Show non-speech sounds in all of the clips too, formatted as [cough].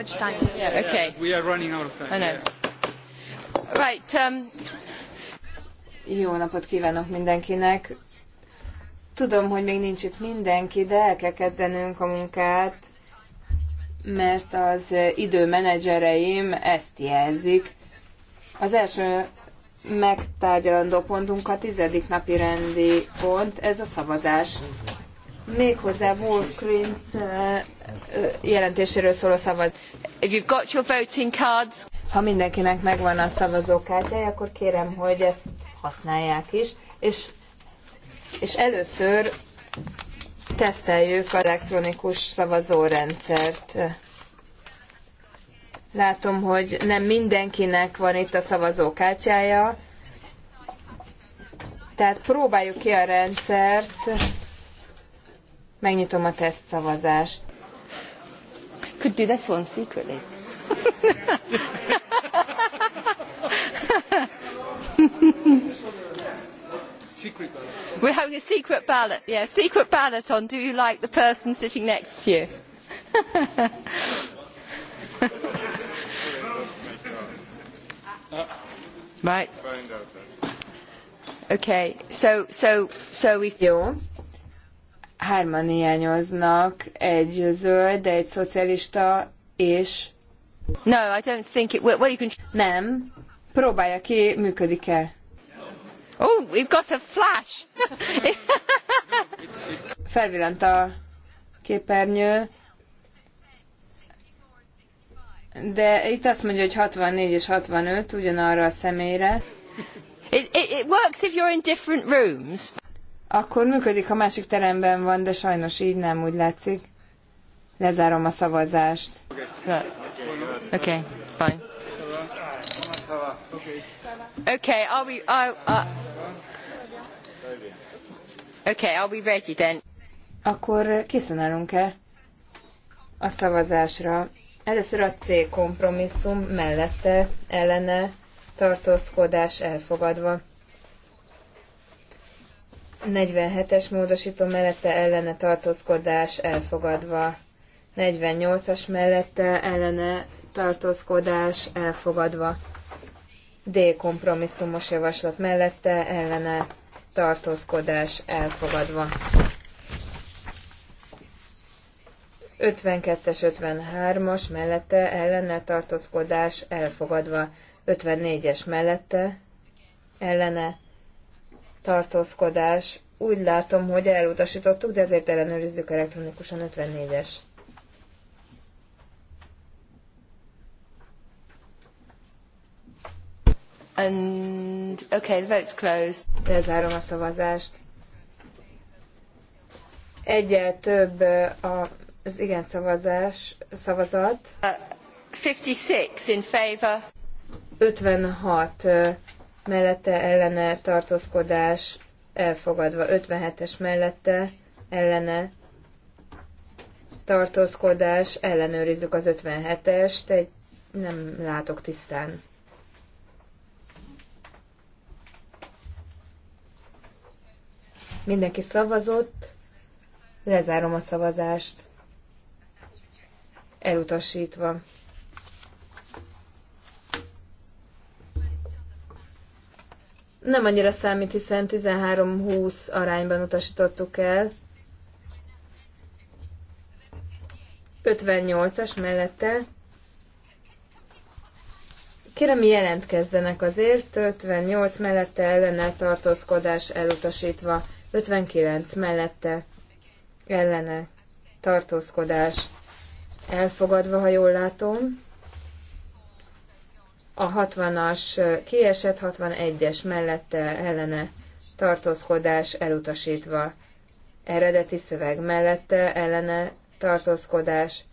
much time. Yeah, okay. We are running out of time. I know. Yeah. Right. Um... Jó napot kívánok mindenkinek. Tudom, hogy még nincs itt mindenki, de el kell kezdenünk a munkát, mert az időmenedzsereim ezt jelzik. Az első megtárgyalandó pontunk a tizedik napi rendi pont, ez a szavazás méghozzá Wolf Klintz jelentéséről szóló szavaz. If you've got your voting cards... Ha mindenkinek megvan a szavazókártyája, akkor kérem, hogy ezt használják is, és, és először teszteljük az elektronikus szavazórendszert. Látom, hogy nem mindenkinek van itt a szavazókártyája, tehát próbáljuk ki a rendszert Megnyitom a teszt szavazást. Could do that one secretly. secret ballot. We're having a secret ballot. Yeah, secret ballot on do you like the person sitting next to you? right. Okay. So so so we. feel hárman hiányoznak, egy zöld, egy szocialista, és... No, I don't think it... Well, you can... Nem. Próbálja ki, működik-e. Oh, we've got a flash! [laughs] Felvillant a képernyő. De itt azt mondja, hogy 64 és 65 ugyanarra a személyre. It, it, it works if you're in different rooms akkor működik, a másik teremben van, de sajnos így nem úgy látszik. Lezárom a szavazást. Oké, okay, bye. Okay, I'll be... I'll, are... Okay, I'll be ready then? Akkor készen állunk-e a szavazásra? Először a C kompromisszum mellette ellene tartózkodás elfogadva. 47-es módosító mellette ellene tartózkodás elfogadva. 48-as mellette ellene tartózkodás elfogadva. D. Kompromisszumos javaslat mellette ellene tartózkodás elfogadva. 52-es, 53-as mellette ellene tartózkodás elfogadva. 54-es mellette ellene tartózkodás. Úgy látom, hogy elutasítottuk, de ezért ellenőrizzük elektronikusan 54-es. And okay, the vote's closed. Lezárom a szavazást. Egyel több az igen szavazás, szavazat. Uh, 56 in favor. 56 mellette ellene tartózkodás elfogadva, 57-es mellette ellene tartózkodás, ellenőrizzük az 57-est, egy nem látok tisztán. Mindenki szavazott, lezárom a szavazást, elutasítva. nem annyira számít, hiszen 13-20 arányban utasítottuk el. 58-as mellette. Kérem, jelentkezzenek azért. 58 mellette ellene tartózkodás elutasítva. 59 mellette ellene tartózkodás elfogadva, ha jól látom a 60-as kiesett, 61-es mellette ellene tartózkodás elutasítva. Eredeti szöveg mellette ellene tartózkodás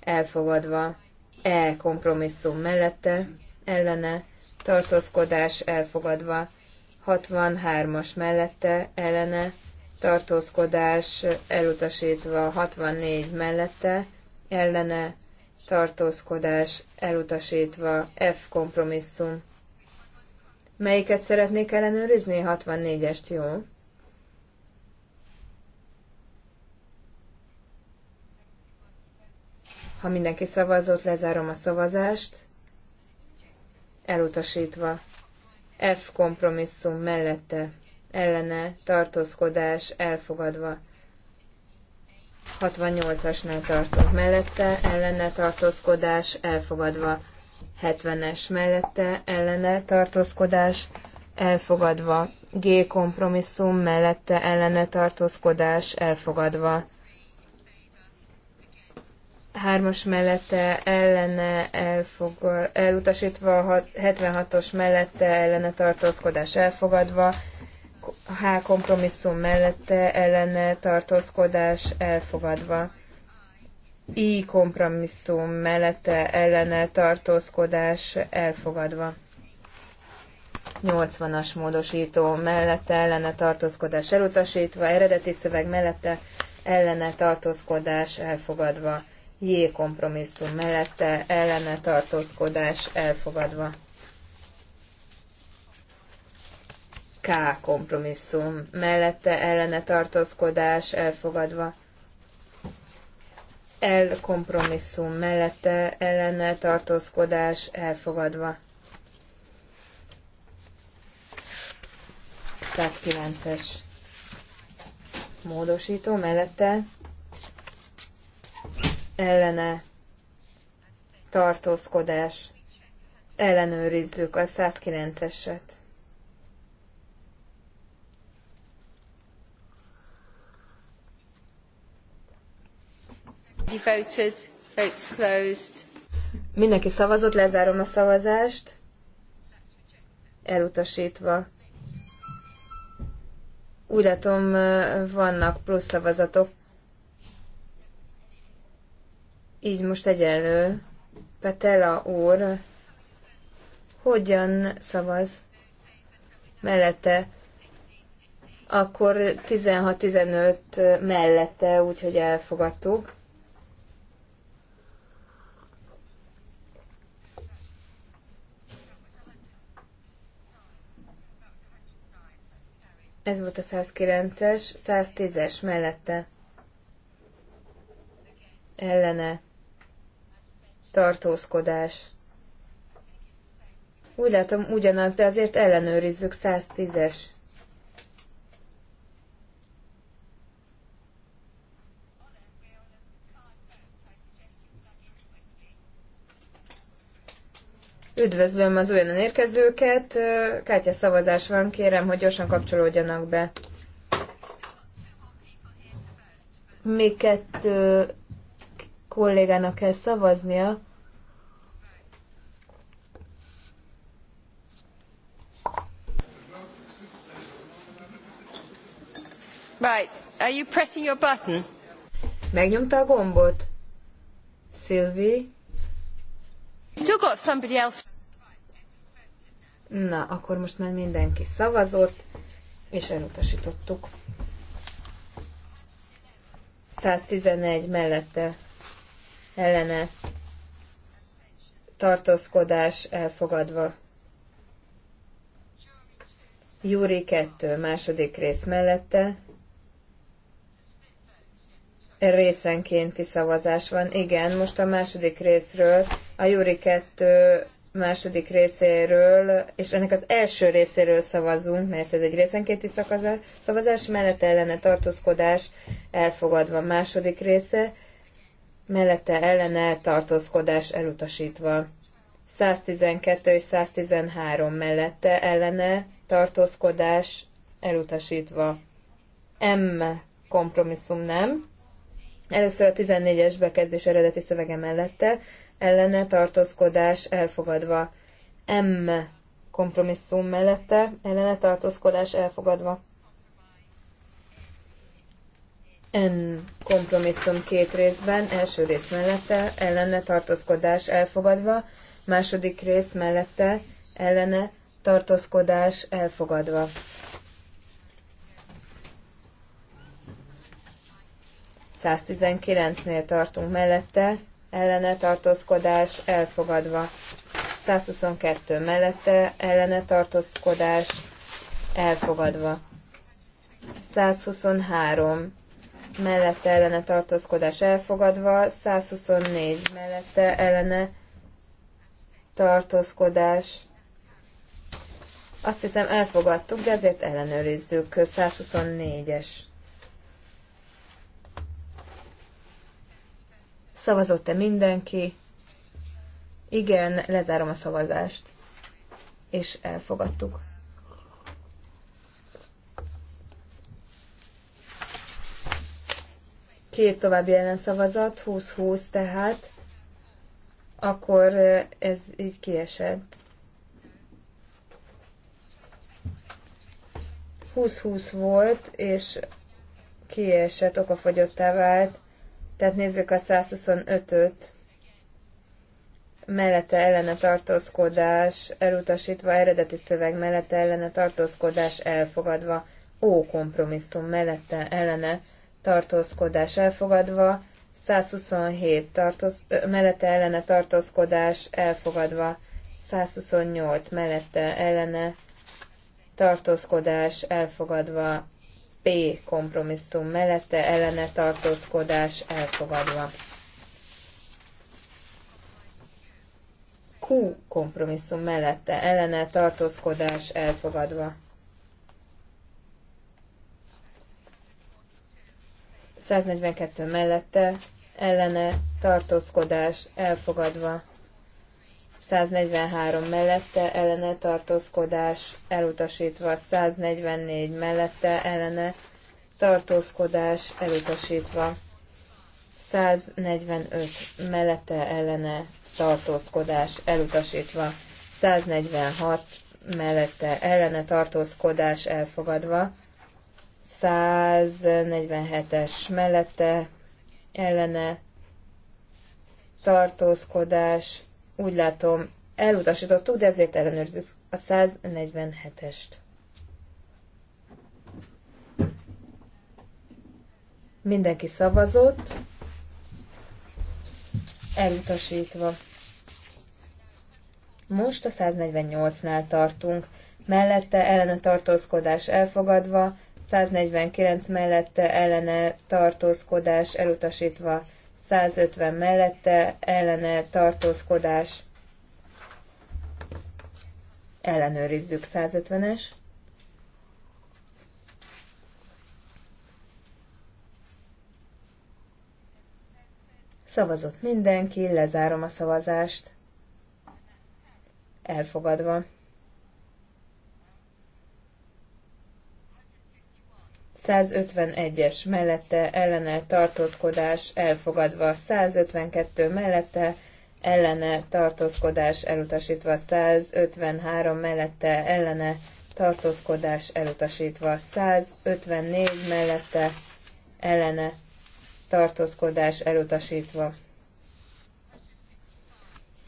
elfogadva. E kompromisszum mellette ellene tartózkodás elfogadva. 63-as mellette ellene tartózkodás elutasítva. 64 mellette ellene tartózkodás elutasítva, F kompromisszum. Melyiket szeretnék ellenőrizni? 64-est, jó. Ha mindenki szavazott, lezárom a szavazást. Elutasítva. F kompromisszum mellette. Ellene tartózkodás elfogadva. 68-asnál tartunk mellette, ellene tartózkodás elfogadva. 70-es mellette, ellene tartózkodás elfogadva. G kompromisszum mellette, ellene tartózkodás elfogadva. 3-as mellette, ellene elfogad, elutasítva, 76-os mellette, ellene tartózkodás elfogadva. H kompromisszum mellette ellene tartózkodás elfogadva. I kompromisszum mellette ellene tartózkodás elfogadva. 80-as módosító mellette ellene tartózkodás elutasítva, eredeti szöveg mellette ellene tartózkodás elfogadva. J kompromisszum mellette ellene tartózkodás elfogadva. K kompromisszum, mellette ellene tartózkodás elfogadva. L kompromisszum, mellette ellene tartózkodás elfogadva. 109-es módosító, mellette ellene tartózkodás ellenőrizzük a 109-eset. Everybody voted. Votes closed. Mindenki szavazott, lezárom a szavazást. Elutasítva. Úgy látom, vannak plusz szavazatok. Így most egyenlő. Petela úr hogyan szavaz mellette, akkor 16-15 mellette, úgyhogy elfogadtuk. Ez volt a 109-es, 110-es mellette. Ellene. Tartózkodás. Úgy látom ugyanaz, de azért ellenőrizzük 110-es. Üdvözlöm az újonnan érkezőket. Kátya szavazás van, kérem, hogy gyorsan kapcsolódjanak be. Még kettő kollégának kell szavaznia. Right. Are you pressing your button? Megnyomta a gombot. Sylvie. Na, akkor most már mindenki szavazott, és elutasítottuk. 111 mellette ellene tartózkodás elfogadva. Júri 2 második rész mellette részenkénti szavazás van. Igen, most a második részről, a Júri 2 második részéről, és ennek az első részéről szavazunk, mert ez egy részenkénti szavazás, mellette ellene tartózkodás elfogadva második része, mellette ellene tartózkodás elutasítva. 112 és 113 mellette ellene tartózkodás elutasítva. M kompromisszum nem. Először a 14-es bekezdés eredeti szövege mellette, ellene tartózkodás elfogadva. M kompromisszum mellette, ellene tartózkodás elfogadva. N kompromisszum két részben, első rész mellette, ellene tartózkodás elfogadva, második rész mellette, ellene tartózkodás elfogadva. 119-nél tartunk mellette, ellene tartózkodás elfogadva. 122 mellette, ellene tartózkodás elfogadva. 123 mellette ellene tartózkodás elfogadva, 124 mellette ellene tartózkodás. Azt hiszem elfogadtuk, de ezért ellenőrizzük. 124-es. Szavazott-e mindenki? Igen, lezárom a szavazást. És elfogadtuk. Két további ellenszavazat, 20-20 tehát, akkor ez így kiesett. 20-20 volt, és kiesett, okafogyottá vált. Tehát nézzük a 125-öt, mellette ellene tartózkodás elutasítva, eredeti szöveg mellette ellene tartózkodás elfogadva, ó kompromisszum mellette ellene tartózkodás elfogadva, 127 tartoz, ö, mellette ellene tartózkodás elfogadva, 128 mellette ellene tartózkodás elfogadva, P kompromisszum mellette ellene tartózkodás elfogadva. Q kompromisszum mellette ellene tartózkodás elfogadva. 142 mellette ellene tartózkodás elfogadva. 143 mellette ellene tartózkodás elutasítva, 144 mellette ellene tartózkodás elutasítva, 145 mellette ellene tartózkodás elutasítva, 146 mellette ellene tartózkodás elfogadva, 147-es mellette ellene tartózkodás úgy látom, elutasítottuk, de ezért ellenőrzzük a 147-est. Mindenki szavazott, elutasítva. Most a 148-nál tartunk, mellette ellene tartózkodás elfogadva, 149 mellette ellene tartózkodás elutasítva, 150 mellette ellene tartózkodás. Ellenőrizzük 150-es. Szavazott mindenki, lezárom a szavazást. Elfogadva. 151-es mellette ellene tartózkodás elfogadva, 152 mellette ellene tartózkodás elutasítva, 153 mellette ellene tartózkodás elutasítva, 154 mellette ellene tartózkodás elutasítva.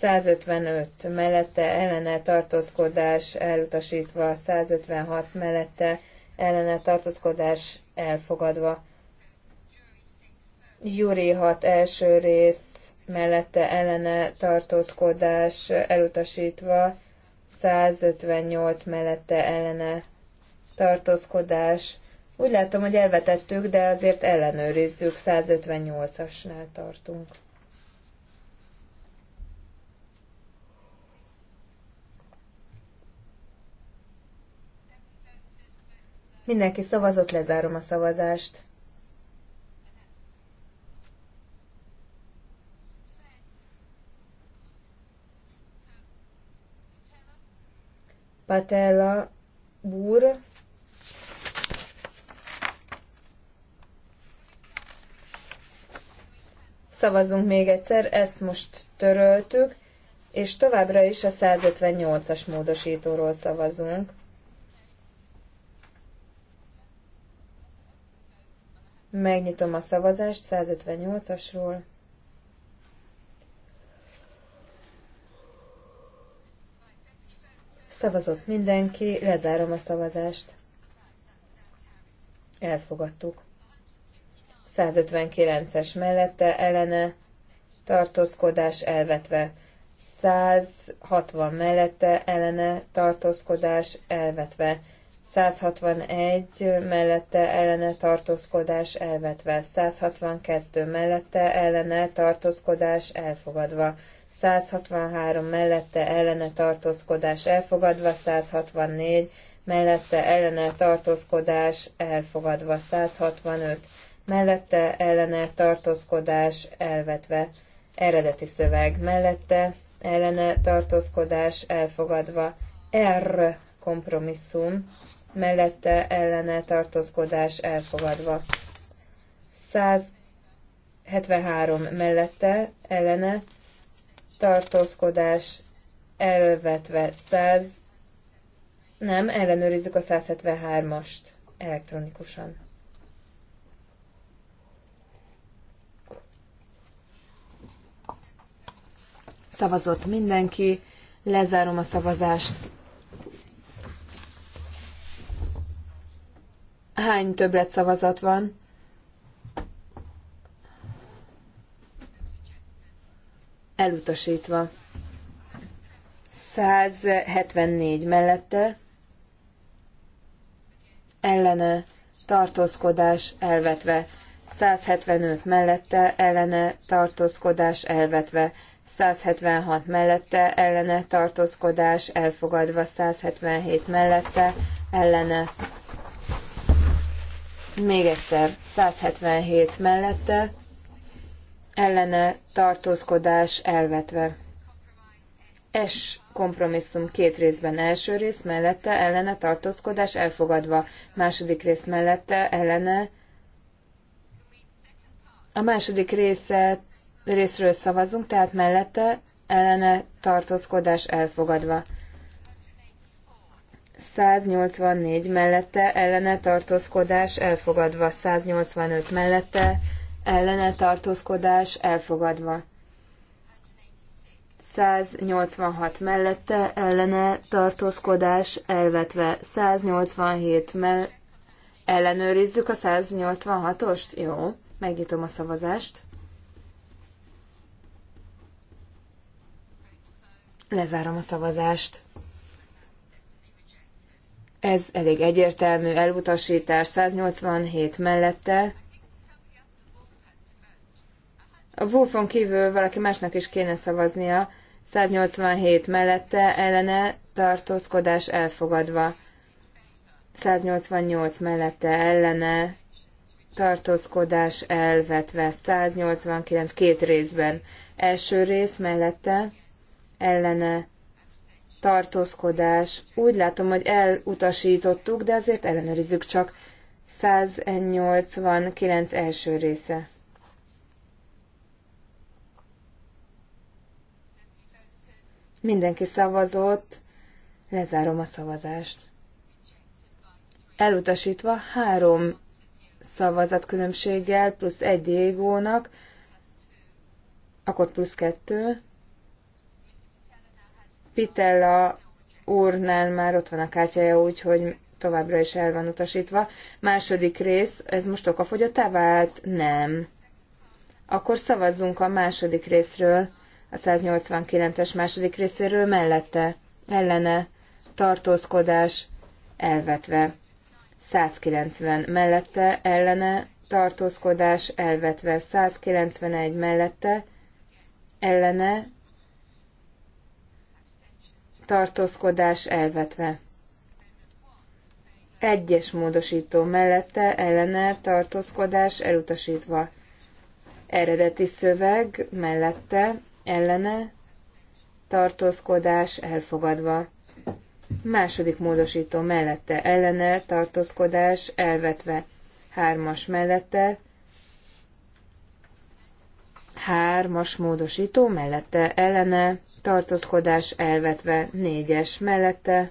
155 mellette ellene tartózkodás elutasítva, 156 mellette ellene tartózkodás elfogadva. júri 6 első rész mellette ellene tartózkodás elutasítva, 158 mellette ellene tartózkodás. Úgy látom, hogy elvetettük, de azért ellenőrizzük, 158-asnál tartunk. Mindenki szavazott, lezárom a szavazást. Patella Búr. Szavazunk még egyszer, ezt most töröltük, és továbbra is a 158-as módosítóról szavazunk. Megnyitom a szavazást 158-asról. Szavazott mindenki, lezárom a szavazást. Elfogadtuk. 159-es mellette ellene tartózkodás elvetve. 160 mellette ellene tartózkodás elvetve. 161 mellette ellene tartózkodás elvetve, 162 mellette ellene tartózkodás elfogadva, 163 mellette ellene tartózkodás elfogadva, 164 mellette ellene tartózkodás elfogadva, 165 mellette ellene tartózkodás elvetve, eredeti szöveg mellette ellene tartózkodás elfogadva, R kompromisszum mellette ellene tartózkodás elfogadva. 173 mellette ellene tartózkodás elvetve 100, nem, ellenőrizzük a 173-ast elektronikusan. Szavazott mindenki, lezárom a szavazást. Hány többlet szavazat van? Elutasítva. 174 mellette ellene tartózkodás elvetve, 175 mellette ellene tartózkodás elvetve, 176 mellette ellene tartózkodás elfogadva, 177 mellette ellene még egyszer, 177 mellette, ellene tartózkodás elvetve. S kompromisszum két részben első rész mellette, ellene tartózkodás elfogadva, második rész mellette, ellene. A második része, részről szavazunk, tehát mellette, ellene tartózkodás elfogadva. 184 mellette ellene tartózkodás elfogadva, 185 mellette ellene tartózkodás elfogadva. 186 mellette ellene tartózkodás elvetve, 187 mell ellenőrizzük a 186-ost? Jó, megnyitom a szavazást. Lezárom a szavazást. Ez elég egyértelmű elutasítás, 187 mellette. A Wolfon kívül valaki másnak is kéne szavaznia, 187 mellette ellene tartózkodás elfogadva. 188 mellette ellene tartózkodás elvetve. 189 két részben. Első rész mellette ellene tartózkodás. Úgy látom, hogy elutasítottuk, de azért ellenőrizzük csak. 189 első része. Mindenki szavazott, lezárom a szavazást. Elutasítva három szavazat különbséggel, plusz egy égónak, akkor plusz kettő, Pitella úrnál már ott van a kártyája, úgyhogy továbbra is el van utasítva. Második rész, ez most okafogyottá vált? Nem. Akkor szavazzunk a második részről, a 189-es második részéről mellette, ellene, tartózkodás, elvetve. 190 mellette, ellene, tartózkodás, elvetve. 191 mellette, ellene, tartózkodás elvetve. Egyes módosító mellette ellene tartózkodás elutasítva. Eredeti szöveg mellette ellene tartózkodás elfogadva. Második módosító mellette ellene tartózkodás elvetve. Hármas mellette hármas módosító mellette ellene tartózkodás elvetve, négyes mellette,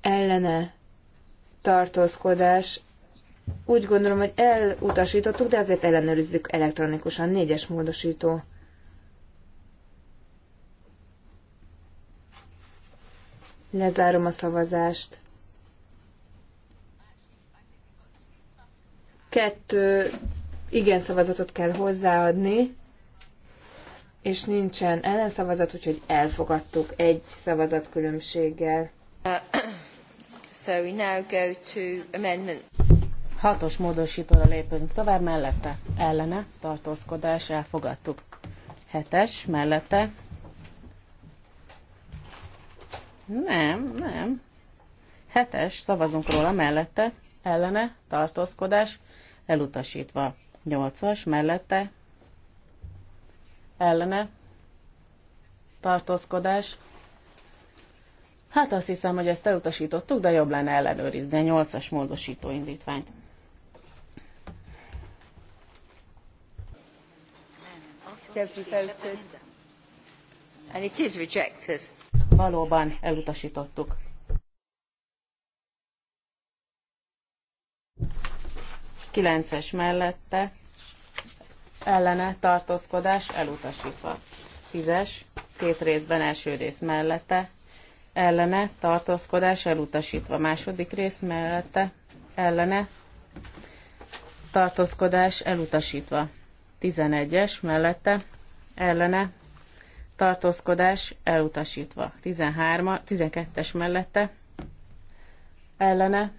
ellene tartózkodás. Úgy gondolom, hogy elutasítottuk, de azért ellenőrizzük elektronikusan. Négyes módosító. Lezárom a szavazást. Kettő igen szavazatot kell hozzáadni és nincsen ellenszavazat, úgyhogy elfogadtuk egy szavazat különbséggel. So we now go to amendment. Hatos módosítóra lépünk tovább, mellette ellene tartózkodás, elfogadtuk. Hetes, mellette. Nem, nem. Hetes, szavazunk róla, mellette, ellene, tartózkodás, elutasítva. Nyolcas, mellette, ellene tartózkodás. Hát azt hiszem, hogy ezt elutasítottuk, de jobb lenne ellenőrizni a 8-as módosító indítványt. And it is rejected. Valóban elutasítottuk. Kilences mellette ellene tartózkodás elutasítva. Tízes, két részben első rész mellette, ellene tartózkodás elutasítva. Második rész mellette, ellene tartózkodás elutasítva. Tizenegyes mellette, ellene tartózkodás elutasítva. tizenhárma 12-es mellette, ellene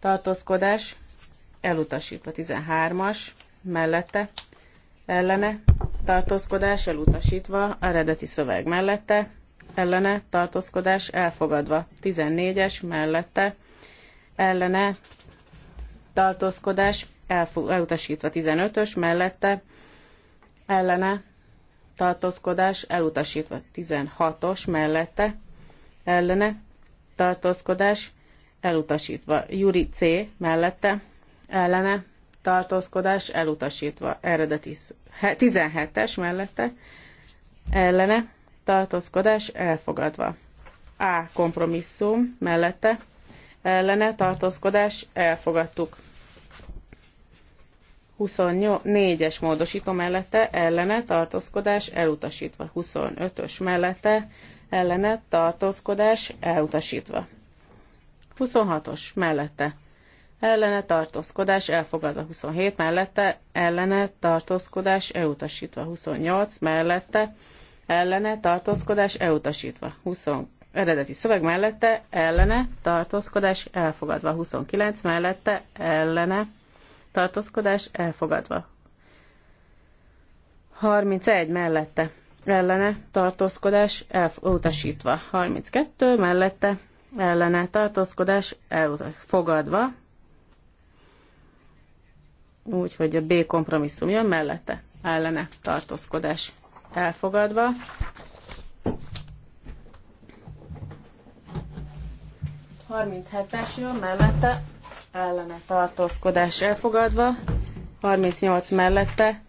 tartózkodás elutasítva. 13-as mellette, ellene, tartózkodás elutasítva, eredeti szöveg mellette, ellene, tartózkodás elfogadva, 14-es mellette, ellene, tartózkodás elutasítva, 15-ös mellette, ellene, tartózkodás elutasítva, 16-os mellette, ellene, tartózkodás elutasítva, Juri C mellette, ellene, tartózkodás elutasítva, eredeti 17-es mellette, ellene, tartózkodás elfogadva. A. Kompromisszum mellette, ellene, tartózkodás elfogadtuk. 24-es módosító mellette, ellene, tartózkodás elutasítva. 25-ös mellette, ellene, tartózkodás elutasítva. 26-os mellette, ellene tartózkodás elfogadva 27, mellette ellene tartózkodás elutasítva 28, mellette ellene tartózkodás elutasítva 20, eredeti szöveg mellette ellene tartózkodás elfogadva 29, mellette ellene tartózkodás elfogadva 31 mellette ellene tartózkodás elutasítva 32 mellette ellene tartózkodás elfogadva Úgyhogy a B kompromisszum jön mellette, ellene tartózkodás elfogadva. Harminc hetes jön mellette, ellene tartózkodás elfogadva. 38 mellette,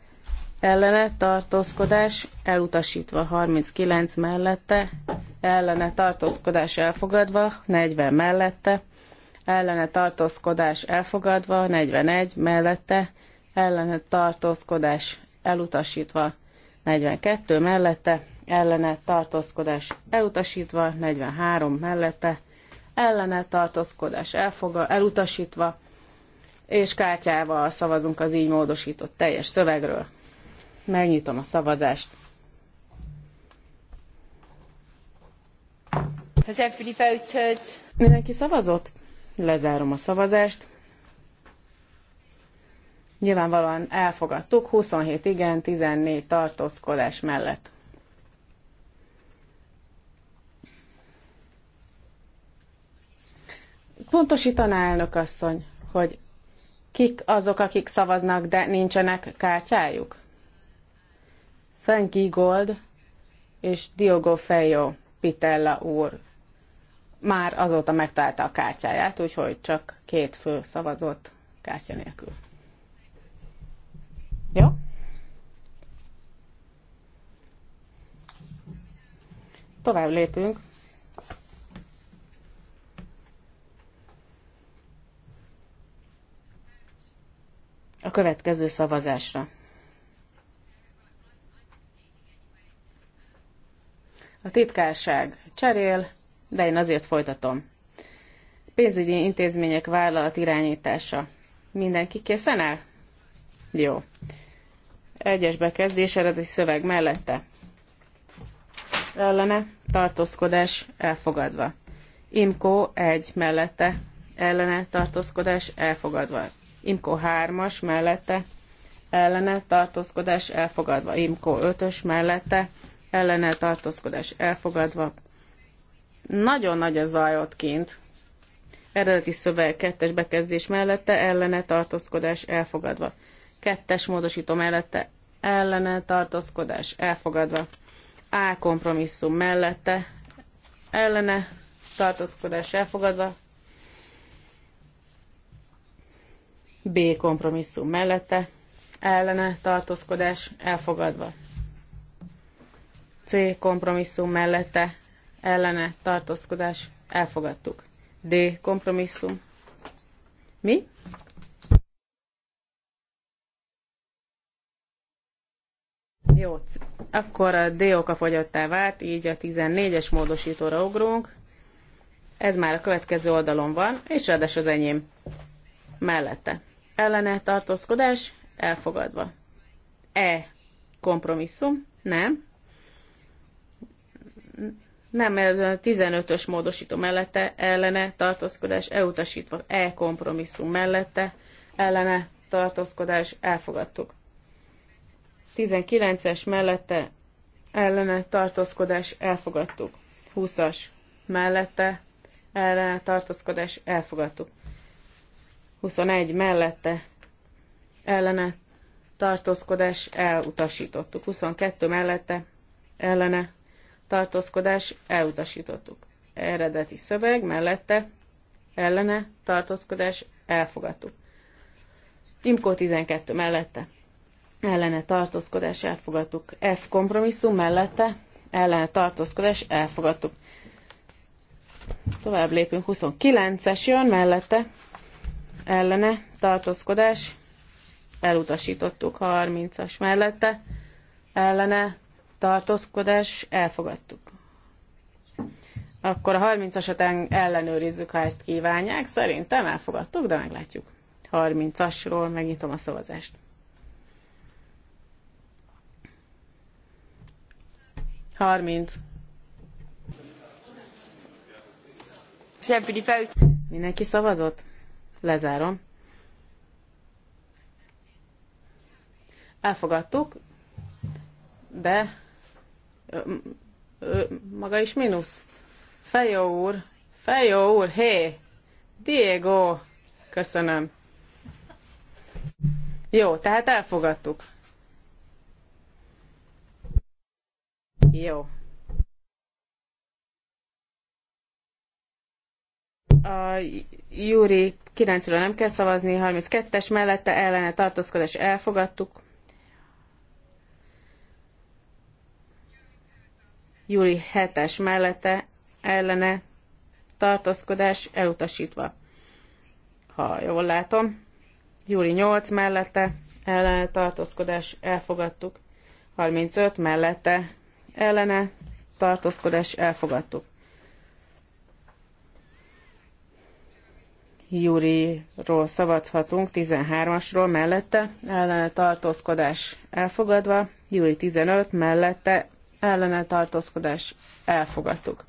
ellene tartózkodás elutasítva. 39 mellette, ellene tartózkodás elfogadva. 40 mellette, ellene tartózkodás elfogadva, 41 mellette ellene tartózkodás elutasítva, 42 mellette ellene tartózkodás elutasítva, 43 mellette ellene tartózkodás elfoga, elutasítva, és kártyával szavazunk az így módosított teljes szövegről. Megnyitom a szavazást. Has everybody voted? Mindenki szavazott? Lezárom a szavazást. Nyilvánvalóan elfogadtuk 27 igen, 14 tartózkodás mellett. Pontosítaná elnök asszony, hogy kik azok, akik szavaznak, de nincsenek kártyájuk? Szent Gigold és Diogo Fejó Pitella úr már azóta megtalálta a kártyáját, úgyhogy csak két fő szavazott kártya nélkül. Jó? Tovább lépünk. A következő szavazásra. A titkárság cserél, de én azért folytatom. Pénzügyi intézmények vállalat irányítása. Mindenki készen el? Jó. Egyes bekezdés eredeti szöveg mellette. Ellene tartózkodás elfogadva. Imko 1 mellette. Ellene tartózkodás elfogadva. Imko 3-as mellette. Ellene tartózkodás elfogadva. Imko 5-ös mellette. Ellene tartózkodás elfogadva. Nagyon nagy a zaj ott kint. Eredeti szöveg kettes bekezdés mellette ellene tartózkodás elfogadva. Kettes módosító mellette ellene tartózkodás elfogadva. A kompromisszum mellette ellene tartózkodás elfogadva. B kompromisszum mellette ellene tartózkodás elfogadva. C kompromisszum mellette ellene tartózkodás elfogadtuk. D. Kompromisszum. Mi? Jó, akkor a D oka fogyottá vált, így a 14-es módosítóra ugrunk. Ez már a következő oldalon van, és ráadásul az enyém. Mellette. Ellene tartózkodás elfogadva. E. Kompromisszum. Nem nem 15-ös módosító mellette ellene tartózkodás elutasítva, e kompromisszum mellette ellene tartózkodás elfogadtuk. 19-es mellette ellene tartózkodás elfogadtuk. 20-as mellette ellene tartózkodás elfogadtuk. 21 mellette ellene tartózkodás elutasítottuk. 22 mellette ellene tartózkodás elutasítottuk. Eredeti szöveg mellette ellene tartózkodás elfogadtuk. Imkó 12 mellette ellene tartózkodás elfogadtuk. F kompromisszum mellette ellene tartózkodás elfogadtuk. Tovább lépünk 29-es jön mellette ellene tartózkodás elutasítottuk 30-as mellette ellene tartózkodás, elfogadtuk. Akkor a 30-asat ellenőrizzük, ha ezt kívánják. Szerintem elfogadtuk, de meglátjuk. 30-asról megnyitom a szavazást. Harminc. Mindenki szavazott? Lezárom. Elfogadtuk, de maga is mínusz. Fejó úr, Fejó úr, hé! Diego! Köszönöm. Jó, tehát elfogadtuk. Jó. A Júri 9-ről nem kell szavazni, 32-es mellette ellene tartózkodás elfogadtuk. júli 7-es mellette ellene tartózkodás elutasítva. Ha jól látom, júli 8 mellette ellene tartózkodás elfogadtuk, 35 mellette ellene tartózkodás elfogadtuk. Júriról szavazhatunk, 13-asról mellette, ellene tartózkodás elfogadva, Júri 15 mellette, ellene tartózkodás elfogadtuk.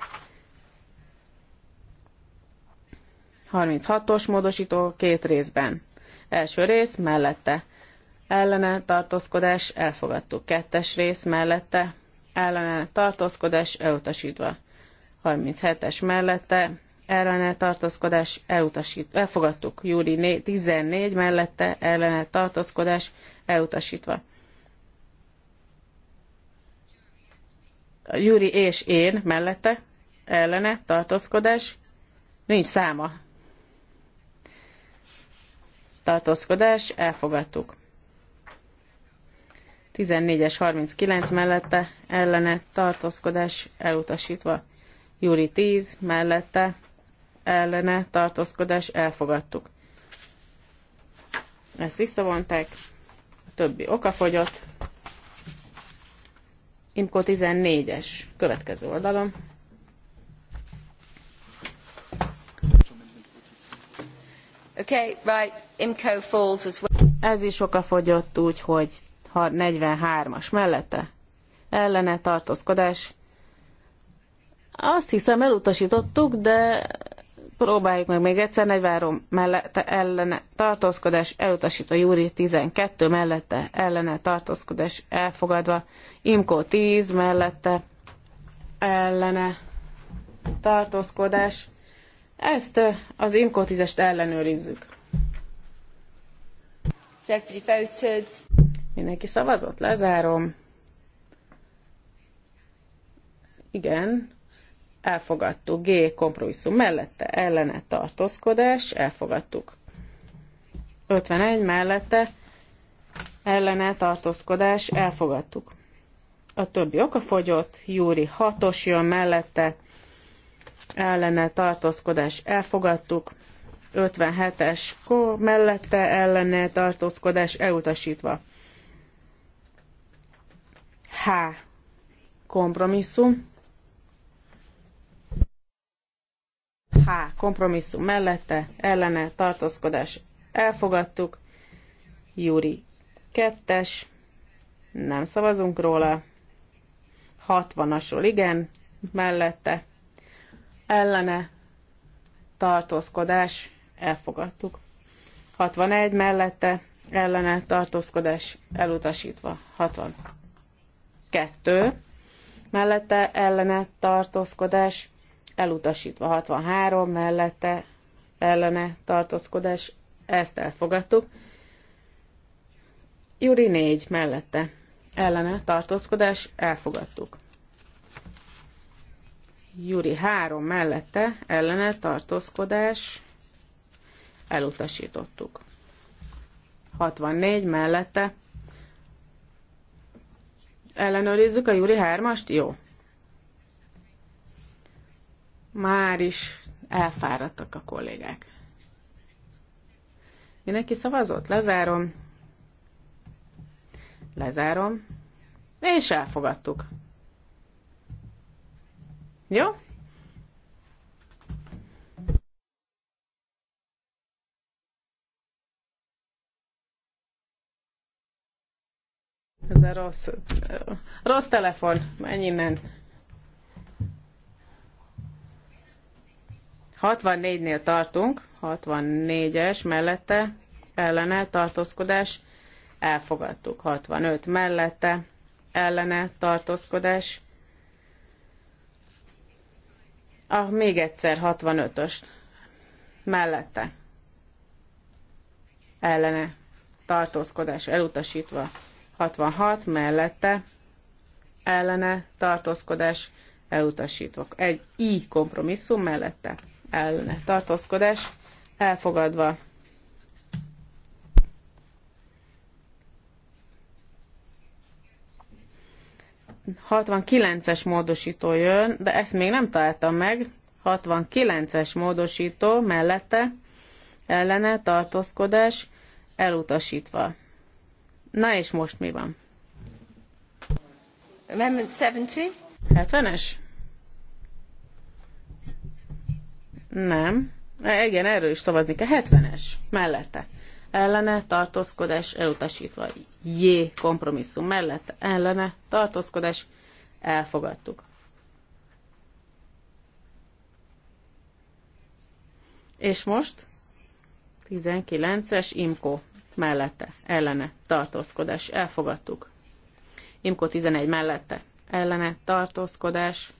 36-os módosító két részben. Első rész mellette ellene tartózkodás elfogadtuk. Kettes rész mellette ellene tartózkodás elutasítva. 37-es mellette ellene tartózkodás elutasít, elfogadtuk. Júri 14 mellette ellene tartózkodás elutasítva. Juri és én mellette, ellene, tartózkodás, nincs száma. Tartózkodás, elfogadtuk. 14-es 39 mellette, ellene, tartózkodás, elutasítva. Júri 10 mellette, ellene, tartózkodás, elfogadtuk. Ezt visszavonták, a többi okafogyott, Imko 14-es, következő oldalon. Okay, right. Imco falls as well. Ez is oka fogyott úgy, hogy 43-as mellette ellene tartózkodás. Azt hiszem elutasítottuk, de próbáljuk meg még egyszer, 43 mellette ellene tartózkodás elutasítva, Júri 12 mellette ellene tartózkodás elfogadva, Imkó 10 mellette ellene tartózkodás. Ezt az Imkó 10-est ellenőrizzük. Mindenki szavazott? Lezárom. Igen, elfogadtuk. G kompromisszum mellette ellene tartózkodás, elfogadtuk. 51 mellette ellene tartózkodás, elfogadtuk. A többi oka fogyott, Júri 6-os jön mellette, ellene tartózkodás, elfogadtuk. 57-es mellette ellene tartózkodás elutasítva. H. Kompromisszum H kompromisszum mellette, ellene tartózkodás elfogadtuk. Júri kettes, nem szavazunk róla. 60-asról igen, mellette, ellene tartózkodás elfogadtuk. 61 mellette, ellene tartózkodás elutasítva. 62 mellette ellene tartózkodás elutasítva 63 mellette ellene tartózkodás, ezt elfogadtuk. Juri 4 mellette ellene tartózkodás, elfogadtuk. Juri 3 mellette ellene tartózkodás, elutasítottuk. 64 mellette ellenőrizzük a Júri 3-ast? Jó. Már is elfáradtak a kollégák. Mindenki szavazott? Lezárom. Lezárom. És elfogadtuk. Jó? Ez a rossz, rossz telefon. Menj innen. 64-nél tartunk, 64-es mellette ellene tartózkodás, elfogadtuk. 65 mellette ellene tartózkodás. Ah, még egyszer 65-öst mellette ellene tartózkodás elutasítva. 66 mellette ellene tartózkodás elutasítva. Egy I kompromisszum mellette ellene tartózkodás elfogadva. ...69-es módosító jön, de ezt még nem találtam meg. 69-es módosító mellette ellene tartózkodás elutasítva. Na és most mi van? Amendment 70? 70-es? Nem. E, igen, erről is szavazni kell. 70-es. Mellette. Ellene tartózkodás elutasítva. J. Kompromisszum. Mellette. Ellene tartózkodás. Elfogadtuk. És most 19-es Imko mellette, ellene, tartózkodás, elfogadtuk. Imko 11 mellette, ellene, tartózkodás,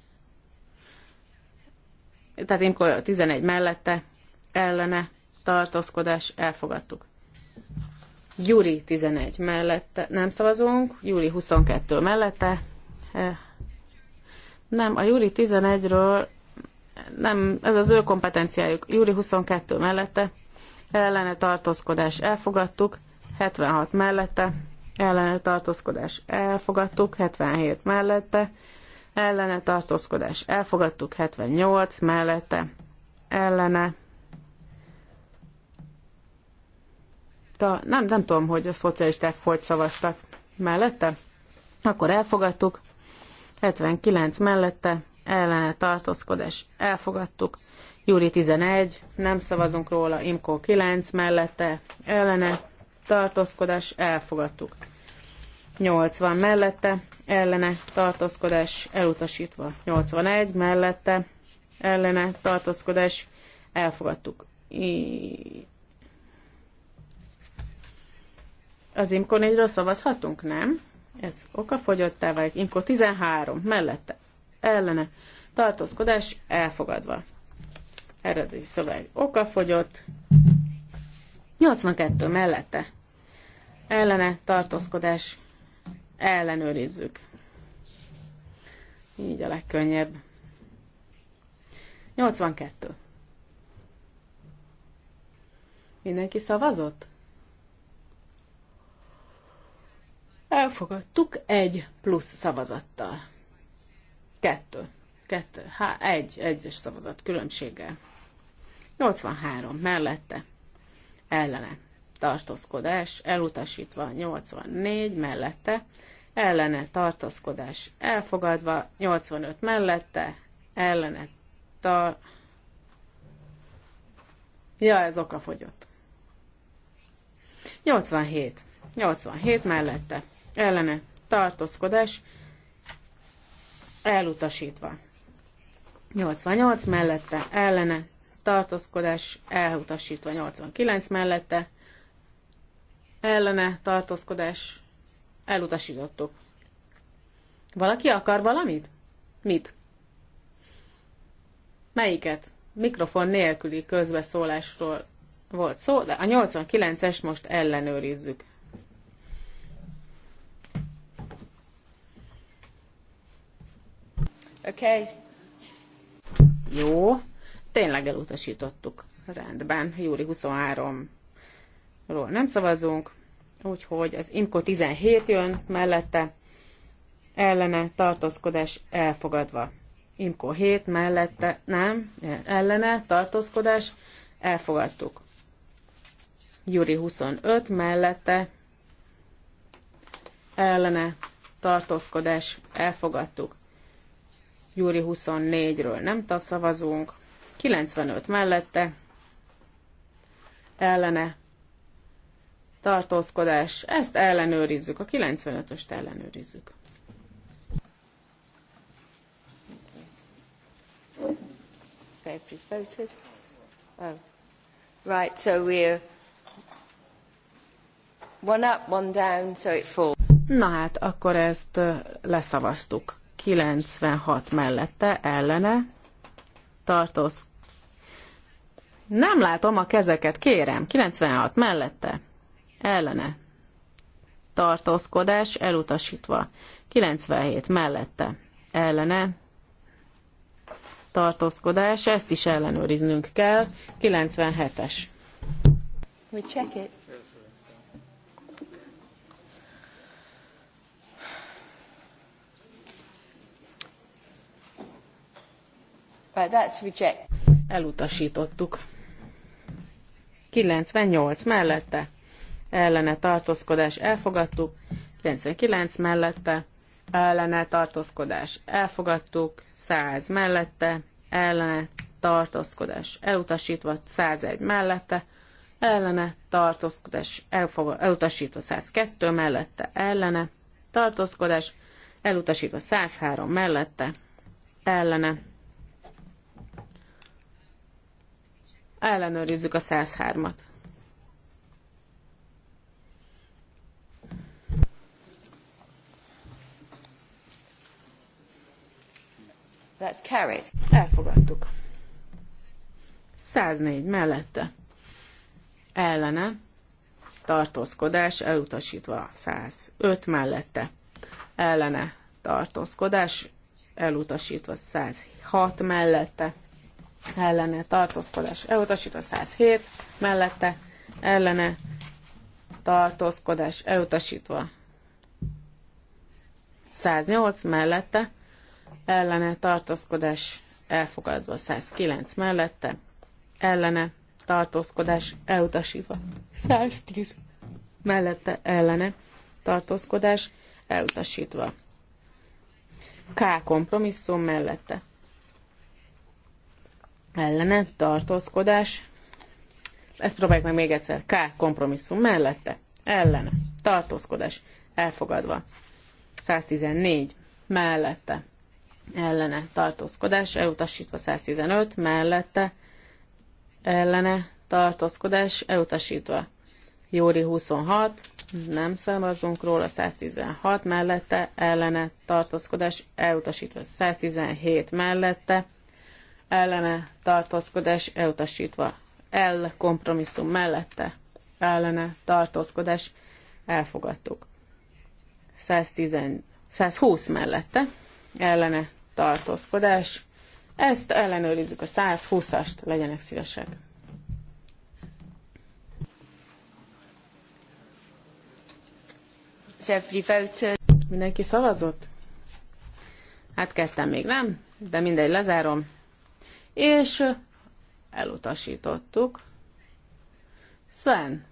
tehát Imko 11 mellette, ellene, tartózkodás, elfogadtuk. Júli 11 mellette nem szavazunk, júli 22 mellette. Eh, nem, a júli 11-ről nem, ez az ő kompetenciájuk. Júli 22 mellette, ellene tartózkodás elfogadtuk, 76 mellette, ellene tartózkodás elfogadtuk, 77 mellette, ellene tartózkodás elfogadtuk, 78 mellette ellene. Ta, nem, nem tudom, hogy a szocialisták hogy szavaztak mellette. Akkor elfogadtuk, 79 mellette ellene tartózkodás elfogadtuk. Júri 11, nem szavazunk róla, Imkó 9 mellette ellene tartózkodás elfogadtuk. 80 mellette, ellene tartózkodás elutasítva. 81 mellette, ellene tartózkodás elfogadtuk. Az Imko 4-ről szavazhatunk? Nem. Ez okafogyottá válik. Imko 13 mellette, ellene tartózkodás elfogadva. Eredeti szöveg okafogyott. 82 mellette, ellene tartózkodás ellenőrizzük. Így a legkönnyebb. 82. Mindenki szavazott? Elfogadtuk egy plusz szavazattal. Kettő. Kettő. Há, egy. Egyes szavazat különbséggel. 83. Mellette. Ellene tartózkodás elutasítva 84 mellette, ellene tartózkodás elfogadva 85 mellette, ellene tar... Ja, ez oka fogyott. 87. 87 mellette, ellene tartózkodás elutasítva. 88 mellette, ellene tartózkodás elutasítva 89 mellette, ellene tartózkodás elutasítottuk. Valaki akar valamit? Mit? Melyiket? Mikrofon nélküli közbeszólásról volt szó, de a 89-es most ellenőrizzük. Okay. Jó, tényleg elutasítottuk. Rendben, júli 23 ról nem szavazunk, úgyhogy az IMCO 17 jön mellette, ellene tartózkodás elfogadva. IMCO 7 mellette, nem, ellene tartózkodás elfogadtuk. Júri 25 mellette, ellene tartózkodás elfogadtuk. Júri 24-ről nem szavazunk, 95 mellette, ellene tartózkodás, ezt ellenőrizzük, a 95-öst ellenőrizzük. Oh. Right, so we're one up, one down, so it falls. Na hát, akkor ezt leszavaztuk. 96 mellette, ellene, tartóz. Nem látom a kezeket, kérem. 96 mellette, ellene tartózkodás elutasítva. 97 mellette ellene tartózkodás, ezt is ellenőriznünk kell. 97-es. We check it. Right, that's reject. Elutasítottuk. 98 mellette ellene tartózkodás elfogadtuk, 99 mellette ellene tartózkodás elfogadtuk, 100 mellette ellene tartózkodás elutasítva, 101 mellette ellene tartózkodás elutasítva, 102 mellette ellene tartózkodás elutasítva, 103 mellette ellene ellenőrizzük a 103-at. That's carried. Elfogadtuk. 104 mellette. Ellene. Tartózkodás elutasítva. 105 mellette. Ellene. Tartózkodás elutasítva. 106 mellette. Ellene. Tartózkodás elutasítva. 107 mellette. Ellene. Tartózkodás elutasítva. 108 mellette ellene tartózkodás elfogadva 109 mellette, ellene tartózkodás elutasítva 110 mellette, ellene tartózkodás elutasítva. K kompromisszum mellette. Ellene tartózkodás. Ezt próbáljuk meg még egyszer. K kompromisszum mellette. Ellene tartózkodás elfogadva. 114 mellette ellene tartózkodás, elutasítva 115, mellette ellene tartózkodás, elutasítva. Jóri 26, nem szavazunk róla, 116 mellette, ellene tartózkodás, elutasítva 117 mellette, ellene tartózkodás, elutasítva L kompromisszum mellette, ellene tartózkodás, elfogadtuk. 110, 120 mellette, ellene tartózkodás. Ezt ellenőrizzük a 120-ast, legyenek szívesek. Mindenki szavazott? Hát kezdtem még nem, de mindegy, lezárom. És elutasítottuk. Sven,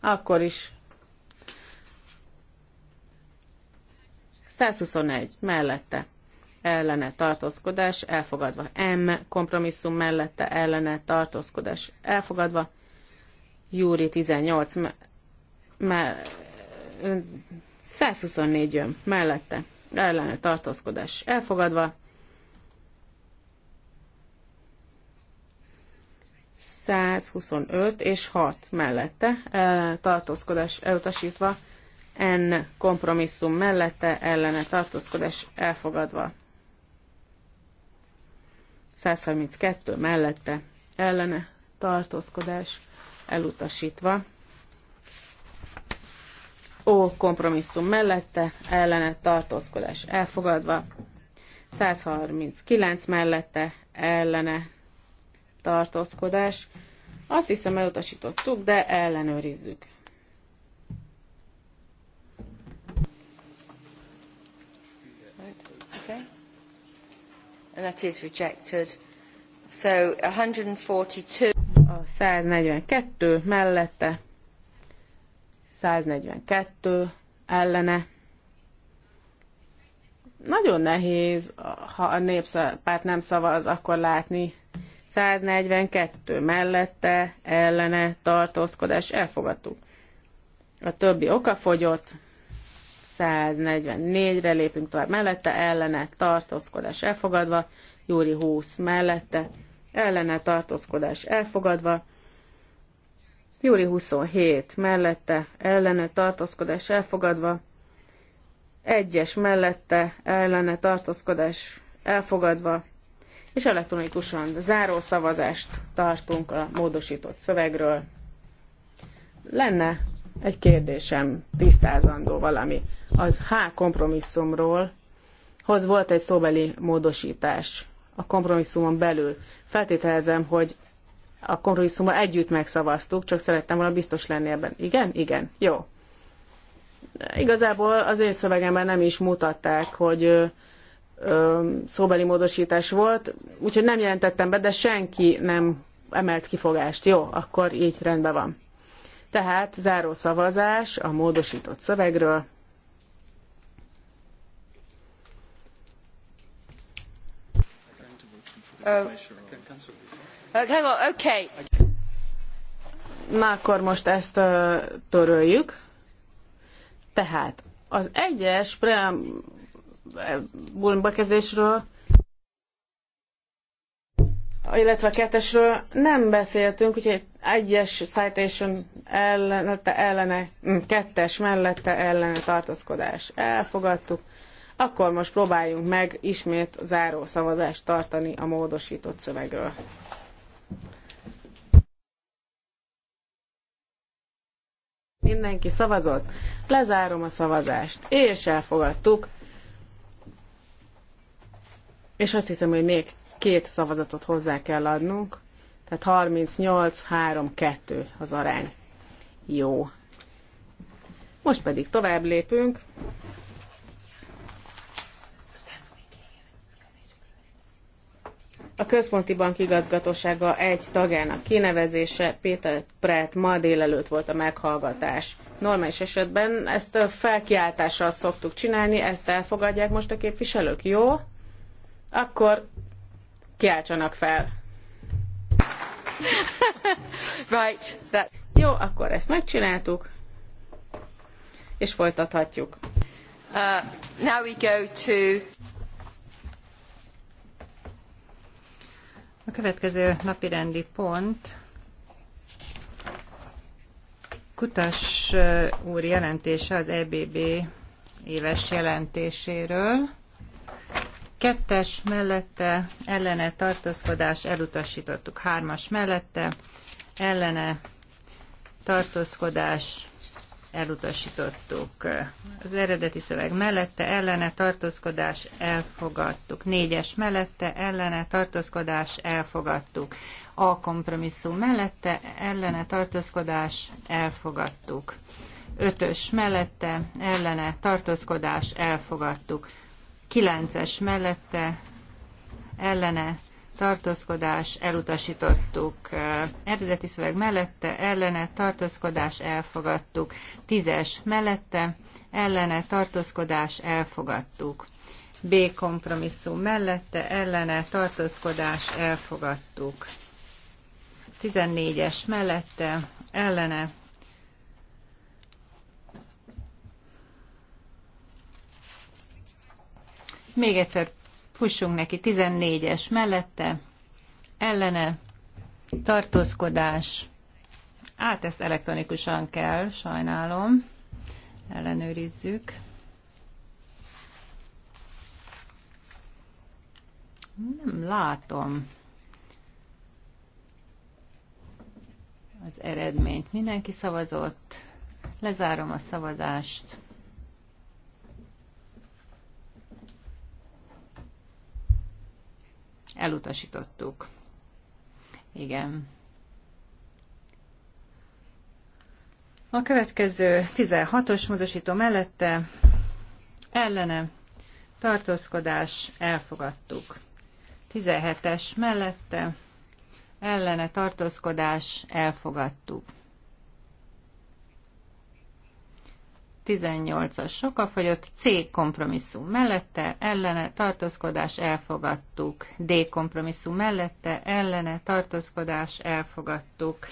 akkor is 121 mellette ellene tartózkodás elfogadva. M kompromisszum mellette ellene tartózkodás elfogadva. Júri 18 már 124 jön mellette ellene tartózkodás elfogadva. 125 és 6 mellette tartózkodás elutasítva, N kompromisszum mellette ellene tartózkodás elfogadva. 132 mellette ellene tartózkodás elutasítva. Ó kompromisszum mellette ellene tartózkodás elfogadva. 139 mellette ellene tartózkodás. Azt hiszem elutasítottuk, de ellenőrizzük. and that is rejected. So 142. A 142 mellette, 142 ellene. Nagyon nehéz, ha a néppárt nem szavaz, akkor látni. 142 mellette, ellene, tartózkodás, elfogadtuk. A többi oka fogyott, 144-re lépünk tovább mellette, ellene tartózkodás elfogadva, Júri 20 mellette, ellene tartózkodás elfogadva, Júri 27 mellette, ellene tartózkodás elfogadva, egyes mellette, ellene tartózkodás elfogadva, és elektronikusan záró szavazást tartunk a módosított szövegről. Lenne egy kérdésem tisztázandó valami. Az H kompromisszumról hoz volt egy szóbeli módosítás a kompromisszumon belül. Feltételezem, hogy a kompromisszummal együtt megszavaztuk, csak szerettem volna biztos lenni ebben. Igen? Igen. Jó. Igazából az én szövegemben nem is mutatták, hogy ö, ö, szóbeli módosítás volt, úgyhogy nem jelentettem be, de senki nem emelt kifogást. Jó, akkor így rendben van. Tehát záró szavazás a módosított szövegről. Oh. Okay. Na akkor most ezt uh, töröljük. Tehát az egyes preambulum eh, bekezdésről illetve a kettesről nem beszéltünk, úgyhogy egyes citation ellenete, ellene, mm, kettes mellette ellene tartózkodás. Elfogadtuk. Akkor most próbáljunk meg ismét záró szavazást tartani a módosított szövegről. Mindenki szavazott? Lezárom a szavazást. És elfogadtuk. És azt hiszem, hogy még két szavazatot hozzá kell adnunk, tehát 38-3-2 az arány. Jó. Most pedig tovább lépünk. A Központi Bank igazgatósága egy tagának kinevezése, Péter Prát ma délelőtt volt a meghallgatás. Normális esetben ezt a felkiáltással szoktuk csinálni, ezt elfogadják most a képviselők, jó? Akkor kiáltsanak fel. [laughs] right, that... Jó, akkor ezt megcsináltuk, és folytathatjuk. Uh, now we go to... A következő napi rendi pont Kutas uh, úr jelentése az EBB éves jelentéséről. Kettes mellette ellene tartózkodás elutasítottuk. Hármas mellette ellene tartózkodás elutasítottuk. Az eredeti szöveg mellette ellene tartózkodás elfogadtuk. Négyes mellette ellene tartózkodás elfogadtuk. A kompromisszum mellette ellene tartózkodás elfogadtuk. Ötös mellette ellene tartózkodás elfogadtuk. Kilences mellette ellene tartózkodás elutasítottuk. Eredeti szöveg mellette ellene tartózkodás elfogadtuk. Tízes mellette ellene tartózkodás elfogadtuk. B kompromisszum mellette ellene tartózkodás elfogadtuk. 14-es mellette ellene Még egyszer fussunk neki. 14-es mellette, ellene, tartózkodás. Át ezt elektronikusan kell, sajnálom. Ellenőrizzük. Nem látom az eredményt. Mindenki szavazott. Lezárom a szavazást. Elutasítottuk. Igen. A következő 16-os módosító mellette ellene tartózkodás elfogadtuk. 17-es mellette ellene tartózkodás elfogadtuk. 18-as sokafogyott, C kompromisszum mellette, ellene, tartózkodás, elfogadtuk. D kompromisszum mellette, ellene, tartózkodás, elfogadtuk.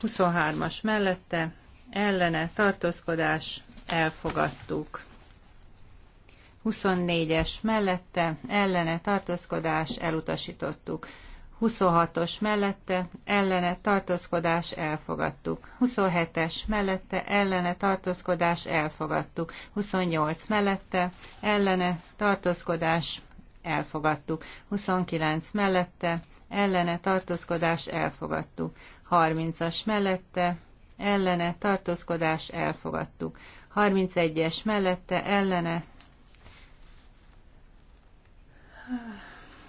23-as mellette, ellene, tartózkodás, elfogadtuk. 24-es mellette, ellene, tartózkodás, elutasítottuk. 26-os mellette ellene tartózkodás elfogadtuk. 27-es mellette ellene tartózkodás elfogadtuk. 28 mellette ellene tartózkodás elfogadtuk. 29 mellette ellene tartózkodás elfogadtuk. 30-as mellette ellene tartózkodás elfogadtuk. 31-es mellette ellene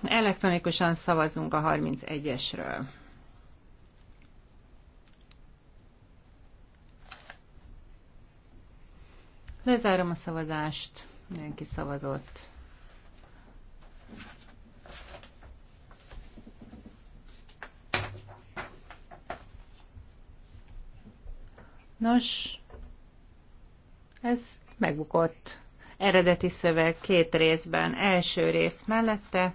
Elektronikusan szavazunk a 31-esről. Lezárom a szavazást. Mindenki szavazott. Nos, ez megbukott. Eredeti szöveg két részben. Első rész mellette,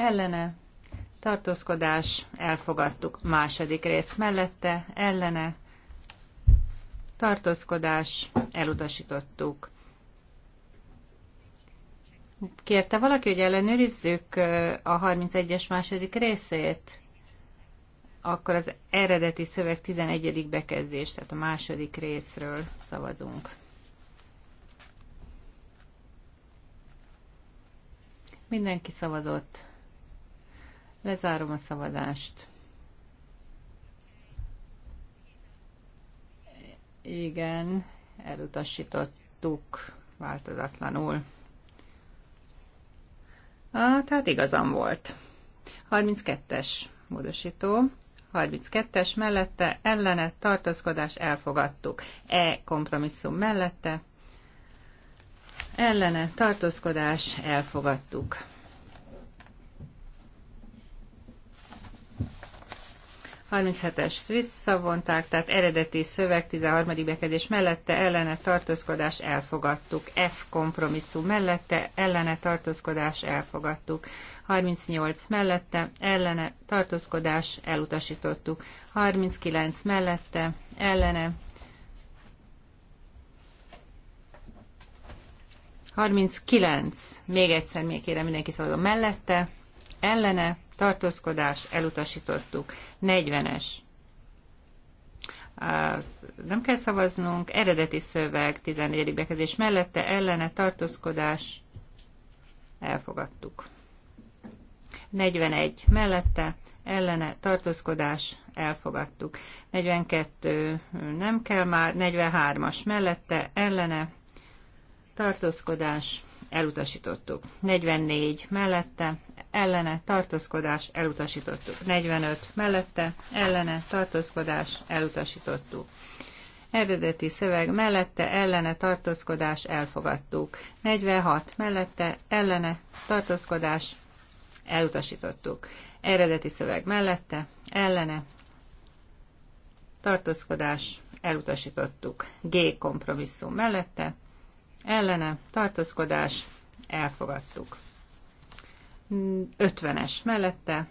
ellene, tartózkodás, elfogadtuk. Második rész mellette, ellene, tartózkodás, elutasítottuk. Kérte valaki, hogy ellenőrizzük a 31-es második részét? Akkor az eredeti szöveg 11. bekezdés, tehát a második részről szavazunk. Mindenki szavazott. Lezárom a szavazást. Igen, elutasítottuk változatlanul. Ah, tehát igazam volt. 32-es módosító. 32-es mellette ellene tartózkodás elfogadtuk. E kompromisszum mellette ellene tartózkodás elfogadtuk. 37 es visszavonták, tehát eredeti szöveg 13. bekezdés mellette ellene tartózkodás elfogadtuk. F kompromisszum mellette ellene tartózkodás elfogadtuk. 38 mellette ellene tartózkodás elutasítottuk. 39 mellette ellene 39, még egyszer még kérem mindenki szavazom mellette, ellene tartózkodás, elutasítottuk. 40-es. Az, nem kell szavaznunk, eredeti szöveg 14. bekezdés mellette, ellene tartózkodás, elfogadtuk. 41 mellette, ellene tartózkodás, elfogadtuk. 42 nem kell már, 43-as mellette, ellene tartózkodás, elutasítottuk. 44 mellette, ellene tartózkodás elutasítottuk. 45 mellette ellene tartózkodás elutasítottuk. Eredeti szöveg mellette ellene tartózkodás elfogadtuk. 46 mellette ellene tartózkodás elutasítottuk. Eredeti szöveg mellette ellene tartózkodás elutasítottuk. G kompromisszum mellette ellene tartózkodás elfogadtuk. 50-es mellette.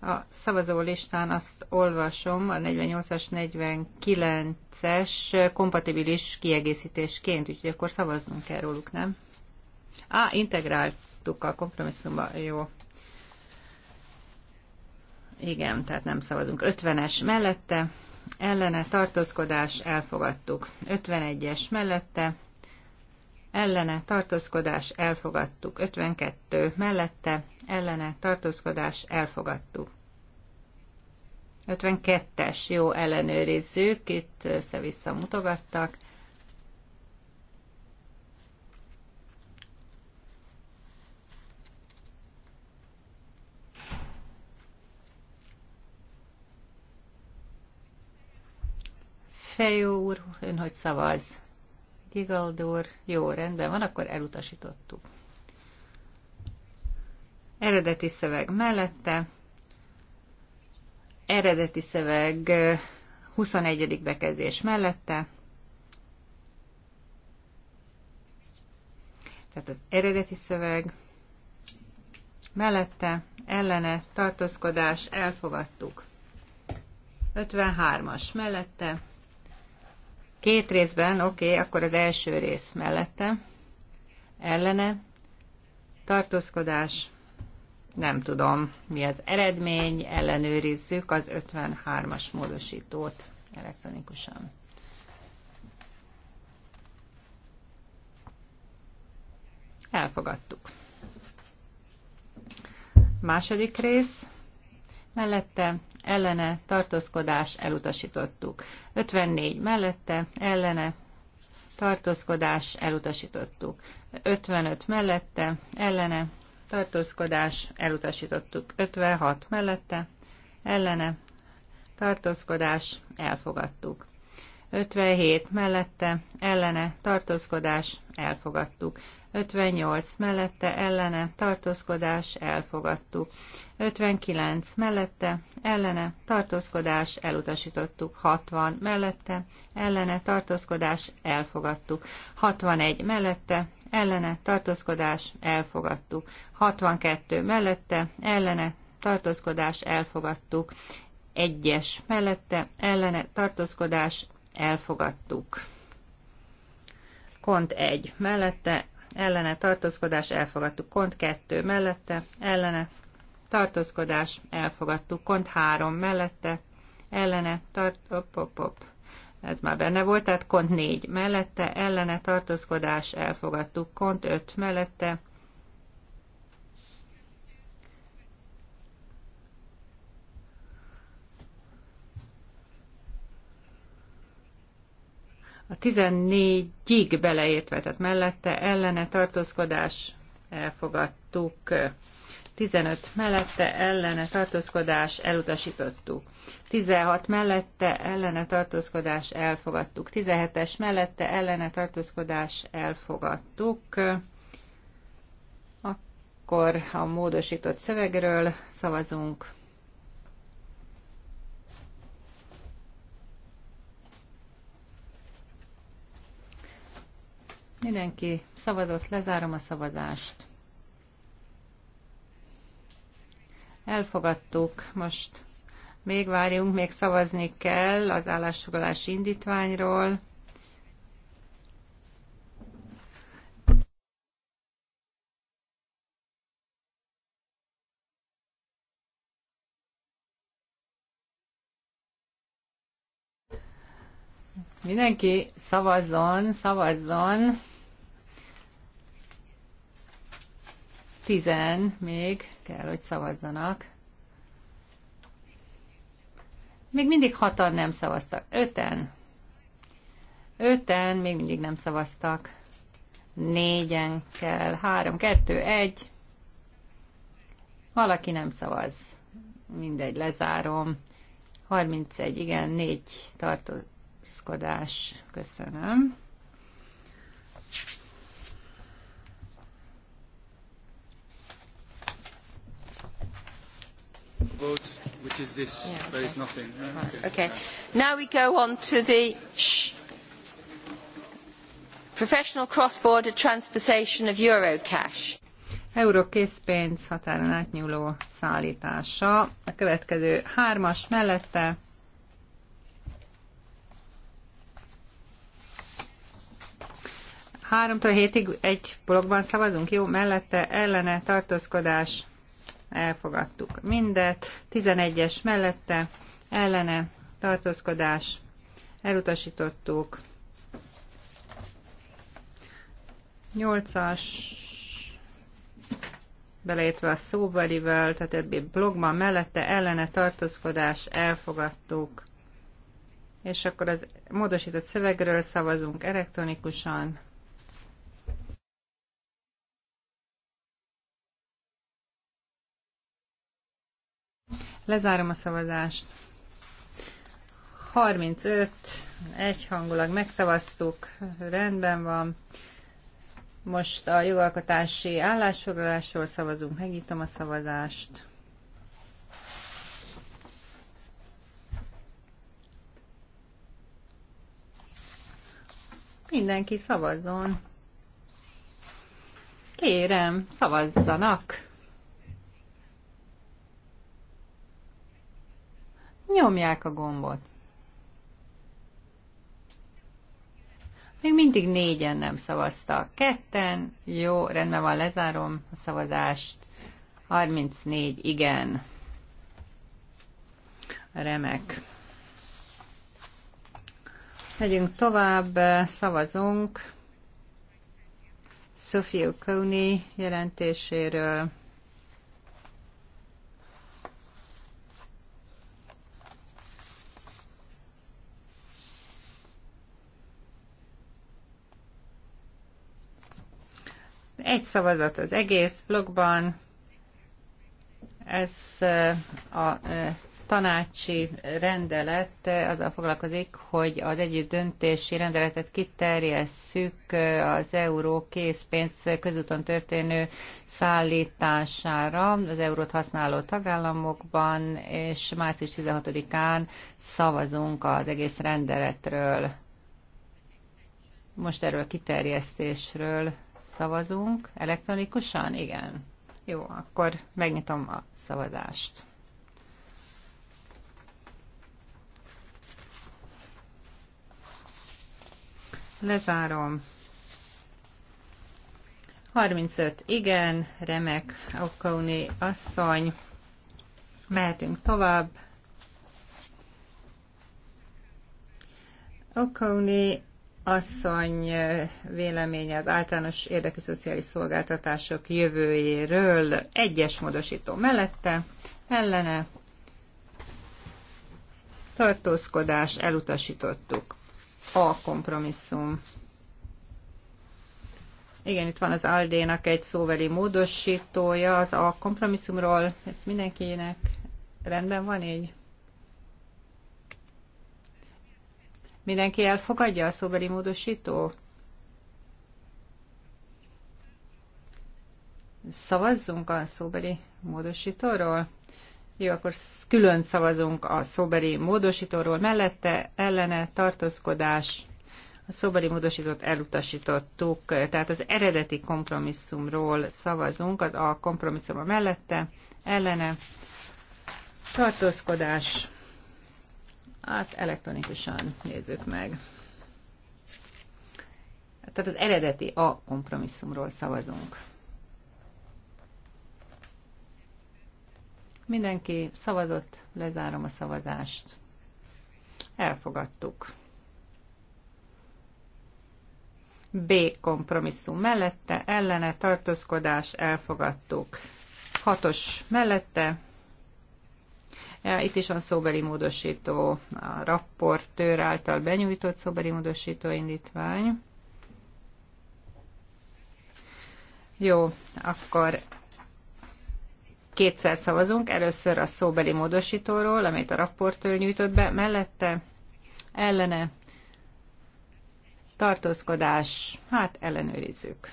A szavazó listán azt olvasom a 48-as, 49-es kompatibilis kiegészítésként, úgyhogy akkor szavaznunk kell róluk, nem? Á, integráltuk a kompromisszumba, jó. Igen, tehát nem szavazunk. 50-es mellette, ellene tartózkodás elfogadtuk. 51-es mellette ellene tartózkodás elfogadtuk. 52 mellette ellene tartózkodás elfogadtuk. 52-es, jó, ellenőrizzük, itt össze-vissza mutogattak. Fejó úr, ön hogy szavaz? Gigaldor, jó, rendben van, akkor elutasítottuk. Eredeti szöveg mellette, eredeti szöveg 21. bekezdés mellette, tehát az eredeti szöveg mellette, ellene, tartózkodás, elfogadtuk. 53-as mellette, Két részben, oké, okay, akkor az első rész mellette. Ellene. Tartózkodás. Nem tudom, mi az eredmény, ellenőrizzük az 53-as módosítót elektronikusan. Elfogadtuk. Második rész mellette, ellene, tartózkodás, elutasítottuk. 54 mellette, ellene, tartózkodás, elutasítottuk. 55 mellette, ellene, tartózkodás, elutasítottuk. 56 mellette, ellene, tartózkodás, elfogadtuk. 57 mellette, ellene, tartózkodás, elfogadtuk. 58 mellette ellene tartózkodás elfogadtuk. 59 mellette ellene tartózkodás elutasítottuk. 60 mellette ellene tartózkodás elfogadtuk. 61 mellette ellene tartózkodás elfogadtuk. 62 mellette ellene tartózkodás elfogadtuk. 1-es mellette ellene tartózkodás elfogadtuk. Kont 1 mellette ellene tartózkodás elfogadtuk. Kont 2 mellette ellene tartózkodás elfogadtuk. Kont 3 mellette ellene tart... Op, op, op. Ez már benne volt, tehát kont 4 mellette ellene tartózkodás elfogadtuk. Kont 5 mellette A 14-ig beleértve, tehát mellette ellene tartózkodás elfogadtuk. 15 mellette ellene tartózkodás elutasítottuk. 16 mellette ellene tartózkodás elfogadtuk. 17-es mellette ellene tartózkodás elfogadtuk. Akkor a módosított szövegről szavazunk. Mindenki szavazott, lezárom a szavazást. Elfogadtuk, most még várjunk, még szavazni kell az állásfoglalási indítványról. Mindenki szavazzon, szavazzon. Tizen még kell, hogy szavazzanak. Még mindig hatan nem szavaztak. Öten. Öten még mindig nem szavaztak. Négyen kell. Három, kettő, egy. Valaki nem szavaz. Mindegy, lezárom. 31, igen, 4 tartott kapaszkodás. Köszönöm. Vote, which is this. Yeah, okay. is nothing. No? Okay. okay. Now we go on to the shh, professional cross-border transportation of Eurocash. Euró készpénz határon átnyúló szállítása. A következő hármas mellette Háromtól hétig egy blogban szavazunk, jó, mellette ellene tartózkodás, elfogadtuk mindet. 11-es mellette ellene tartózkodás, elutasítottuk. 8-as beleértve a szóbelivel, tehát ebbi blogban mellette ellene tartózkodás elfogadtuk. És akkor az módosított szövegről szavazunk elektronikusan. Lezárom a szavazást. 35, egyhangulag megszavaztuk, rendben van. Most a jogalkotási állásfoglalásról szavazunk, megnyitom a szavazást. Mindenki szavazzon. Kérem, szavazzanak! Nyomják a gombot. Még mindig négyen nem szavaztak. Ketten, jó, rendben van, lezárom a szavazást. 34, igen. Remek. Megyünk tovább, szavazunk. Sophie Coney jelentéséről. Egy szavazat az egész blogban. Ez a tanácsi rendelet azzal foglalkozik, hogy az együtt döntési rendeletet kiterjesszük az euró készpénz közúton történő szállítására az eurót használó tagállamokban, és március 16-án szavazunk az egész rendeletről, most erről a kiterjesztésről Szavazunk elektronikusan? Igen. Jó, akkor megnyitom a szavazást. Lezárom. 35. Igen, remek, Okauni asszony. Mehetünk tovább. Okauni asszony eh, véleménye az általános érdekű szociális szolgáltatások jövőjéről egyes módosító mellette, ellene tartózkodás elutasítottuk. A kompromisszum. Igen, itt van az Aldénak egy szóveli módosítója, az a kompromisszumról, ezt mindenkinek rendben van így? Mindenki elfogadja a szóbeli módosító? Szavazzunk a szóbeli módosítóról? Jó, akkor külön szavazunk a szóbeli módosítóról. Mellette ellene tartózkodás. A szóbeli módosítót elutasítottuk, tehát az eredeti kompromisszumról szavazunk, az a kompromisszum a mellette, ellene, tartózkodás Hát elektronikusan nézzük meg. Tehát az eredeti A kompromisszumról szavazunk. Mindenki szavazott, lezárom a szavazást. Elfogadtuk. B kompromisszum mellette, ellene tartózkodás, elfogadtuk. Hatos mellette, E, itt is van szóbeli módosító, a rapportőr által benyújtott szóbeli módosító indítvány. Jó, akkor kétszer szavazunk. Először a szóbeli módosítóról, amit a rapportőr nyújtott be, mellette ellene tartózkodás, hát ellenőrizzük.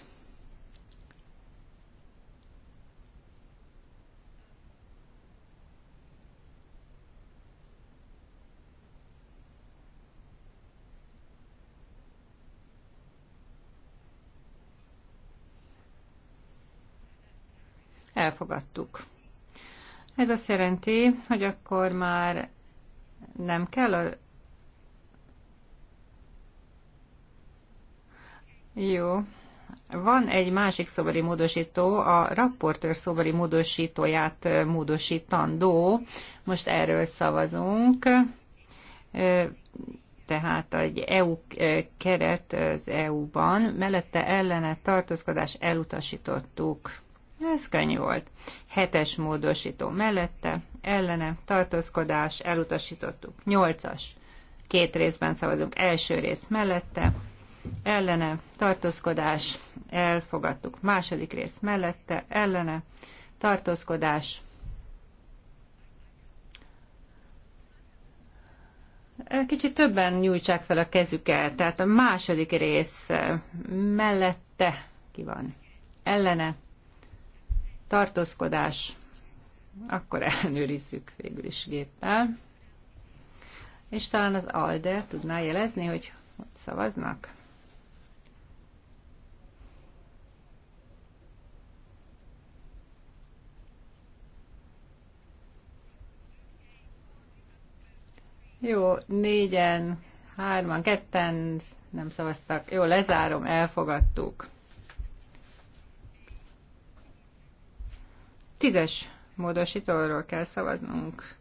Elfogadtuk. Ez azt jelenti, hogy akkor már nem kell a... Jó. Van egy másik szobori módosító, a rapportőr szobori módosítóját módosítandó. Most erről szavazunk. Tehát egy EU keret az EU-ban. Mellette ellene tartózkodás elutasítottuk. Ez könnyű volt. Hetes módosító mellette, ellene, tartózkodás, elutasítottuk. Nyolcas. Két részben szavazunk. Első rész mellette, ellene, tartózkodás, elfogadtuk. Második rész mellette, ellene, tartózkodás. Kicsit többen nyújtsák fel a kezüket, tehát a második rész mellette ki van. Ellene, tartózkodás, akkor ellenőrizzük végül is géppel. És talán az ALDE tudná jelezni, hogy ott szavaznak. Jó, négyen, hárman, ketten nem szavaztak. Jó, lezárom, elfogadtuk. Tízes módosítóról kell szavaznunk.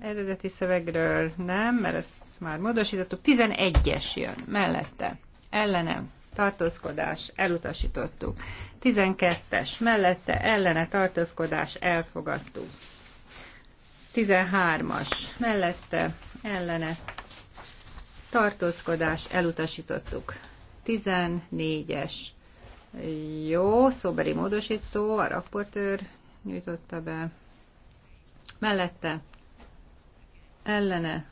Eredeti szövegről nem, mert ezt már módosítottuk. 11-es jön mellette. Ellenem tartózkodás, elutasítottuk. 12-es mellette ellene tartózkodás, elfogadtuk. 13-as mellette ellene tartózkodás, elutasítottuk. 14-es jó, szóbeli módosító, a raportőr nyújtotta be. Mellette ellene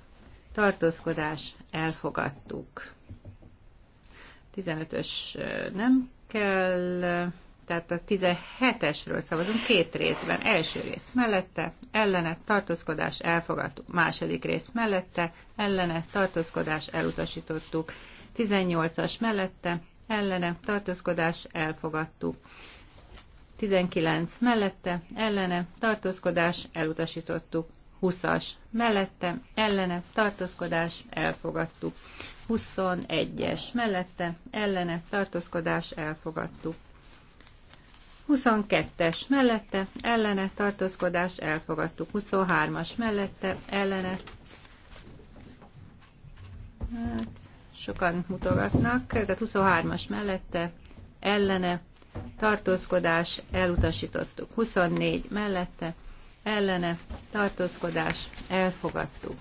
tartózkodás elfogadtuk. 15-ös nem kell, tehát a 17-esről szavazunk két részben. Első rész mellette, ellene tartózkodás elfogadtuk. Második rész mellette, ellene tartózkodás elutasítottuk. 18-as mellette, ellene tartózkodás elfogadtuk. 19 mellette, ellene, tartózkodás, elutasítottuk. 20-as mellette, ellene, tartózkodás, elfogadtuk. 21-es mellette, ellene, tartózkodás, elfogadtuk. 22-es mellette, ellene, tartózkodás, elfogadtuk. 23-as mellette, ellene. Hát, sokan mutogatnak, tehát 23-as mellette, ellene, tartózkodás, elutasítottuk. 24 mellette, ellene, tartózkodás, elfogadtuk.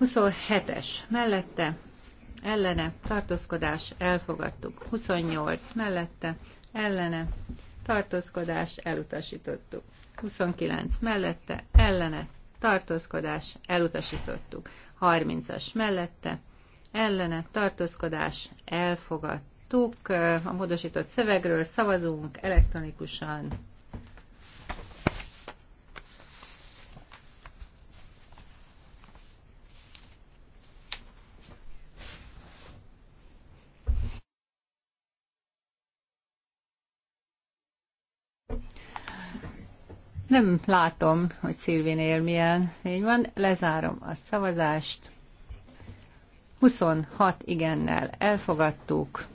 27-es mellette, ellene, tartózkodás, elfogadtuk. 28 mellette, ellene, tartózkodás, elutasítottuk. 29 mellette, ellene, tartózkodás, elutasítottuk. 30-as mellette, ellene tartózkodás elfogadtuk. A módosított szövegről szavazunk elektronikusan. Nem látom, hogy Szilvinél milyen. fény van, lezárom a szavazást. 26 igennel elfogadtuk,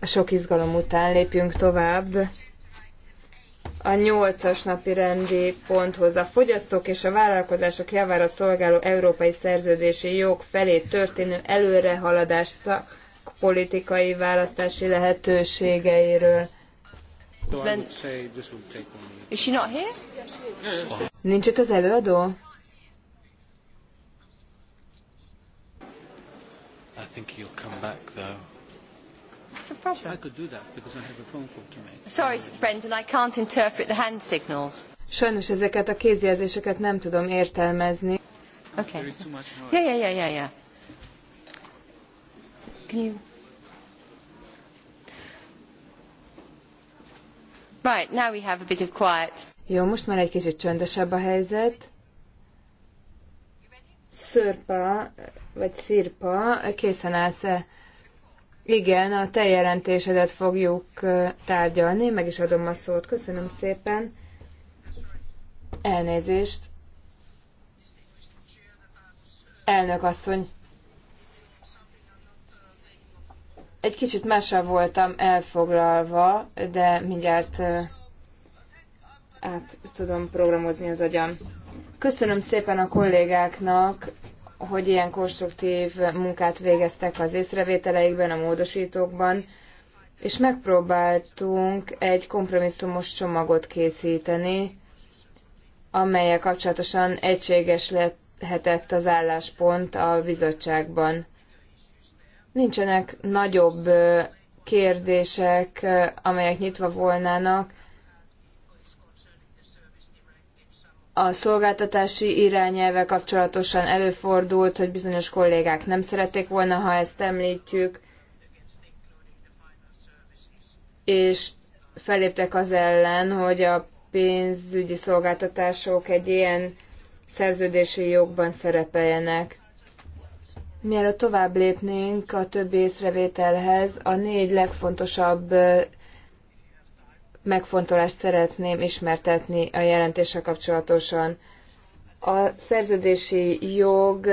A sok izgalom után lépjünk tovább a nyolcas napi rendi ponthoz. A fogyasztók és a vállalkozások javára szolgáló európai szerződési jog felé történő előrehaladás szakpolitikai választási lehetőségeiről. Is she not here? Nincs itt az előadó? think he'll come back though. It's a problem. I could do that because I have a phone call to make. Sorry, Brendan, I can't interpret the hand signals. Sajnos ezeket a kézjelzéseket nem tudom értelmezni. Okay. There is too much noise. Yeah, yeah, yeah, yeah, yeah. Can you... Right, now we have a bit of quiet. Jó, most már egy kicsit csöndesebb a helyzet. Szörpa vagy Szirpa, készen állsz-e? Eh, igen, a te jelentésedet fogjuk eh, tárgyalni, meg is adom a szót. Köszönöm szépen. Elnézést. Elnök asszony. Egy kicsit mással voltam elfoglalva, de mindjárt eh, át tudom programozni az agyam. Köszönöm szépen a kollégáknak hogy ilyen konstruktív munkát végeztek az észrevételeikben, a módosítókban, és megpróbáltunk egy kompromisszumos csomagot készíteni, amelyel kapcsolatosan egységes lehetett az álláspont a bizottságban. Nincsenek nagyobb kérdések, amelyek nyitva volnának, a szolgáltatási irányelve kapcsolatosan előfordult, hogy bizonyos kollégák nem szerették volna, ha ezt említjük, és feléptek az ellen, hogy a pénzügyi szolgáltatások egy ilyen szerződési jogban szerepeljenek. Mielőtt tovább lépnénk a többi észrevételhez, a négy legfontosabb megfontolást szeretném ismertetni a jelentése kapcsolatosan. A szerződési jog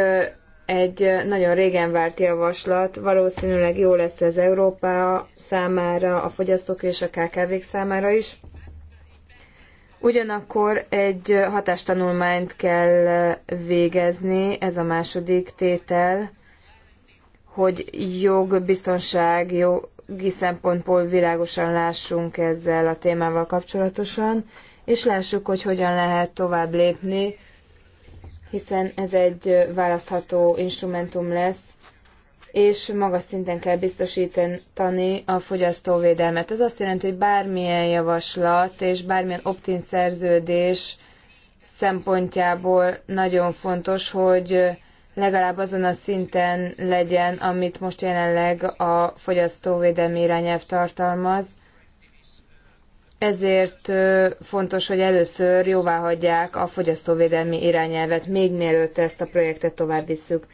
egy nagyon régen várt javaslat, valószínűleg jó lesz ez Európa számára, a fogyasztók és a KKV-k számára is. Ugyanakkor egy hatástanulmányt kell végezni, ez a második tétel, hogy jogbiztonság, jó jogi szempontból világosan lássunk ezzel a témával kapcsolatosan, és lássuk, hogy hogyan lehet tovább lépni, hiszen ez egy választható instrumentum lesz, és magas szinten kell biztosítani a fogyasztóvédelmet. Ez azt jelenti, hogy bármilyen javaslat és bármilyen optin szerződés szempontjából nagyon fontos, hogy legalább azon a szinten legyen, amit most jelenleg a fogyasztóvédelmi irányelv tartalmaz. Ezért fontos, hogy először jóváhagyják a fogyasztóvédelmi irányelvet, még mielőtt ezt a projektet tovább visszük.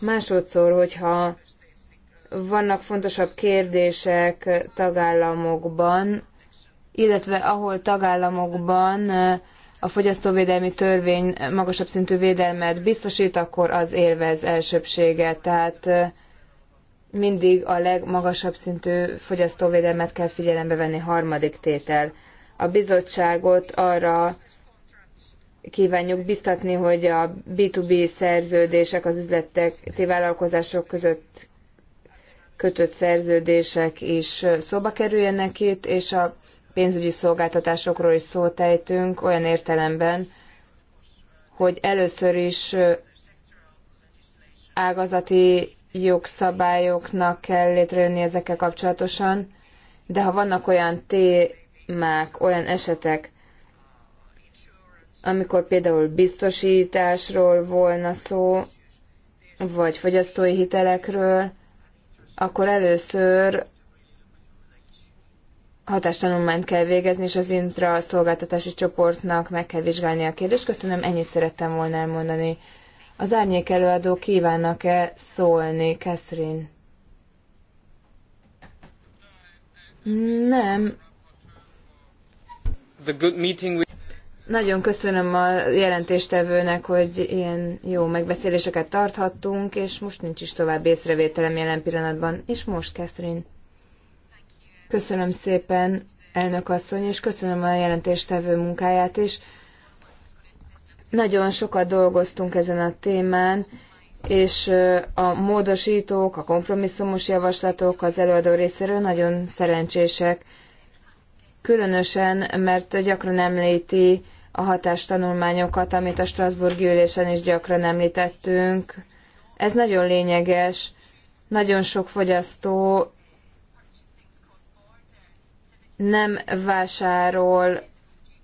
Másodszor, hogyha vannak fontosabb kérdések tagállamokban, illetve ahol tagállamokban a fogyasztóvédelmi törvény magasabb szintű védelmet biztosít, akkor az élvez elsőbséget. Tehát mindig a legmagasabb szintű fogyasztóvédelmet kell figyelembe venni harmadik tétel. A bizottságot arra kívánjuk biztatni, hogy a B2B szerződések az üzletek, vállalkozások között kötött szerződések is szóba kerüljenek itt, és a pénzügyi szolgáltatásokról is szót ejtünk, olyan értelemben, hogy először is ágazati jogszabályoknak kell létrejönni ezekkel kapcsolatosan, de ha vannak olyan témák, olyan esetek, amikor például biztosításról volna szó, vagy fogyasztói hitelekről, akkor először hatástanulmányt kell végezni, és az intra szolgáltatási csoportnak meg kell vizsgálni a kérdést. Köszönöm, ennyit szerettem volna elmondani. Az árnyék előadó kívánnak-e szólni, Catherine? Nem. Nagyon köszönöm a jelentéstevőnek, hogy ilyen jó megbeszéléseket tarthattunk, és most nincs is tovább észrevételem jelen pillanatban. És most, Catherine. Köszönöm szépen, elnök asszony, és köszönöm a jelentéstevő munkáját is. Nagyon sokat dolgoztunk ezen a témán, és a módosítók, a kompromisszumos javaslatok az előadó részéről nagyon szerencsések. Különösen, mert gyakran említi a hatástanulmányokat, amit a Strasburgi ülésen is gyakran említettünk. Ez nagyon lényeges. Nagyon sok fogyasztó nem vásárol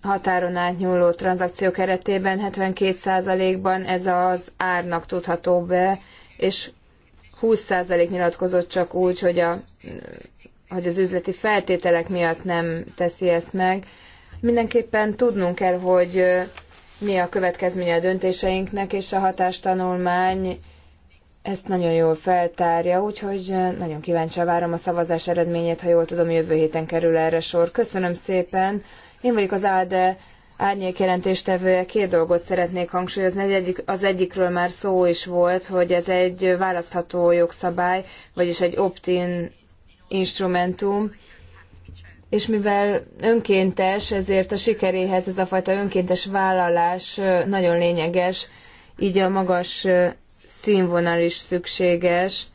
határon átnyúló tranzakció keretében 72%-ban ez az árnak tudható be, és 20% nyilatkozott csak úgy, hogy, a, hogy az üzleti feltételek miatt nem teszi ezt meg. Mindenképpen tudnunk kell, hogy mi a következménye a döntéseinknek, és a hatástanulmány ezt nagyon jól feltárja, úgyhogy nagyon kíváncsi várom a szavazás eredményét, ha jól tudom, jövő héten kerül erre sor. Köszönöm szépen. Én vagyok az Áde árnyék jelentéstevője. Két dolgot szeretnék hangsúlyozni. Az egyikről már szó is volt, hogy ez egy választható jogszabály, vagyis egy opt-in instrumentum. És mivel önkéntes, ezért a sikeréhez ez a fajta önkéntes vállalás nagyon lényeges, így a magas színvonal is szükséges,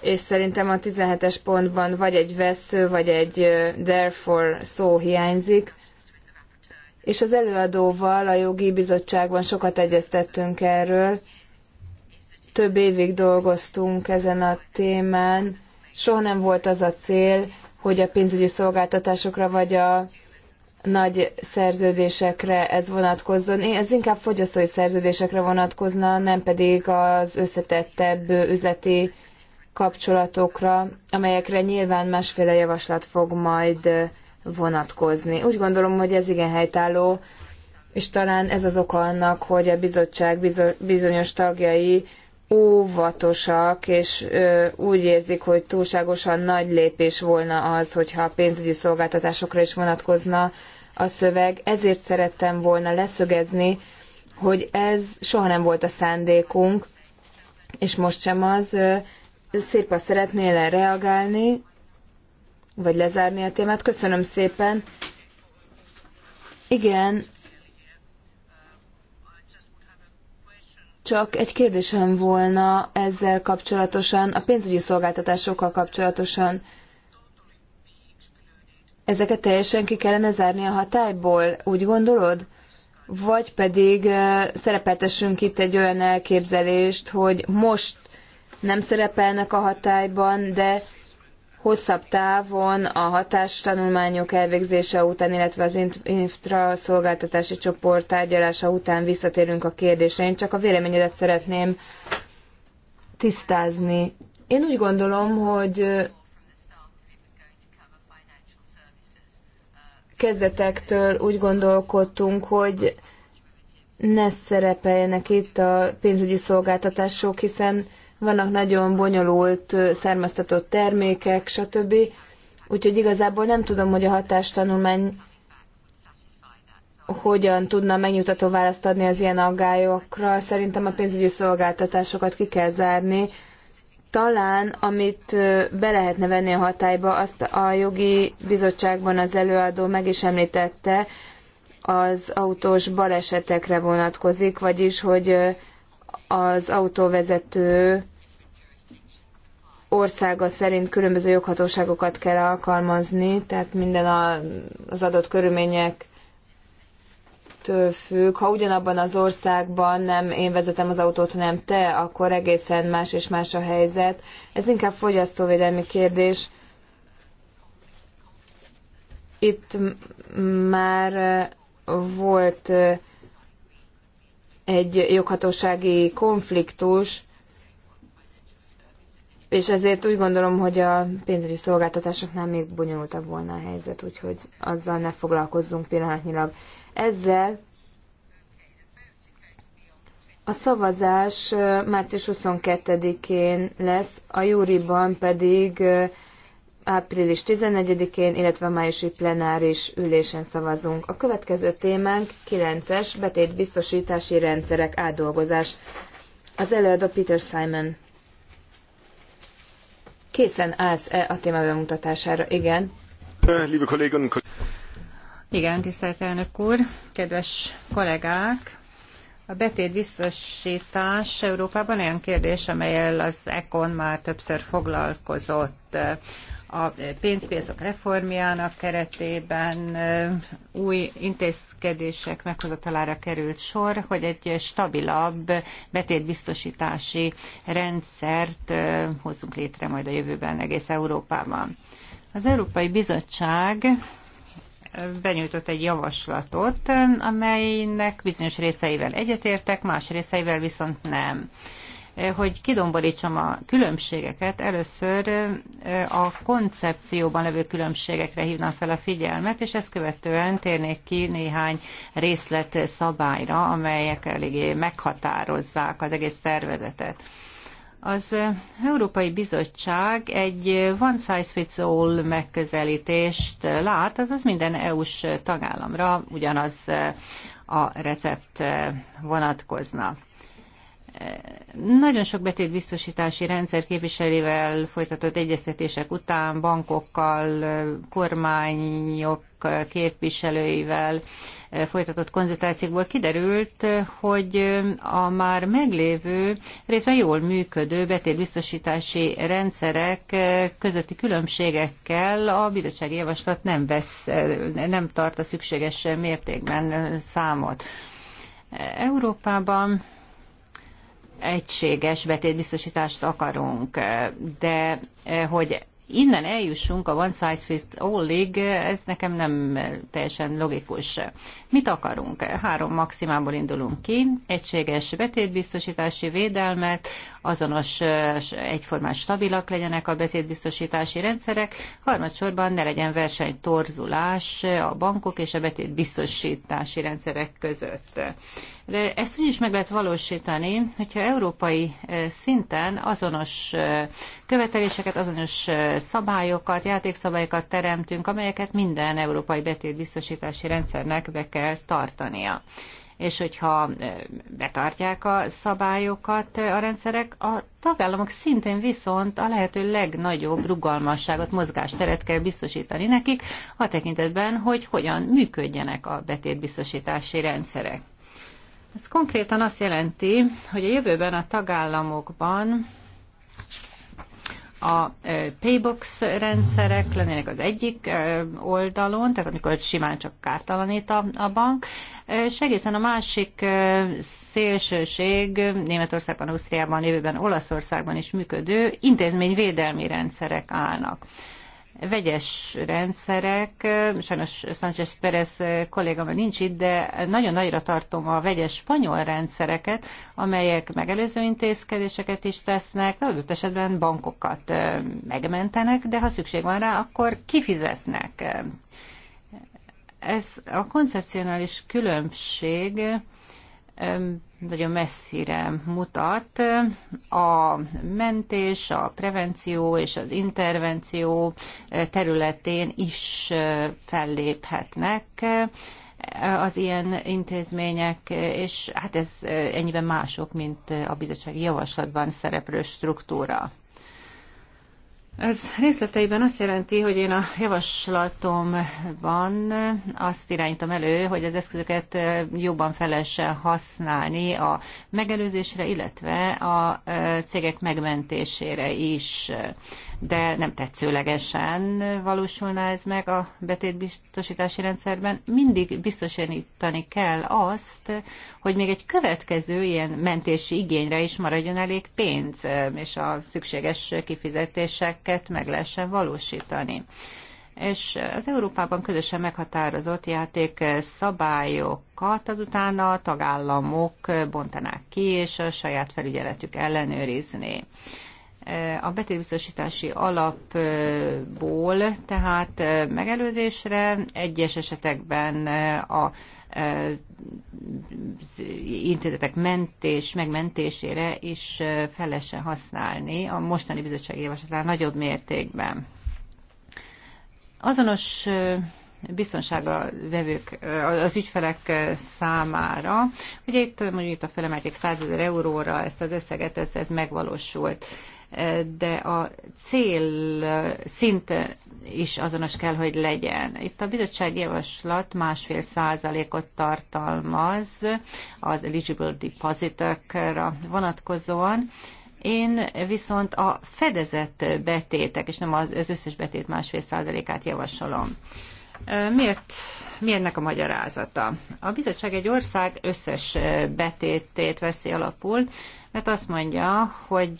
és szerintem a 17-es pontban vagy egy vesző, vagy egy therefore szó hiányzik, és az előadóval a jogi bizottságban sokat egyeztettünk erről, több évig dolgoztunk ezen a témán, soha nem volt az a cél, hogy a pénzügyi szolgáltatásokra vagy a nagy szerződésekre ez vonatkozzon. Ez inkább fogyasztói szerződésekre vonatkozna, nem pedig az összetettebb üzleti kapcsolatokra, amelyekre nyilván másféle javaslat fog majd vonatkozni. Úgy gondolom, hogy ez igen helytálló, és talán ez az oka annak, hogy a bizottság bizonyos tagjai óvatosak, és ö, úgy érzik, hogy túlságosan nagy lépés volna az, hogyha a pénzügyi szolgáltatásokra is vonatkozna a szöveg, ezért szerettem volna leszögezni, hogy ez soha nem volt a szándékunk, és most sem az. Szépen szeretnél -e reagálni, vagy lezárni a témát? Köszönöm szépen. Igen. Csak egy kérdésem volna ezzel kapcsolatosan, a pénzügyi szolgáltatásokkal kapcsolatosan ezeket teljesen ki kellene zárni a hatályból, úgy gondolod? Vagy pedig szerepeltessünk itt egy olyan elképzelést, hogy most nem szerepelnek a hatályban, de hosszabb távon a hatástanulmányok elvégzése után, illetve az infraszolgáltatási csoport tárgyalása után visszatérünk a kérdésre. Én csak a véleményedet szeretném tisztázni. Én úgy gondolom, hogy kezdetektől úgy gondolkodtunk, hogy ne szerepeljenek itt a pénzügyi szolgáltatások, hiszen vannak nagyon bonyolult származtatott termékek, stb. Úgyhogy igazából nem tudom, hogy a hatástanulmány hogyan tudna megnyugtató választ adni az ilyen aggályokra. Szerintem a pénzügyi szolgáltatásokat ki kell zárni talán, amit be lehetne venni a hatályba, azt a jogi bizottságban az előadó meg is említette, az autós balesetekre vonatkozik, vagyis, hogy az autóvezető országa szerint különböző joghatóságokat kell alkalmazni, tehát minden az adott körülmények attól függ, ha ugyanabban az országban nem én vezetem az autót, hanem te, akkor egészen más és más a helyzet. Ez inkább fogyasztóvédelmi kérdés. Itt már volt egy joghatósági konfliktus, és ezért úgy gondolom, hogy a pénzügyi szolgáltatásoknál még bonyolultabb volna a helyzet, úgyhogy azzal ne foglalkozzunk pillanatnyilag. Ezzel a szavazás március 22-én lesz, a júriban pedig április 11-én, illetve a májusi plenáris ülésen szavazunk. A következő témánk 9-es betétbiztosítási rendszerek átdolgozás. Az előadó Peter Simon. Készen állsz-e a téma bemutatására? Igen. Liebe Kolleginnen und igen, tisztelt elnök úr, kedves kollégák! A betét Európában olyan kérdés, amelyel az ECON már többször foglalkozott a pénzpiacok reformjának keretében új intézkedések meghozatalára került sor, hogy egy stabilabb betétbiztosítási rendszert hozzunk létre majd a jövőben egész Európában. Az Európai Bizottság benyújtott egy javaslatot, amelynek bizonyos részeivel egyetértek, más részeivel viszont nem. Hogy kidomborítsam a különbségeket, először a koncepcióban levő különbségekre hívnám fel a figyelmet, és ezt követően térnék ki néhány részlet szabályra, amelyek eléggé meghatározzák az egész tervezetet. Az Európai Bizottság egy one size fits all megközelítést lát, azaz minden EU-s tagállamra ugyanaz a recept vonatkozna. Nagyon sok betétbiztosítási rendszer képviselével folytatott egyeztetések után, bankokkal, kormányok képviselőivel eh, folytatott konzultációkból kiderült, hogy eh, a már meglévő, részben jól működő betétbiztosítási rendszerek eh, közötti különbségekkel a bizottsági javaslat nem, vesz, nem tart a szükséges mértékben számot. Európában egységes betétbiztosítást akarunk, de eh, hogy innen eljussunk a one size fits all-ig, ez nekem nem teljesen logikus. Mit akarunk? Három maximából indulunk ki, egységes betétbiztosítási védelmet, azonos, eh, egyformán stabilak legyenek a betétbiztosítási rendszerek, harmadsorban ne legyen versenytorzulás a bankok és a betétbiztosítási rendszerek között. De ezt úgy is meg lehet valósítani, hogyha európai szinten azonos követeléseket, azonos szabályokat, játékszabályokat teremtünk, amelyeket minden európai betétbiztosítási rendszernek be kell tartania és hogyha betartják a szabályokat a rendszerek, a tagállamok szintén viszont a lehető legnagyobb rugalmasságot, mozgásteret kell biztosítani nekik, a tekintetben, hogy hogyan működjenek a betétbiztosítási rendszerek. Ez konkrétan azt jelenti, hogy a jövőben a tagállamokban a paybox rendszerek lennének az egyik oldalon, tehát amikor simán csak kártalanít a, a bank, és egészen a másik szélsőség Németországban, Ausztriában, jövőben Olaszországban is működő intézményvédelmi rendszerek állnak vegyes rendszerek, sajnos Sánchez kolléga már nincs itt, de nagyon nagyra tartom a vegyes spanyol rendszereket, amelyek megelőző intézkedéseket is tesznek, adott esetben bankokat megmentenek, de ha szükség van rá, akkor kifizetnek. Ez a koncepcionális különbség, nagyon messzire mutat. Eh, a mentés, a prevenció és az intervenció eh, területén is eh, felléphetnek az ilyen intézmények, és hát ez ennyiben mások, mint a bizottsági javaslatban szereplő struktúra. Ez részleteiben azt jelenti, hogy én a javaslatomban azt irányítom elő, hogy az eszközöket jobban fel használni a megelőzésre, illetve a cégek megmentésére is de nem tetszőlegesen valósulna ez meg a betétbiztosítási rendszerben. Mindig biztosítani kell azt, hogy még egy következő ilyen mentési igényre is maradjon elég pénz, és a szükséges kifizetéseket meg lehessen valósítani és az Európában közösen meghatározott játék szabályokat azután a tagállamok bontanák ki, és a saját felügyeletük ellenőrizni a betegbiztosítási alapból, tehát megelőzésre egyes esetekben a intézetek mentés, megmentésére is fel használni a mostani bizottsági javaslatán nagyobb mértékben. Azonos biztonsága vevők, az ügyfelek számára. Ugye itt mondjuk itt a felemelték 100 ezer euróra ezt az összeget, ez, ez megvalósult de a cél szint is azonos kell, hogy legyen. Itt a bizottság javaslat másfél százalékot tartalmaz az eligible depositokra vonatkozóan, én viszont a fedezett betétek, és nem az összes betét másfél százalékát javasolom. Miért, mi ennek a magyarázata? A bizottság egy ország összes betétét veszi alapul, mert hát azt mondja, hogy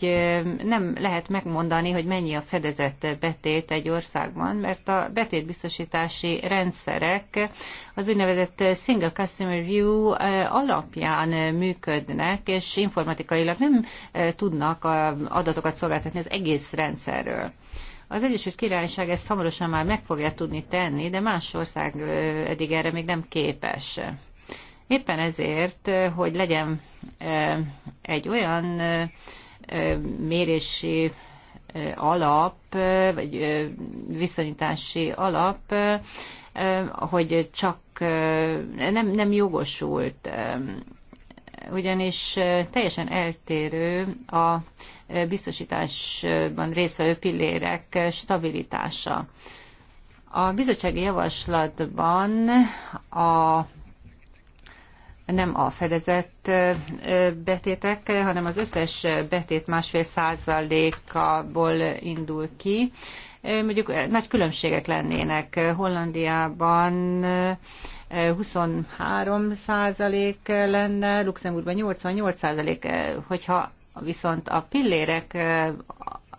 nem lehet megmondani, hogy mennyi a fedezett betét egy országban, mert a betétbiztosítási rendszerek az úgynevezett Single Customer View alapján működnek, és informatikailag nem tudnak adatokat szolgáltatni az egész rendszerről. Az Egyesült Királyság ezt hamarosan már meg fogja tudni tenni, de más ország eddig erre még nem képes. Éppen ezért, eh, hogy legyen eh, egy olyan eh, mérési alap, vagy viszonyítási alap, hogy csak nem, nem jogosult, ugyanis teljesen eltérő a biztosításban részvevő pillérek stabilitása. A bizottsági javaslatban a nem a fedezett betétek, hanem az összes betét másfél százalékából indul ki. Mondjuk nagy különbségek lennének. Hollandiában 23 százalék lenne, Luxemburgban 88 százalék, hogyha viszont a pillérek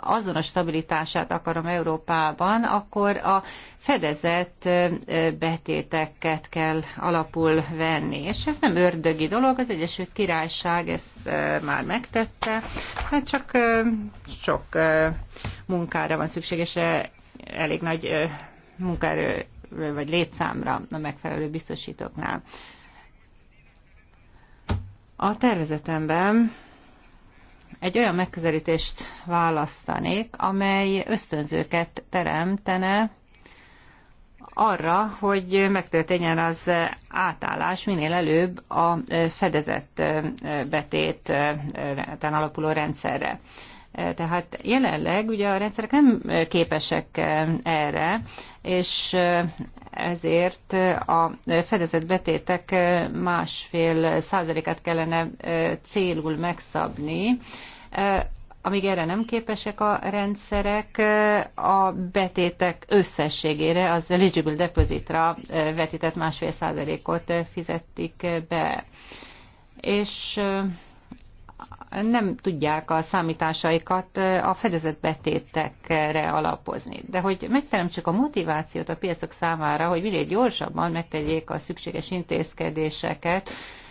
azonos stabilitását akarom Európában, akkor a fedezett betéteket kell alapul venni. És ez nem ördögi dolog, az Egyesült Királyság ezt már megtette, hát csak sok munkára van szükség, és elég nagy munkaerő vagy létszámra a megfelelő biztosítóknál. A tervezetemben egy olyan megközelítést választanék, amely ösztönzőket teremtene arra, hogy megtörténjen az átállás minél előbb a fedezett betét alapuló rendszerre. Tehát jelenleg ugye a rendszerek nem képesek erre, és ezért a fedezett betétek másfél százalékát kellene célul megszabni. Amíg erre nem képesek a rendszerek, a betétek összességére, az eligible depositra vetített másfél százalékot fizetik be. És nem tudják a számításaikat a betétekre alapozni. De hogy megteremtsük a motivációt a piacok számára, hogy minél gyorsabban megtegyék a szükséges intézkedéseket,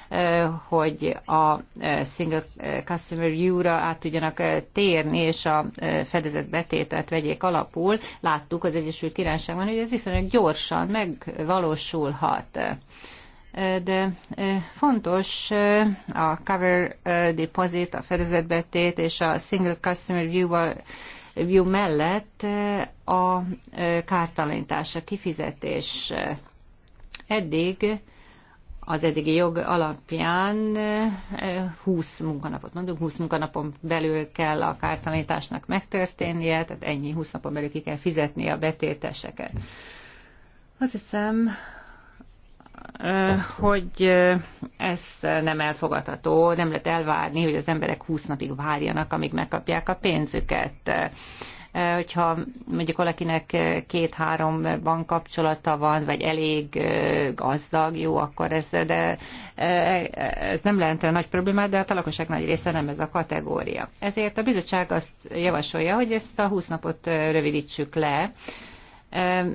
eh, hogy a eh, single customer view-ra át tudjanak eh, térni, és a fedezett betétet vegyék alapul. Láttuk az Egyesült Királyságban, hogy ez viszonylag gyorsan megvalósulhat de fontos a cover deposit, a fedezetbetét és a single customer view view mellett a kártalanítás, a kifizetés eddig az eddigi jog alapján 20 munkanapot mondunk, 20 munkanapon belül kell a kártalanításnak megtörténnie, tehát ennyi 20 napon belül ki kell fizetni a betéteseket. Azt hiszem, hogy ez nem elfogadható, nem lehet elvárni, hogy az emberek 20 napig várjanak, amíg megkapják a pénzüket hogyha mondjuk valakinek két-három bankkapcsolata van, vagy elég gazdag, jó, akkor ez, de ez nem lehet nagy problémát, de hát a lakosság nagy része nem ez a kategória. Ezért a bizottság azt javasolja, hogy ezt a 20 napot rövidítsük le,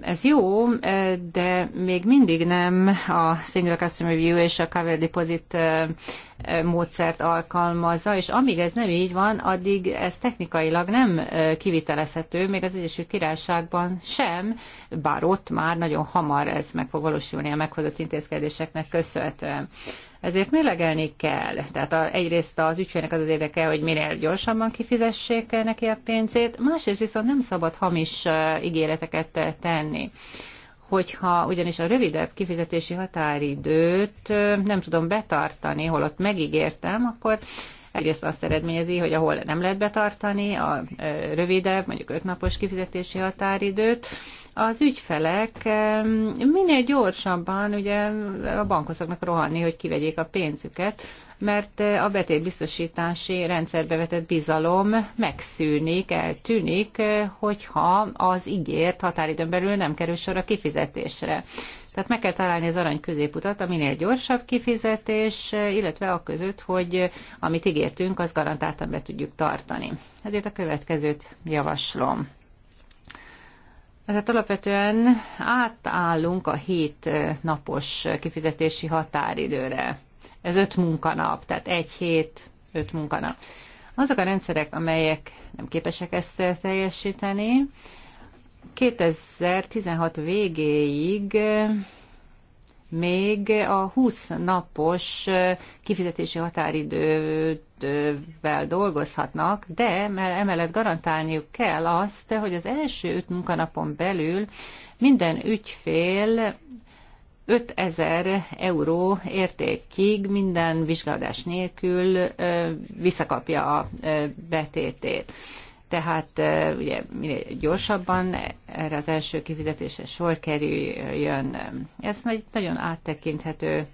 ez jó, de még mindig nem a Single Customer View és a Cover Deposit módszert alkalmazza, és amíg ez nem így van, addig ez technikailag nem kivitelezhető, még az Egyesült Királyságban sem, bár ott már nagyon hamar ez meg fog valósulni a meghozott intézkedéseknek köszönhetően. Ezért mérlegelni kell. Tehát a, egyrészt az ügyfélnek az az érdeke, hogy minél gyorsabban kifizessék neki a pénzét, másrészt viszont nem szabad hamis ígéreteket tenni hogyha ugyanis a rövidebb kifizetési határidőt nem tudom betartani, holott megígértem, akkor egyrészt azt eredményezi, hogy ahol nem lehet betartani a rövidebb, mondjuk ötnapos kifizetési határidőt, az ügyfelek minél gyorsabban ugye a bankhoz rohanni, hogy kivegyék a pénzüket, mert eh, a betétbiztosítási rendszerbe vetett bizalom megszűnik, eltűnik, eh, hogyha az ígért határidőn belül nem kerül sor a kifizetésre. Tehát meg kell találni az arany középutat, a minél gyorsabb kifizetés, eh, illetve a között, hogy amit ígértünk, az garantáltan be tudjuk tartani. Ezért a következőt javaslom. Tehát alapvetően átállunk a hét napos kifizetési határidőre. Ez öt munkanap, tehát egy hét, öt munkanap. Azok a rendszerek, amelyek nem képesek ezt teljesíteni, 2016 végéig még a 20 napos kifizetési határidővel dolgozhatnak, de emellett garantálniuk kell azt, hogy az első 5 munkanapon belül minden ügyfél 5000 euró értékig minden vizsgálás nélkül visszakapja a betétét tehát ugye minél gyorsabban erre az első kifizetésre sor kerüljön. Ez egy nagyon áttekinthető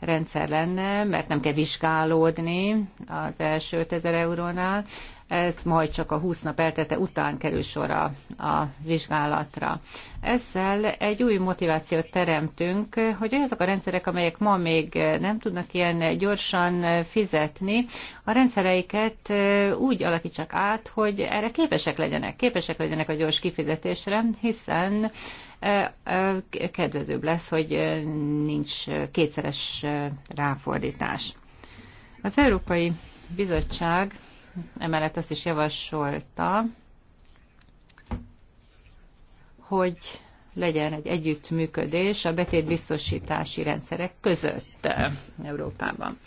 rendszer lenne, mert nem kell vizsgálódni az első 5000 eurónál, ez majd csak a 20 nap eltete után kerül sor a, a vizsgálatra. Ezzel egy új motivációt teremtünk, hogy azok a rendszerek, amelyek ma még nem tudnak ilyen gyorsan fizetni, a rendszereiket úgy alakítsák át, hogy erre képesek legyenek, képesek legyenek a gyors kifizetésre, hiszen e, e, kedvezőbb lesz, hogy nincs kétszeres ráfordítás. Az Európai Bizottság emellett azt is javasolta, hogy legyen egy együttműködés a betétbiztosítási rendszerek között Európában.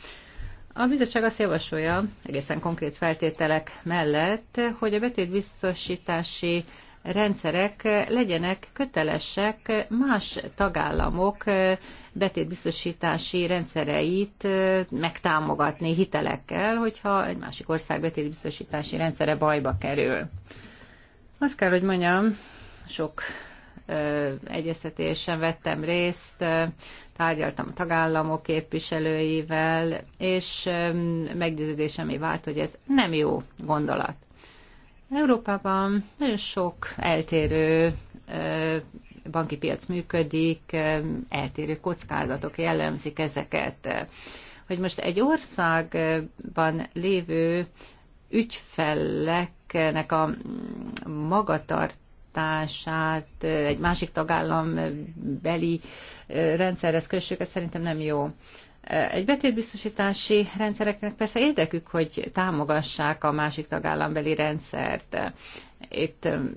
A bizottság azt javasolja, egészen konkrét feltételek mellett, hogy a betétbiztosítási rendszerek legyenek kötelesek más tagállamok betétbiztosítási rendszereit megtámogatni hitelekkel, hogyha egy másik ország betétbiztosítási rendszere bajba kerül. Azt kell, hogy mondjam, sok egyeztetésen vettem részt, tárgyaltam a tagállamok képviselőivel, és meggyőződésemé vált, hogy ez nem jó gondolat. Európában nagyon sok eltérő banki piac működik, eltérő kockázatok jellemzik ezeket. Hogy most egy országban lévő ügyfeleknek a magatartását egy másik tagállam beli rendszerhez kössük, ez szerintem nem jó. Egy betétbiztosítási rendszereknek persze érdekük, hogy támogassák a másik tagállambeli rendszert. Itt um,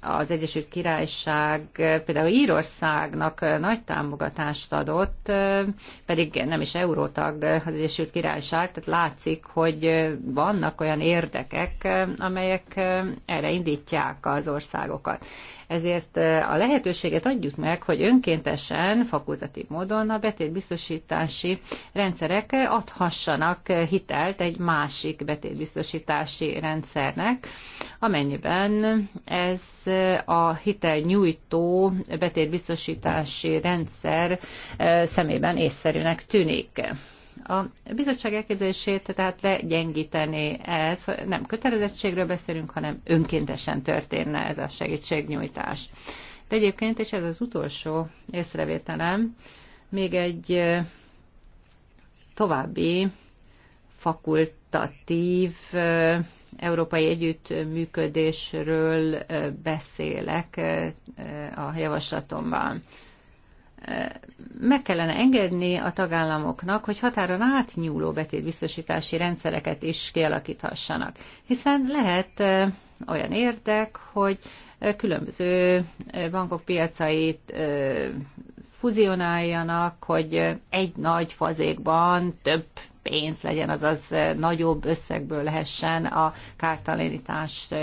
az Egyesült Királyság uh, például Írországnak uh, nagy támogatást adott, uh, pedig nem is eurótag az Egyesült Királyság, tehát látszik, hogy vannak olyan érdekek, amelyek erre indítják az országokat. Ezért a lehetőséget adjuk meg, hogy önkéntesen, fakultatív módon a betétbiztosítási rendszerek adhassanak hitelt egy másik betétbiztosítási rendszernek, amennyiben Valóban ez a hitelnyújtó betétbiztosítási rendszer szemében észszerűnek tűnik. A bizottság elképzelését tehát legyengíteni ez, nem kötelezettségről beszélünk, hanem önkéntesen történne ez a segítségnyújtás. De egyébként, és ez az utolsó észrevételem, még egy további fakultatív európai együttműködésről beszélek a javaslatomban. Meg kellene engedni a tagállamoknak, hogy határon átnyúló betétbiztosítási rendszereket is kialakíthassanak, hiszen lehet olyan érdek, hogy különböző bankok piacait fuzionáljanak, hogy egy nagy fazékban több pénz legyen, azaz nagyobb összegből lehessen a kártalanítást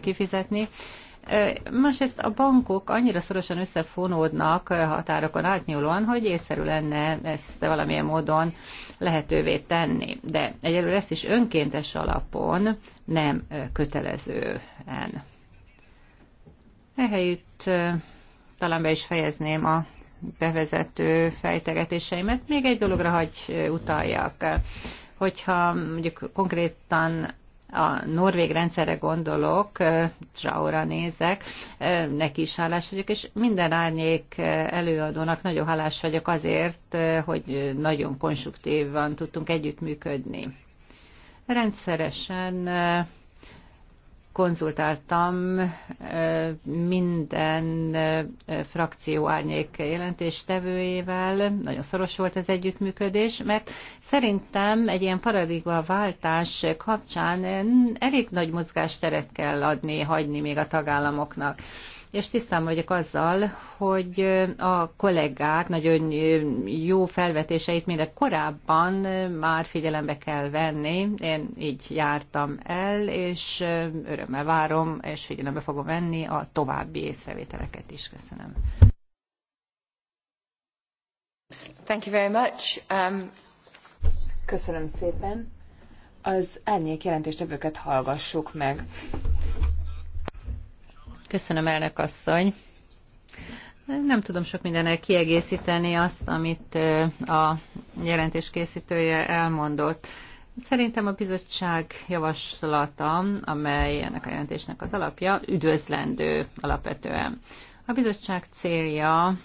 kifizetni. Másrészt a bankok annyira szorosan összefonódnak határokon átnyúlóan, hogy észszerű lenne ezt valamilyen módon lehetővé tenni. De egyelőre ezt is önkéntes alapon nem kötelezően. Ehelyütt talán be is fejezném a bevezető fejtegetéseimet. Még egy dologra hagy utaljak. Hogyha mondjuk konkrétan a norvég rendszerre gondolok, Traora nézek, neki is hálás vagyok, és minden árnyék előadónak nagyon hálás vagyok azért, hogy nagyon konstruktívan tudtunk együttműködni. Rendszeresen konzultáltam minden frakció árnyék jelentéstevőjével, nagyon szoros volt az együttműködés, mert szerintem egy ilyen paradigmaváltás kapcsán elég nagy mozgásteret kell adni, hagyni még a tagállamoknak és tisztán vagyok azzal, hogy a kollégák nagyon jó felvetéseit minden korábban már figyelembe kell venni. Én így jártam el, és örömmel várom, és figyelembe fogom venni a további észrevételeket is. Köszönöm. Thank you very much. Um... Köszönöm szépen. Az árnyék jelentéstevőket hallgassuk meg. Köszönöm, elnök asszony. Nem tudom sok mindennel kiegészíteni azt, amit a jelentés készítője elmondott. Szerintem a bizottság javaslata, amely ennek a jelentésnek az alapja, üdvözlendő alapvetően. A bizottság célja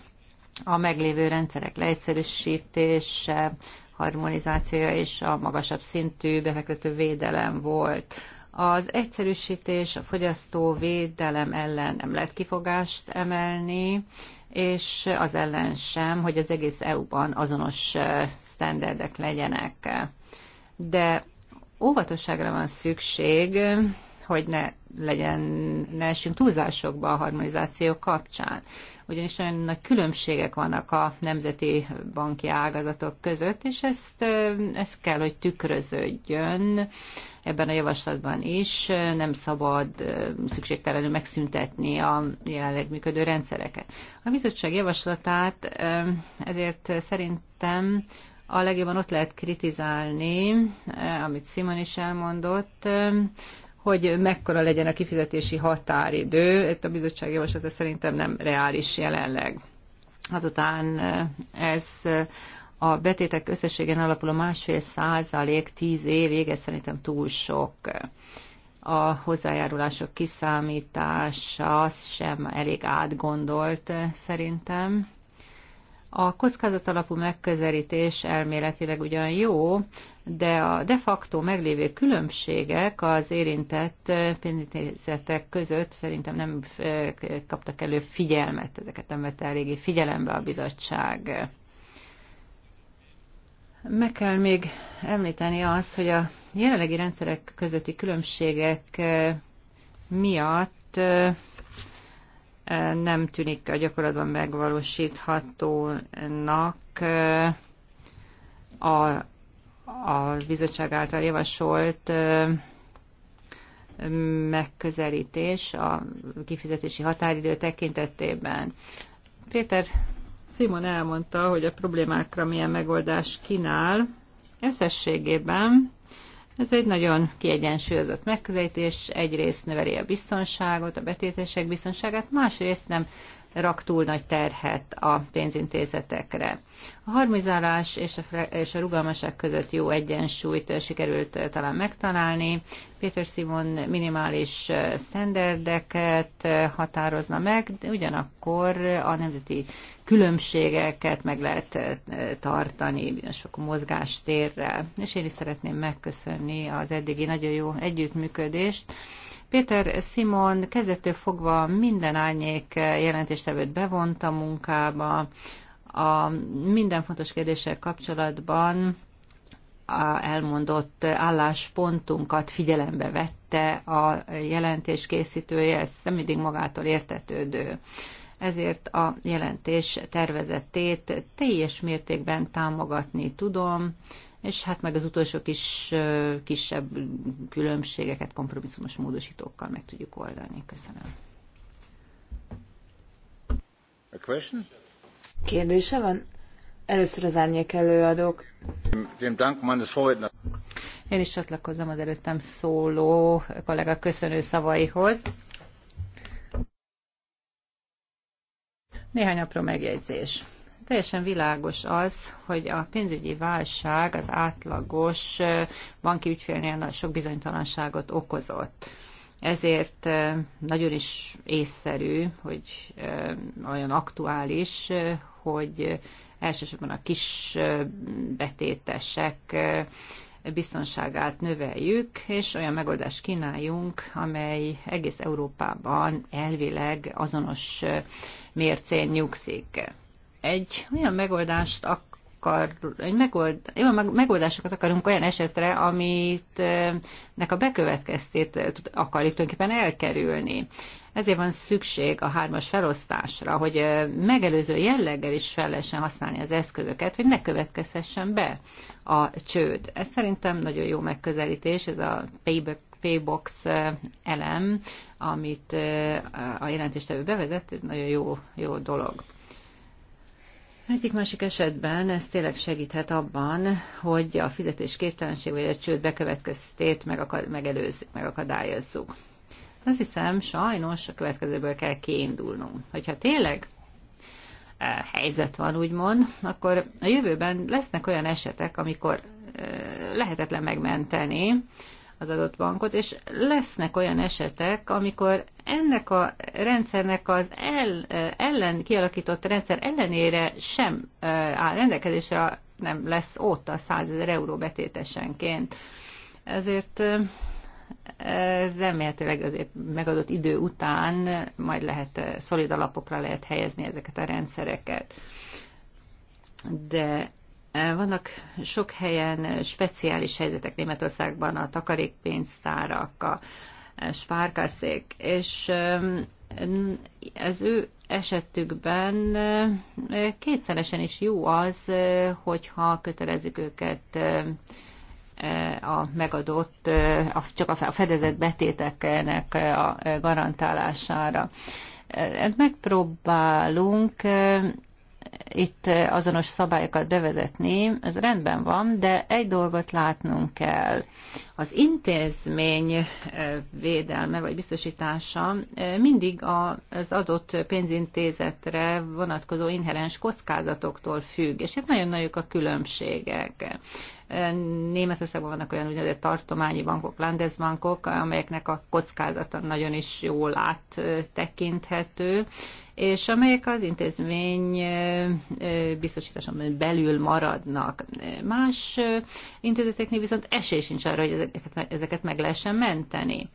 a meglévő rendszerek leegyszerűsítése, harmonizációja és a magasabb szintű befektető védelem volt. Az egyszerűsítés a fogyasztó védelem ellen nem lehet kifogást emelni, és az ellen sem, hogy az egész EU-ban azonos eh, standardek legyenek. De óvatosságra van szükség, hogy ne legyen, ne essünk túlzásokba a harmonizáció kapcsán ugyanis olyan nagy különbségek vannak a nemzeti banki ágazatok között, és ezt, ezt kell, hogy tükröződjön ebben a javaslatban is. Nem szabad szükségtelenül megszüntetni a jelenleg működő rendszereket. A bizottság javaslatát ezért szerintem a legjobban ott lehet kritizálni, amit Simon is elmondott, hogy mekkora legyen a kifizetési határidő. Itt a bizottság javaslata szerintem nem reális jelenleg. Azután eh, ez eh, a betétek összességen alapuló másfél százalék tíz évig, ez szerintem túl sok. A hozzájárulások kiszámítása az sem elég átgondolt eh, szerintem. A kockázatalapú megközelítés elméletileg ugyan jó, de a de facto meglévő különbségek az érintett pénzintézetek között szerintem nem kaptak elő figyelmet, ezeket nem vette eléggé figyelembe a bizottság. Meg kell még említeni azt, hogy a jelenlegi rendszerek közötti különbségek miatt nem tűnik a gyakorlatban megvalósíthatónak a, a bizottság által javasolt megközelítés a kifizetési határidő tekintetében. Péter Simon elmondta, hogy a problémákra milyen megoldást kínál. Összességében ez egy nagyon kiegyensúlyozott megközelítés, egyrészt növeli a biztonságot, a betétesek biztonságát, másrészt nem rak túl nagy terhet a pénzintézetekre. A harmizálás és a, és a rugalmaság között jó egyensúlyt sikerült eh, talán megtalálni. Péter Simon minimális eh, standardeket eh, határozna meg, de ugyanakkor a nemzeti különbségeket meg lehet tartani bizonyos sok mozgástérrel. És én is szeretném megköszönni az eddigi nagyon jó együttműködést, Péter Simon kezdettől fogva minden árnyék jelentéstevőt bevonta munkába, a minden fontos kérdéssel kapcsolatban a elmondott álláspontunkat figyelembe vette a jelentés készítője, ez nem mindig magától értetődő. Ezért a jelentés tervezetét teljes mértékben támogatni tudom, és hát meg az utolsó kis, kisebb különbségeket kompromisszumos módosítókkal meg tudjuk oldani. Köszönöm. A question? Kérdése van? Először az árnyék előadók. Én is csatlakozom az előttem szóló kollega köszönő szavaihoz. Néhány apró megjegyzés. Teljesen világos az, hogy a pénzügyi válság az átlagos banki ügyfélnél sok bizonytalanságot okozott. Ezért nagyon is észszerű, hogy olyan aktuális, hogy elsősorban a kis betétesek biztonságát növeljük, és olyan megoldást kínáljunk, amely egész Európában elvileg azonos mércén nyugszik egy olyan megoldást akar, egy megold, olyan megoldásokat akarunk olyan esetre, amit nek a bekövetkeztét akarjuk tulajdonképpen elkerülni. Ezért van szükség a hármas felosztásra, hogy megelőző jelleggel is fel lehessen használni az eszközöket, hogy ne következhessen be a csőd. Ez szerintem nagyon jó megközelítés, ez a payback Paybox elem, amit a jelentéstevő bevezett, ez nagyon jó, jó dolog. Egyik másik esetben ez tényleg segíthet abban, hogy a képtelenség vagy a csőd bekövetkeztét megakad, megelőzzük, megakadályozzuk. Azt hiszem, sajnos a következőből kell kiindulnunk. Hogyha tényleg e, helyzet van, úgymond, akkor a jövőben lesznek olyan esetek, amikor e, lehetetlen megmenteni, az adott bankot, és lesznek olyan esetek, amikor ennek a rendszernek az el, eh, ellen kialakított rendszer ellenére sem eh, áll rendelkezésre, nem lesz ott a 100 ezer euró betétesenként. Ezért eh, remélhetőleg azért megadott idő után majd lehet szolid alapokra lehet helyezni ezeket a rendszereket. De vannak sok helyen speciális helyzetek Németországban, a takarékpénztárak, a spárkaszék, és az ő esetükben kétszeresen is jó az, hogyha kötelezzük őket a megadott, csak a fedezett betéteknek a garantálására. Megpróbálunk itt azonos szabályokat bevezetni, ez rendben van, de egy dolgot látnunk kell. Az intézmény védelme vagy biztosítása mindig az adott pénzintézetre vonatkozó inherens kockázatoktól függ, és itt hát nagyon nagyok a különbségek. Németországban vannak olyan úgynevezett tartományi bankok, landesbankok, amelyeknek a kockázata nagyon is jól áttekinthető, és amelyek az intézmény biztosításon belül maradnak. Más intézeteknél viszont esély sincs arra, hogy ezeket, ezeket meg lehessen menteni.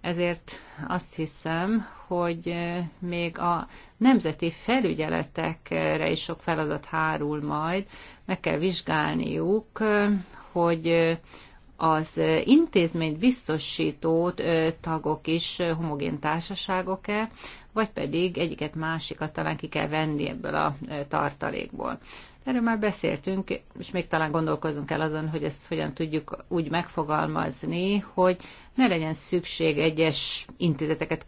Ezért azt hiszem, hogy még a nemzeti felügyeletekre is sok feladat hárul majd. Meg kell vizsgálniuk, hogy az intézményt biztosító tagok is homogén társaságok-e, vagy pedig egyiket másikat talán ki kell venni ebből a tartalékból. Erről már beszéltünk, és még talán gondolkozunk el azon, hogy ezt hogyan tudjuk úgy megfogalmazni, hogy ne legyen szükség egyes intézeteket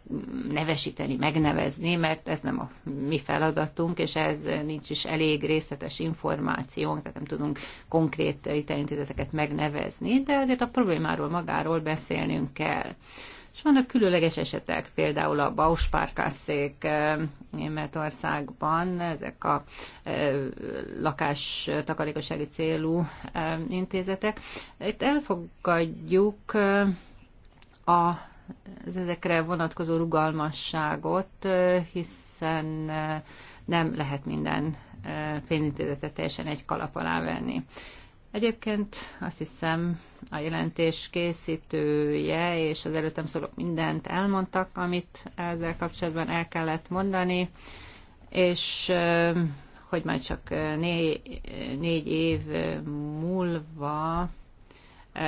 nevesíteni, megnevezni, mert ez nem a mi feladatunk, és ez nincs is elég részletes információnk, tehát nem tudunk konkrét intézeteket megnevezni, de azért a problémáról magáról beszélnünk kell. És vannak különleges esetek, például a Bauspárkászék eh, Németországban, ezek a eh, lakás takarékossági célú eh, intézetek. Itt elfogadjuk a az ezekre vonatkozó rugalmasságot, hiszen nem lehet minden pénzintézetet teljesen egy kalap alá venni. Egyébként azt hiszem a jelentés készítője és az előttem szólók mindent elmondtak, amit ezzel kapcsolatban el kellett mondani, és hogy már csak né- négy év múlva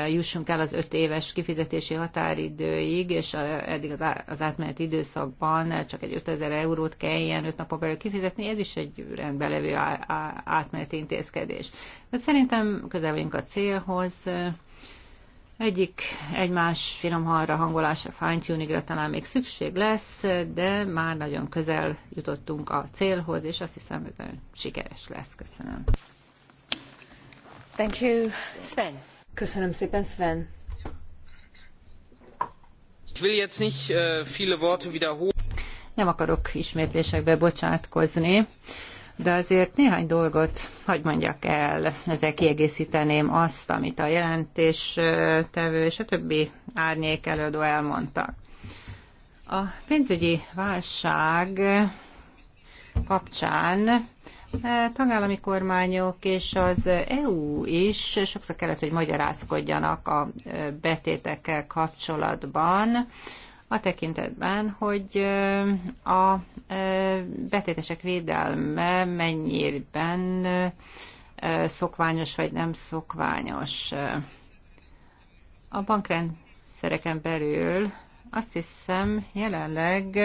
jussunk el az öt éves kifizetési határidőig, és eddig az átmeneti időszakban csak egy 5000 eurót kell ilyen öt napon belül kifizetni, ez is egy rendben levő átmeneti intézkedés. De szerintem közel vagyunk a célhoz, egyik egymás finom halra hangolása, fine tuningra talán még szükség lesz, de már nagyon közel jutottunk a célhoz, és azt hiszem, hogy nagyon sikeres lesz. Köszönöm. Thank you, Sven. Köszönöm szépen, Sven. Äh, Nem akarok ismétlésekbe bocsátkozni, de azért néhány dolgot hagy mondjak el, ezzel kiegészíteném azt, amit a jelentéstevő és a többi árnyék előadó elmondtak. A pénzügyi válság kapcsán tagállami kormányok és az EU is sokszor kellett, hogy magyarázkodjanak a betétekkel kapcsolatban, a tekintetben, hogy a betétesek védelme mennyiben szokványos vagy nem szokványos. A bankrendszereken belül azt hiszem jelenleg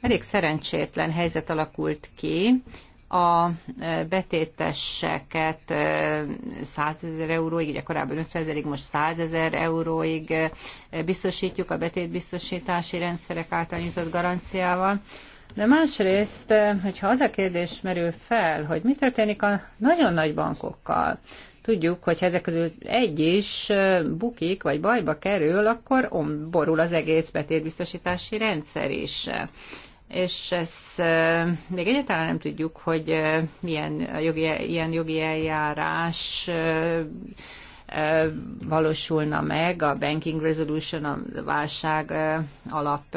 elég szerencsétlen helyzet alakult ki, a e, betéteseket 100 e, ezer euróig, ugye korábban 50 ezerig, most 100 ezer euróig e, biztosítjuk a betétbiztosítási rendszerek által nyújtott garanciával. De másrészt, hogyha az a kérdés merül fel, hogy mi történik a nagyon nagy bankokkal, tudjuk, hogy ezek közül egy is bukik, vagy bajba kerül, akkor borul az egész betétbiztosítási rendszer is és ezt még egyáltalán nem tudjuk, hogy milyen jogi, ilyen jogi eljárás valósulna meg a Banking Resolution, a válság alap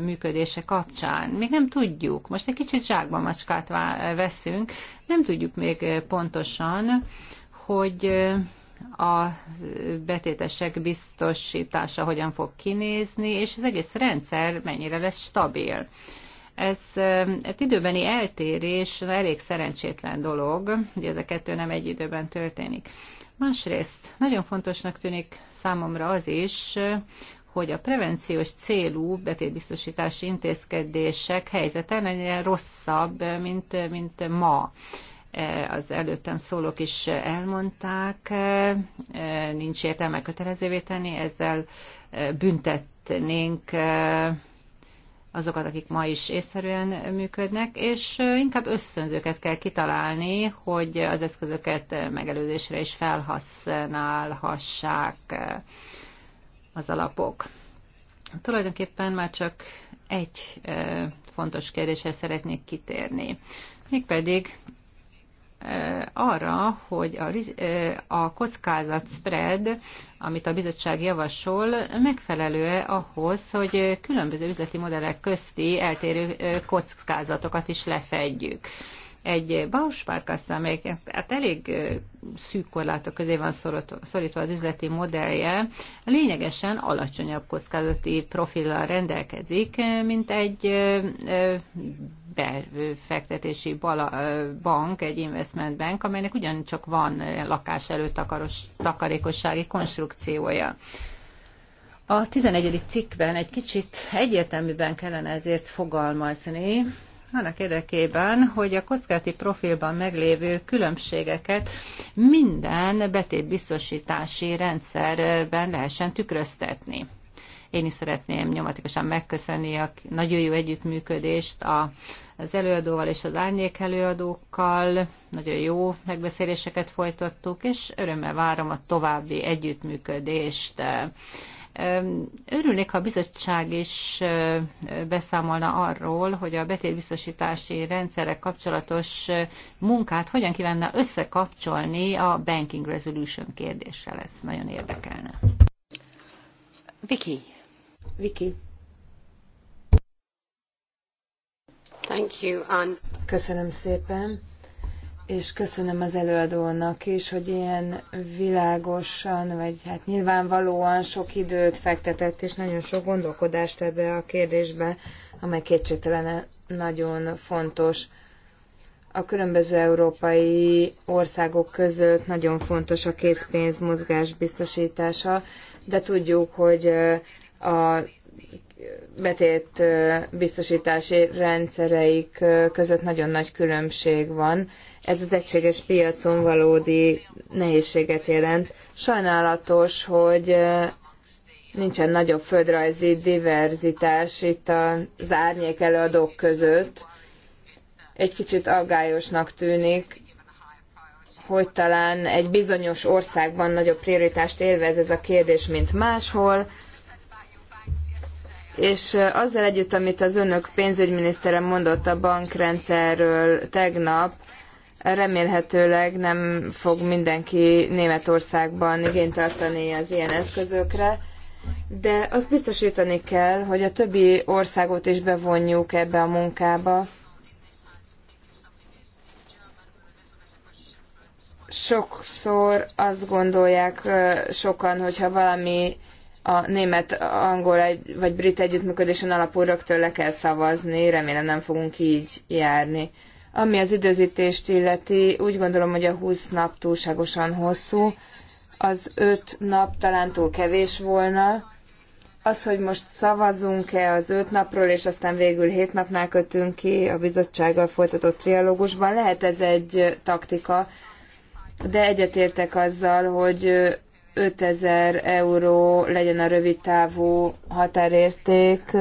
működése kapcsán. Még nem tudjuk. Most egy kicsit zsákba macskát veszünk. Nem tudjuk még pontosan, hogy a betétesek biztosítása hogyan fog kinézni, és az egész rendszer mennyire lesz stabil. Ez, egy hát időbeni eltérés elég szerencsétlen dolog, ugye ez a kettő nem egy időben történik. Másrészt nagyon fontosnak tűnik számomra az is, hogy a prevenciós célú betétbiztosítási intézkedések helyzete ennél rosszabb, mint, mint ma. Eh, az előttem szólók is elmondták, eh, nincs értelme kötelezővé tenni, ezzel eh, büntetnénk azokat, akik ma is észszerűen működnek, és inkább összönzőket kell kitalálni, hogy az eszközöket megelőzésre is felhasználhassák az alapok. Tulajdonképpen már csak egy fontos kérdésre szeretnék kitérni, mégpedig arra, hogy a, a kockázat spread, amit a bizottság javasol, megfelelő ahhoz, hogy különböző üzleti modellek közti eltérő kockázatokat is lefedjük egy bauspárkassza, amelyik hát elég szűk korlátok közé van szorítva az üzleti modellje, lényegesen alacsonyabb kockázati profillal rendelkezik, mint egy befektetési bala, bank, egy investment bank, amelynek ugyancsak van lakás előtt takarékossági konstrukciója. A 11. cikkben egy kicsit egyértelműben kellene ezért fogalmazni, annak érdekében, hogy a kockázati profilban meglévő különbségeket minden betétbiztosítási rendszerben lehessen tükröztetni. Én is szeretném nyomatikusan megköszönni a nagyon jó együttműködést az előadóval és az árnyék előadókkal. Nagyon jó megbeszéléseket folytattuk, és örömmel várom a további együttműködést Örülnék, ha a bizottság is beszámolna arról, hogy a betétbiztosítási rendszerek kapcsolatos munkát hogyan kívánna összekapcsolni a Banking Resolution kérdéssel. Ez nagyon érdekelne. Viki. Viki. Thank you, Anne. Köszönöm szépen és köszönöm az előadónak is, hogy ilyen világosan, vagy hát nyilvánvalóan sok időt fektetett, és nagyon sok gondolkodást ebbe a kérdésbe, amely kétségtelen nagyon fontos. A különböző európai országok között nagyon fontos a készpénz mozgás biztosítása, de tudjuk, hogy a betét biztosítási rendszereik között nagyon nagy különbség van ez az egységes piacon valódi nehézséget jelent. Sajnálatos, hogy nincsen nagyobb földrajzi diverzitás itt az árnyék előadók között. Egy kicsit aggályosnak tűnik, hogy talán egy bizonyos országban nagyobb prioritást élvez ez a kérdés, mint máshol. És azzal együtt, amit az önök pénzügyminisztere mondott a bankrendszerről tegnap, Remélhetőleg nem fog mindenki Németországban igényt tartani az ilyen eszközökre, de azt biztosítani kell, hogy a többi országot is bevonjuk ebbe a munkába. Sokszor azt gondolják sokan, hogyha valami a német, angol vagy brit együttműködésen alapul rögtön le kell szavazni, remélem nem fogunk így járni. Ami az időzítést illeti, úgy gondolom, hogy a 20 nap túlságosan hosszú, az 5 nap talán túl kevés volna. Az, hogy most szavazunk-e az 5 napról, és aztán végül 7 napnál kötünk ki a bizottsággal folytatott trialógusban, lehet ez egy taktika, de egyetértek azzal, hogy 5000 euró legyen a rövid távú határérték,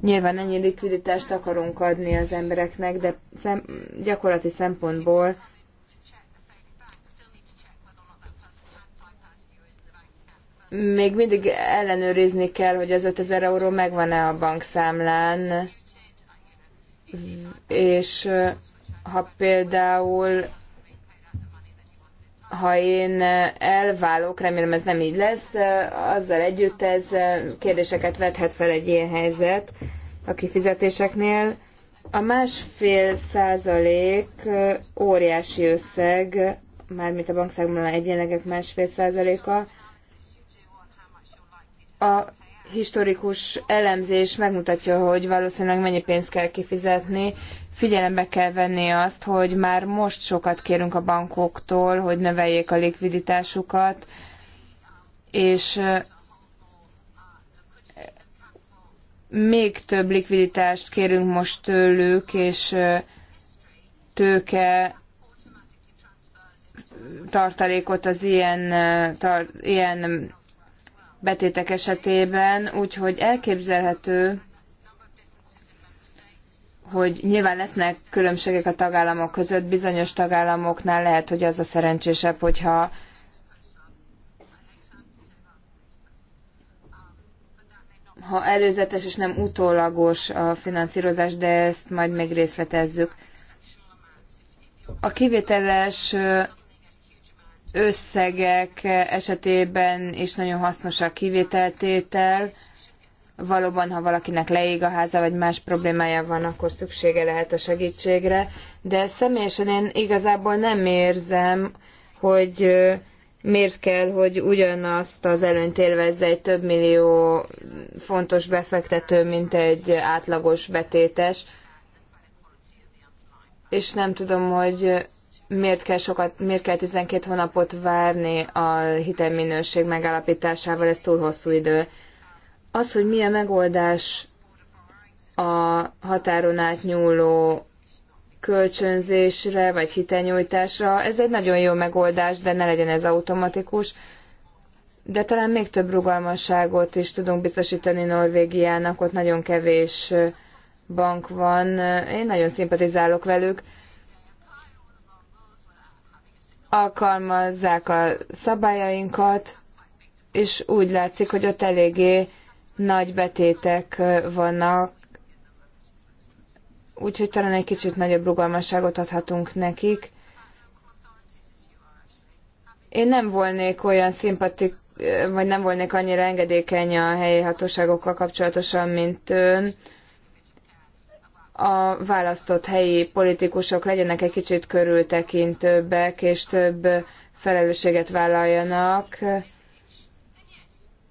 Nyilván ennyi likviditást akarunk adni az embereknek, de szem, gyakorlati szempontból még mindig ellenőrizni kell, hogy az 5000 euró megvan-e a bankszámlán, és ha például ha én elválok, remélem ez nem így lesz, azzal együtt ez kérdéseket vethet fel egy ilyen helyzet a kifizetéseknél. A másfél százalék óriási összeg, mármint a bankszágban egyenlegek másfél százaléka. A historikus elemzés megmutatja, hogy valószínűleg mennyi pénzt kell kifizetni, figyelembe kell venni azt, hogy már most sokat kérünk a bankoktól, hogy növeljék a likviditásukat, és még több likviditást kérünk most tőlük, és tőke tartalékot az ilyen, tar, ilyen betétek esetében, úgyhogy elképzelhető, hogy nyilván lesznek különbségek a tagállamok között, bizonyos tagállamoknál lehet, hogy az a szerencsésebb, hogyha ha előzetes és nem utólagos a finanszírozás, de ezt majd még részletezzük. A kivételes összegek esetében is nagyon hasznos a kivételtétel, valóban, ha valakinek leég a háza, vagy más problémája van, akkor szüksége lehet a segítségre. De személyesen én igazából nem érzem, hogy miért kell, hogy ugyanazt az előnyt élvezze egy több millió fontos befektető, mint egy átlagos betétes. És nem tudom, hogy miért kell, sokat, miért kell 12 hónapot várni a hitelminőség megállapításával, ez túl hosszú idő. Az, hogy milyen megoldás a határon átnyúló kölcsönzésre vagy hitelnyújtásra, ez egy nagyon jó megoldás, de ne legyen ez automatikus. De talán még több rugalmasságot is tudunk biztosítani Norvégiának, ott nagyon kevés bank van. Én nagyon szimpatizálok velük. Alkalmazzák a szabályainkat, és úgy látszik, hogy ott eléggé nagy betétek vannak, úgyhogy talán egy kicsit nagyobb rugalmasságot adhatunk nekik. Én nem volnék olyan szimpatik, vagy nem volnék annyira engedékeny a helyi hatóságokkal kapcsolatosan, mint ön. A választott helyi politikusok legyenek egy kicsit körültekintőbbek, és több felelősséget vállaljanak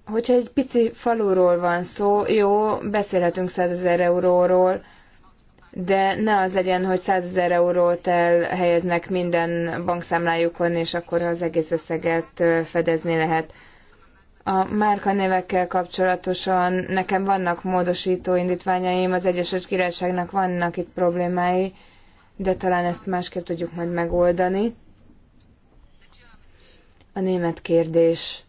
hogyha egy pici faluról van szó, jó, beszélhetünk 100 ezer euróról, de ne az legyen, hogy 100 ezer eurót elhelyeznek minden bankszámlájukon, és akkor az egész összeget fedezni lehet. A nevekkel kapcsolatosan nekem vannak módosító indítványaim, az Egyesült Királyságnak vannak itt problémái, de talán ezt másképp tudjuk majd megoldani. A német kérdés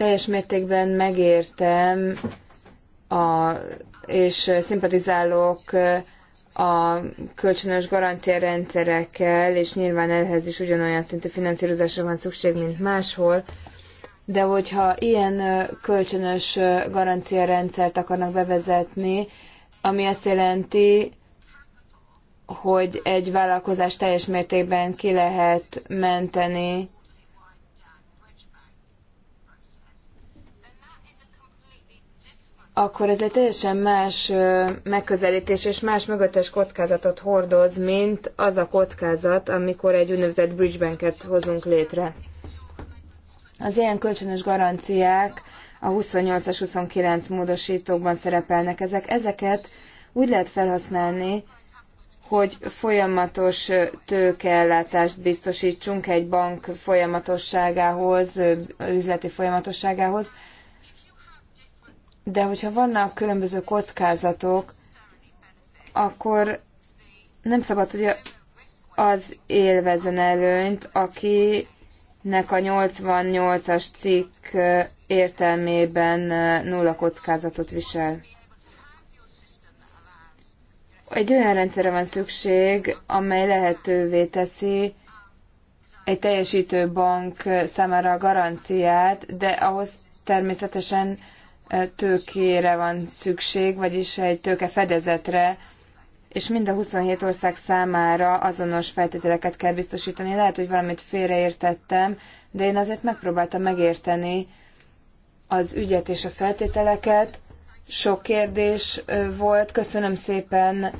teljes mértékben megértem, a, és szimpatizálok a kölcsönös garanciarendszerekkel, és nyilván ehhez is ugyanolyan szintű finanszírozásra van szükség, mint máshol, de hogyha ilyen kölcsönös garanciarendszert akarnak bevezetni, ami azt jelenti, hogy egy vállalkozást teljes mértékben ki lehet menteni akkor ez egy teljesen más megközelítés és más mögöttes kockázatot hordoz, mint az a kockázat, amikor egy úgynevezett bridge banket hozunk létre. Az ilyen kölcsönös garanciák a 28-as 29 módosítókban szerepelnek ezek. Ezeket úgy lehet felhasználni, hogy folyamatos tőkeellátást biztosítsunk egy bank folyamatosságához, üzleti folyamatosságához, de hogyha vannak különböző kockázatok, akkor nem szabad, hogy az élvezen előnyt, akinek a 88-as cikk értelmében nulla kockázatot visel. Egy olyan rendszerre van szükség, amely lehetővé teszi egy teljesítő bank számára a garanciát, de ahhoz természetesen tőkére van szükség, vagyis egy tőke fedezetre, és mind a 27 ország számára azonos feltételeket kell biztosítani. Lehet, hogy valamit félreértettem, de én azért megpróbáltam megérteni az ügyet és a feltételeket. Sok kérdés volt. Köszönöm szépen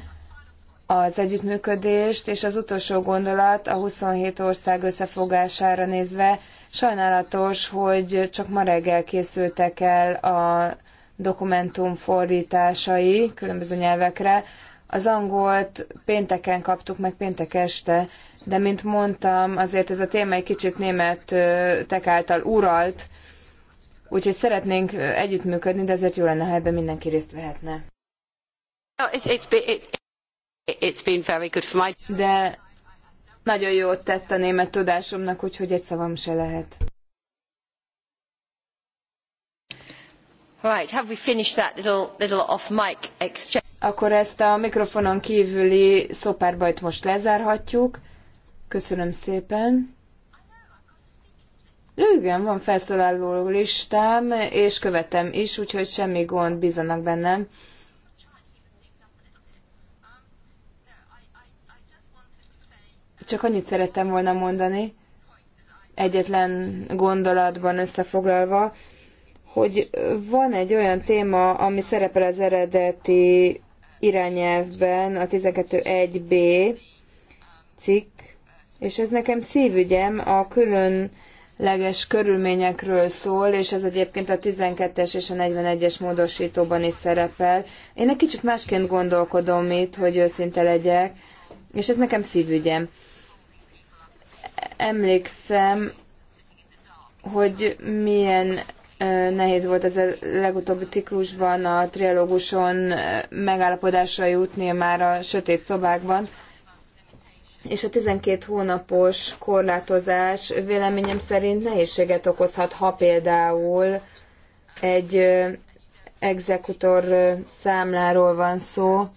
az együttműködést, és az utolsó gondolat a 27 ország összefogására nézve Sajnálatos, hogy csak ma reggel készültek el a dokumentum fordításai különböző nyelvekre. Az angolt pénteken kaptuk meg péntek este, de mint mondtam, azért ez a téma egy kicsit német által uralt, úgyhogy szeretnénk együttműködni, de ezért jó lenne, ha ebben mindenki részt vehetne. De nagyon jót tett a német tudásomnak, úgyhogy egy szavam se lehet. Right, have we finished that little, little off mic exchange? Akkor ezt a mikrofonon kívüli szopárbajt most lezárhatjuk. Köszönöm szépen. Igen, van felszólaló listám, és követem is, úgyhogy semmi gond, bízanak bennem. Csak annyit szerettem volna mondani, egyetlen gondolatban összefoglalva, hogy van egy olyan téma, ami szerepel az eredeti irányelvben, a 12.1b cikk, és ez nekem szívügyem, a különleges körülményekről szól, és ez egyébként a 12-es és a 41-es módosítóban is szerepel. Én egy kicsit másként gondolkodom itt, hogy őszinte legyek, és ez nekem szívügyem emlékszem, hogy milyen nehéz volt az legutóbbi ciklusban a trialóguson megállapodásra jutni már a sötét szobákban, és a 12 hónapos korlátozás véleményem szerint nehézséget okozhat, ha például egy exekutor számláról van szó,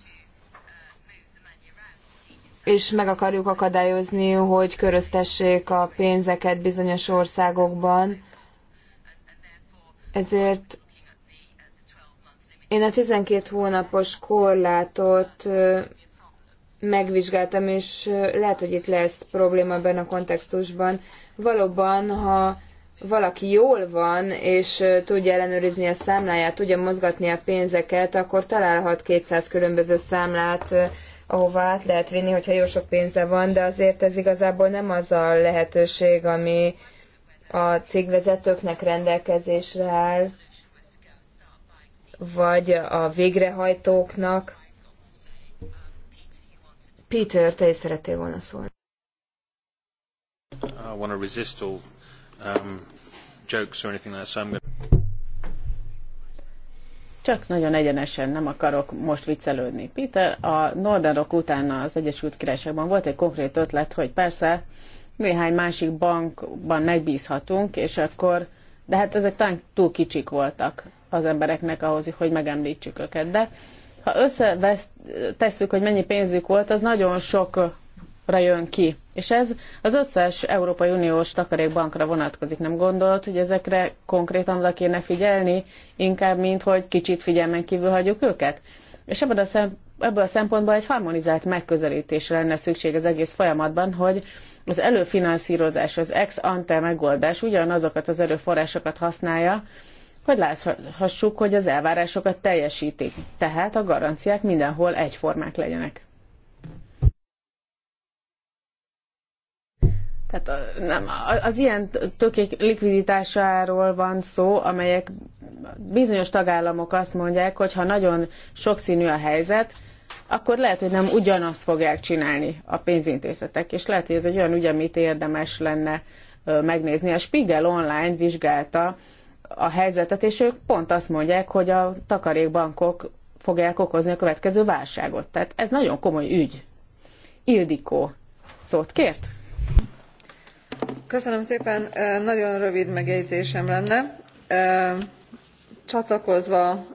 és meg akarjuk akadályozni, hogy köröztessék a pénzeket bizonyos országokban. Ezért én a 12 hónapos korlátot megvizsgáltam, és lehet, hogy itt lesz probléma ebben a kontextusban. Valóban, ha valaki jól van, és tudja ellenőrizni a számláját, tudja mozgatni a pénzeket, akkor találhat 200 különböző számlát ahova át lehet vinni, hogyha jó sok pénze van, de azért ez igazából nem az a lehetőség, ami a cégvezetőknek rendelkezésre áll, vagy a végrehajtóknak. Peter, te is szerettél volna szólni. I want to resist all um, jokes or anything like that, so I'm going to... Csak nagyon egyenesen nem akarok most viccelődni. Peter, a Northern Rock után az Egyesült Királyságban volt egy konkrét ötlet, hogy persze néhány másik bankban megbízhatunk, és akkor, de hát ezek talán túl kicsik voltak az embereknek ahhoz, hogy megemlítsük őket. De ha összevesztesszük, hogy mennyi pénzük volt, az nagyon sok jön ki. És ez az összes Európai Uniós takarékbankra vonatkozik. Nem gondolt, hogy ezekre konkrétan le kéne figyelni, inkább, mint hogy kicsit figyelmen kívül hagyjuk őket? És ebben a szem, ebből a szempontból egy harmonizált megközelítésre lenne szükség az egész folyamatban, hogy az előfinanszírozás, az ex ante megoldás ugyanazokat az erőforrásokat használja, hogy láthassuk, hogy az elvárásokat teljesítik. Tehát a garanciák mindenhol egyformák legyenek. Tehát nem, az ilyen tökék likviditásáról van szó, amelyek bizonyos tagállamok azt mondják, hogy ha nagyon sokszínű a helyzet, akkor lehet, hogy nem ugyanazt fogják csinálni a pénzintézetek, és lehet, hogy ez egy olyan ügy, amit érdemes lenne megnézni. A Spiegel online vizsgálta a helyzetet, és ők pont azt mondják, hogy a takarékbankok fogják okozni a következő válságot. Tehát ez nagyon komoly ügy. Ildikó szót kért? nagyon rövid megjegyzésem lenne. Csatlakozva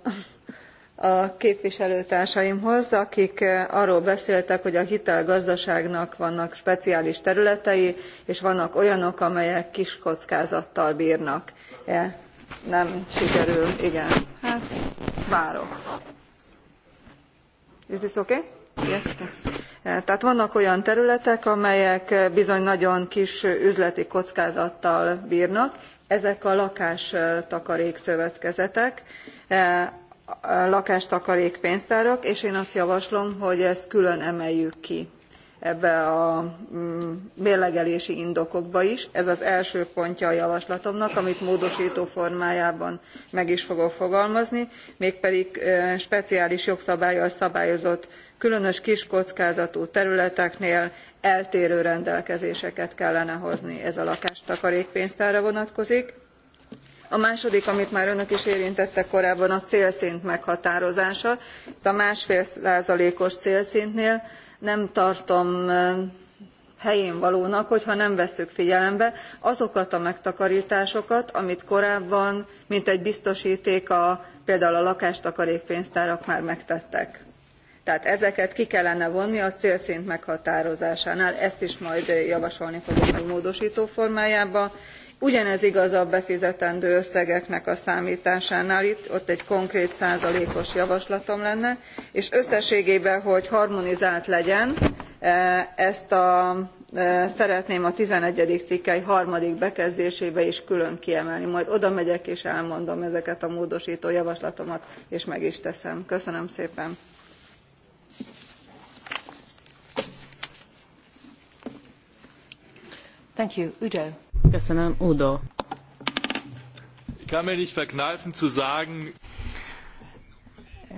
a képviselőtársaimhoz akik arról beszéltek hogy a hitelgazdaságnak vannak speciális területei és vannak olyanok amelyek kis kockázattal brnak. E, nem sikerül igen hát várok. is this tehát vannak olyan területek, amelyek bizony nagyon kis üzleti kockázattal bírnak, ezek a lakástakarék szövetkezetek, e, lakástakarék pénztárak, és én azt javaslom, hogy ezt külön emeljük ki ebbe a mm, mérlegelési indokokba is. Ez az első pontja a javaslatomnak, amit módosító formájában meg is fogok fogalmazni, mégpedig e, speciális jogszabállyal szabályozott különös kiskockázatú területeknél eltérő rendelkezéseket kellene hozni ez a lakástakarékpénztárra vonatkozik a második amit már önök is érintettek korábban a célszint meghatározása. itt a másfél százalékos célszintnél nem tartom helyénvalónak hogyha nem vesszük figyelembe azokat a megtakartásokat amit korábban mintegy biztostéka például a lakástakarékpénztárak már megtettek tehát ezeket ki kellene vonni a célszint meghatározásánál ezt is majd javasolni fogjuk egy módostó formájában. ugyanez igaz a befizetendő összegeknek a számtásánál itt ott egy konkrét százalékos javaslatom lenne és összességében hogy harmonizált legyen e, ezt a e, szeretném a eleven cikkely harmadik bekezdésébe is külön kiemelni majd oda megyek és elmondom ezeket a módostó javaslatomat és meg is teszem. köszönöm szépen! Ich kann mir nicht verkneifen zu sagen,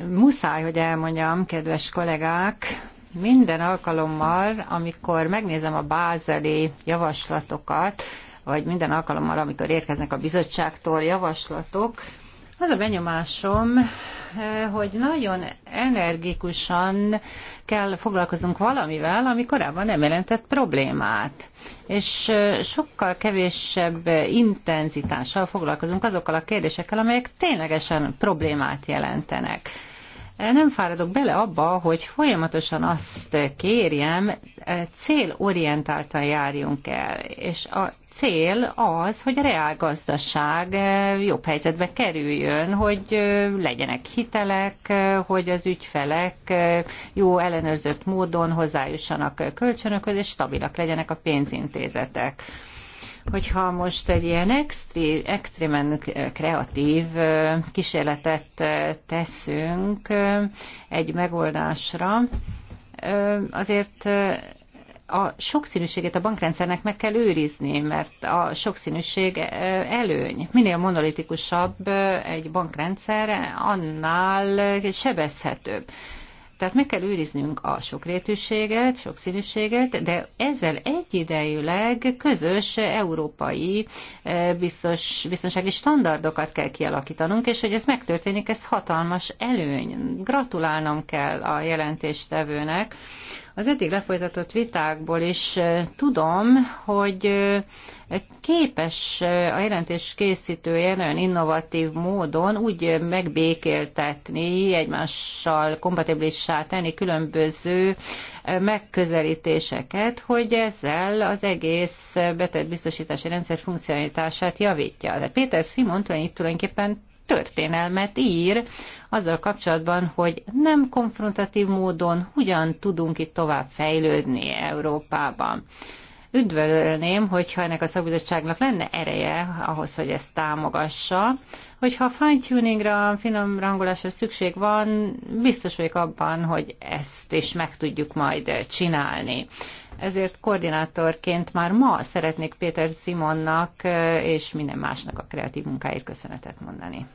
Muszáj, hogy elmondjam, kedves kollégák, minden alkalommal, amikor megnézem a bázeli javaslatokat, vagy minden alkalommal, amikor érkeznek a bizottságtól javaslatok, az a benyomásom, eh, hogy nagyon energikusan kell foglalkoznunk valamivel, ami korábban nem jelentett problémát. És eh, sokkal kevésebb intenzitással foglalkozunk azokkal a kérdésekkel, amelyek ténylegesen problémát jelentenek nem fáradok bele abba, hogy folyamatosan azt kérjem, célorientáltan járjunk el, és a cél az, hogy a reálgazdaság jobb helyzetbe kerüljön, hogy legyenek hitelek, hogy az ügyfelek jó ellenőrzött módon hozzájussanak kölcsönökhöz, és stabilak legyenek a pénzintézetek hogyha most egy ilyen extrémen kreatív kísérletet teszünk egy megoldásra, azért a sokszínűségét a bankrendszernek meg kell őrizni, mert a sokszínűség előny. Minél monolitikusabb egy bankrendszer, annál sebezhetőbb. Tehát meg kell őriznünk a sokrétűséget, sokszínűséget, de ezzel egyidejűleg közös európai eh, biztos, biztonsági standardokat kell kialakítanunk, és hogy ez megtörténik, ez hatalmas előny. Gratulálnom kell a jelentéstevőnek, az eddig lefolytatott vitákból is tudom, hogy képes a jelentés készítője nagyon innovatív módon úgy megbékéltetni, egymással kompatibilissá tenni különböző megközelítéseket, hogy ezzel az egész betegbiztosítási rendszer funkcionalitását javítja. De Péter Simon tulajdonképpen történelmet ír, azzal kapcsolatban, hogy nem konfrontatív módon hogyan tudunk itt tovább fejlődni Európában. Üdvözölném, hogyha ennek a szabadságnak lenne ereje ahhoz, hogy ezt támogassa, hogyha fine-tuningra, finom rangolásra szükség van, biztos vagyok abban, hogy ezt is meg tudjuk majd csinálni ezért koordinátorként már ma szeretnék Péter Simonnak eh, és minden másnak a kreatív munkáért köszönetet mondani.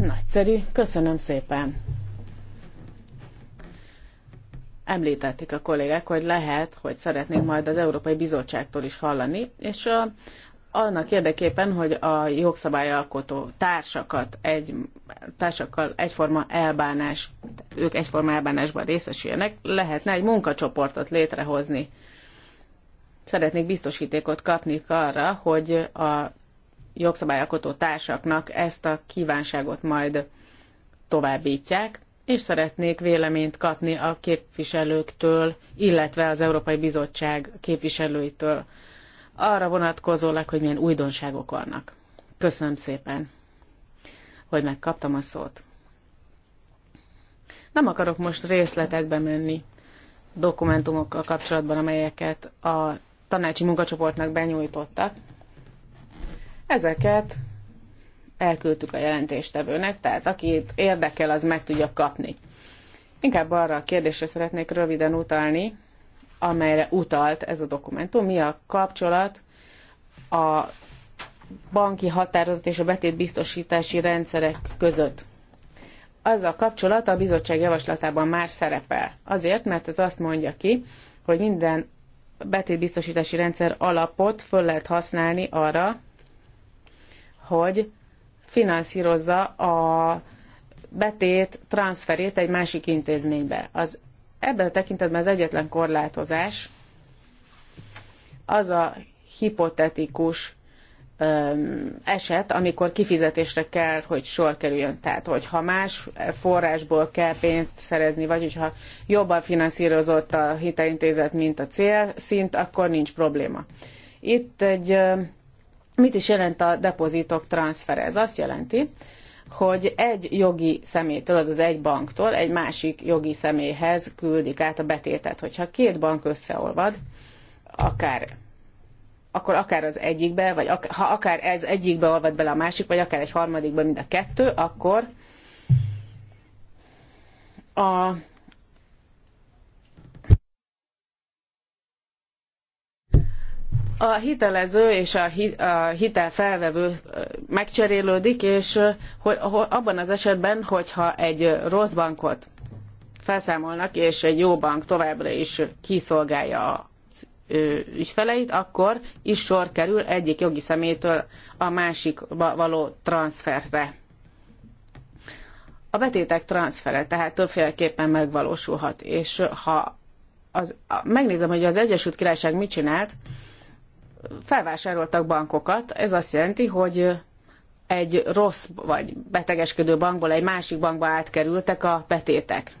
Nagyszerű, köszönöm szépen. Említették a kollégák, hogy lehet, hogy szeretnék majd az Európai Bizottságtól is hallani, és a, annak érdekében, hogy a jogszabályalkotó társakat egy, társakkal egyforma elbánás, ők egyforma elbánásban részesüljenek, lehetne egy munkacsoportot létrehozni. Szeretnék biztosítékot kapni arra, hogy a jogszabályalkotó társaknak ezt a kívánságot majd továbbítják, és szeretnék véleményt kapni a képviselőktől, illetve az Európai Bizottság képviselőitől arra vonatkozólag, hogy milyen újdonságok vannak. Köszönöm szépen, hogy megkaptam a szót. Nem akarok most részletekbe menni dokumentumokkal kapcsolatban, amelyeket a tanácsi munkacsoportnak benyújtottak, Ezeket elküldtük a jelentéstevőnek, tehát akit érdekel, az meg tudja kapni. Inkább arra a kérdésre szeretnék röviden utalni, amelyre utalt ez a dokumentum. Mi a kapcsolat a banki határozat és a betétbiztosítási rendszerek között? Az a kapcsolat a bizottság javaslatában már szerepel. Azért, mert ez azt mondja ki, hogy minden betétbiztosítási rendszer alapot föl lehet használni arra, hogy finanszírozza a betét transferét egy másik intézménybe. Az ebben a tekintetben az egyetlen korlátozás az a hipotetikus eset, amikor kifizetésre kell, hogy sor kerüljön. Tehát, hogyha más forrásból kell pénzt szerezni, vagy hogyha jobban finanszírozott a hitelintézet, mint a cél szint, akkor nincs probléma. Itt egy Mit is jelent a depozitok transfer? Ez azt jelenti, hogy egy jogi személytől, azaz egy banktól egy másik jogi személyhez küldik át a betétet. Hogyha két bank összeolvad, akár akkor akár az egyikbe, vagy ak- ha akár ez egyikbe olvad bele a másik, vagy akár egy harmadikba mind a kettő, akkor a a hitelező és a, hitelfelvevő megcserélődik, és abban az esetben, hogyha egy rossz bankot felszámolnak, és egy jó bank továbbra is kiszolgálja a ügyfeleit, akkor is sor kerül egyik jogi szemétől a másikba való transferre. A betétek transfere tehát többféleképpen megvalósulhat, és ha az, megnézem, hogy az Egyesült Királyság mit csinált, felvásároltak bankokat, ez azt jelenti, hogy egy rossz vagy betegeskedő bankból egy másik bankba átkerültek a betétek.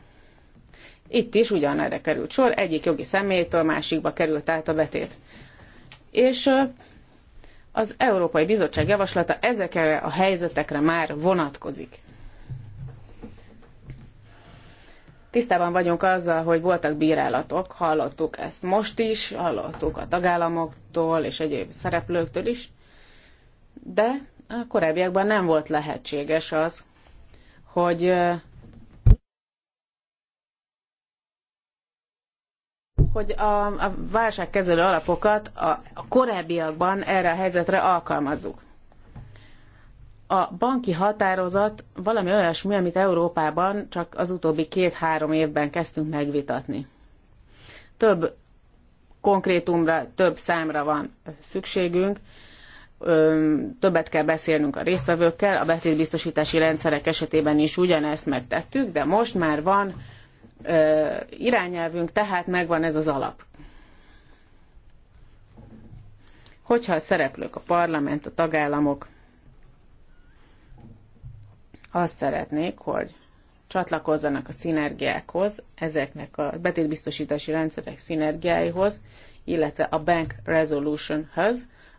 Itt is ugyanerre került sor, egyik jogi személytől másikba került át a betét. És az Európai Bizottság javaslata ezekre a helyzetekre már vonatkozik. Tisztában vagyunk azzal, hogy voltak bírálatok, hallottuk ezt most is, hallottuk a tagállamoktól és egyéb szereplőktől is, de a korábbiakban nem volt lehetséges az, hogy hogy a, a válságkezelő alapokat a, a korábbiakban erre a helyzetre alkalmazzuk a banki határozat valami olyasmi, amit Európában csak az utóbbi két-három évben kezdtünk megvitatni. Több konkrétumra, több számra van szükségünk, többet kell beszélnünk a résztvevőkkel, a betétbiztosítási rendszerek esetében is ugyanezt megtettük, de most már van irányelvünk, tehát megvan ez az alap. Hogyha a szereplők, a parlament, a tagállamok azt szeretnék, hogy csatlakozzanak a szinergiákhoz, ezeknek a betétbiztosítási rendszerek szinergiáihoz, illetve a Bank resolution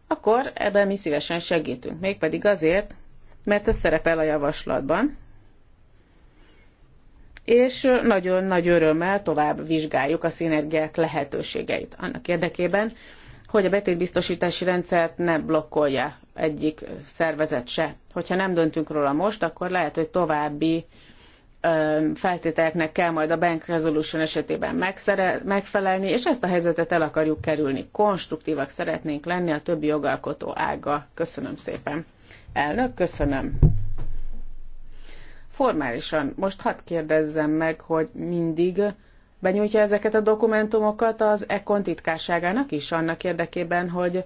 akkor ebben mi szívesen segítünk. Mégpedig azért, mert ez szerepel a javaslatban, és nagyon nagy örömmel tovább vizsgáljuk a szinergiák lehetőségeit annak érdekében, hogy a betétbiztosítási rendszert ne blokkolja egyik szervezet se. Hogyha nem döntünk róla most, akkor lehet, hogy további feltételeknek kell majd a Bank Resolution esetében megfelelni, és ezt a helyzetet el akarjuk kerülni. Konstruktívak szeretnénk lenni a többi jogalkotó ága. Köszönöm szépen. Elnök, köszönöm. Formálisan most hadd kérdezzem meg, hogy mindig benyújtja ezeket a dokumentumokat az ECON titkárságának is, annak érdekében, hogy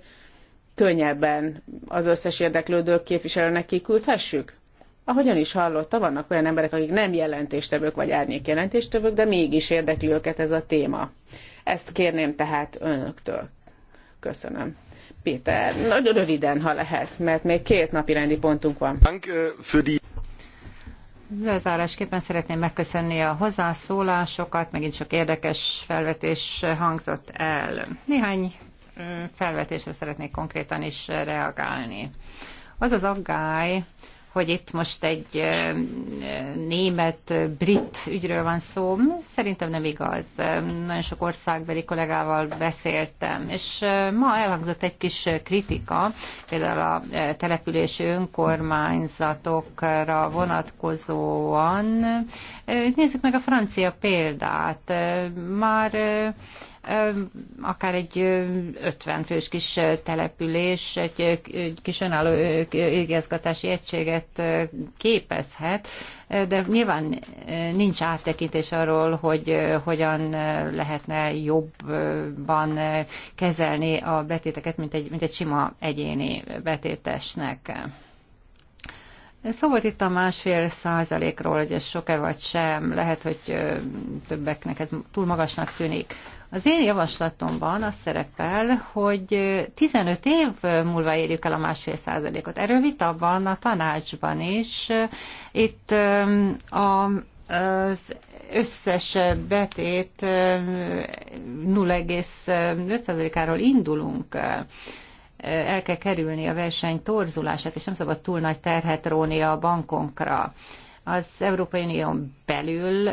könnyebben az összes érdeklődő képviselőnek kiküldhessük? Ahogyan is hallotta, vannak olyan emberek, akik nem jelentéstevők vagy árnyék jelentéstevők, de mégis érdekli őket ez a téma. Ezt kérném tehát önöktől. Köszönöm. Péter, nagyon röviden, ha lehet, mert még két napi rendi pontunk van. Zárásképpen szeretném megköszönni a hozzászólásokat, megint sok érdekes felvetés hangzott el. Néhány felvetésre szeretnék konkrétan is reagálni. Az az aggály, hogy itt most egy német-brit ügyről van szó, szerintem nem igaz. Nagyon sok országbeli kollégával beszéltem, és ma elhangzott egy kis kritika, például a települési önkormányzatokra vonatkozóan. Nézzük meg a francia példát. Már akár egy 50 fős kis település, egy kis önálló igazgatási egységet képezhet, de nyilván nincs áttekintés arról, hogy hogyan lehetne jobban kezelni a betéteket, mint egy, mint egy sima egyéni betétesnek. Szó volt itt a másfél százalékról, hogy ez sok-e vagy sem, lehet, hogy többeknek ez túl magasnak tűnik. Az én javaslatomban az szerepel, hogy 15 év múlva érjük el a másfél százalékot. Erről vita van a tanácsban is. Itt um, a, az összes betét 0,5%-áról um, indulunk el kell kerülni a verseny torzulását, és nem szabad túl nagy terhet róni a bankonkra. Az Európai Unión belül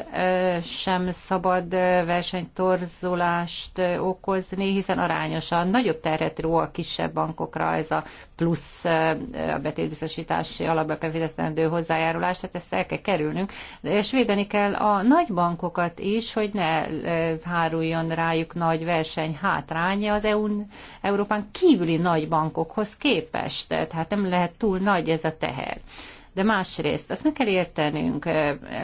sem szabad versenytorzulást okozni, hiszen arányosan nagyobb terhet ró a kisebb bankokra ez a plusz a betétbiztosítási alapba befizetendő hozzájárulás, tehát ezt el kell kerülnünk, és védeni kell a nagy bankokat is, hogy ne háruljon rájuk nagy verseny hátránya az EU-n, Európán kívüli nagy bankokhoz képest, tehát nem lehet túl nagy ez a teher de másrészt azt meg kell értenünk,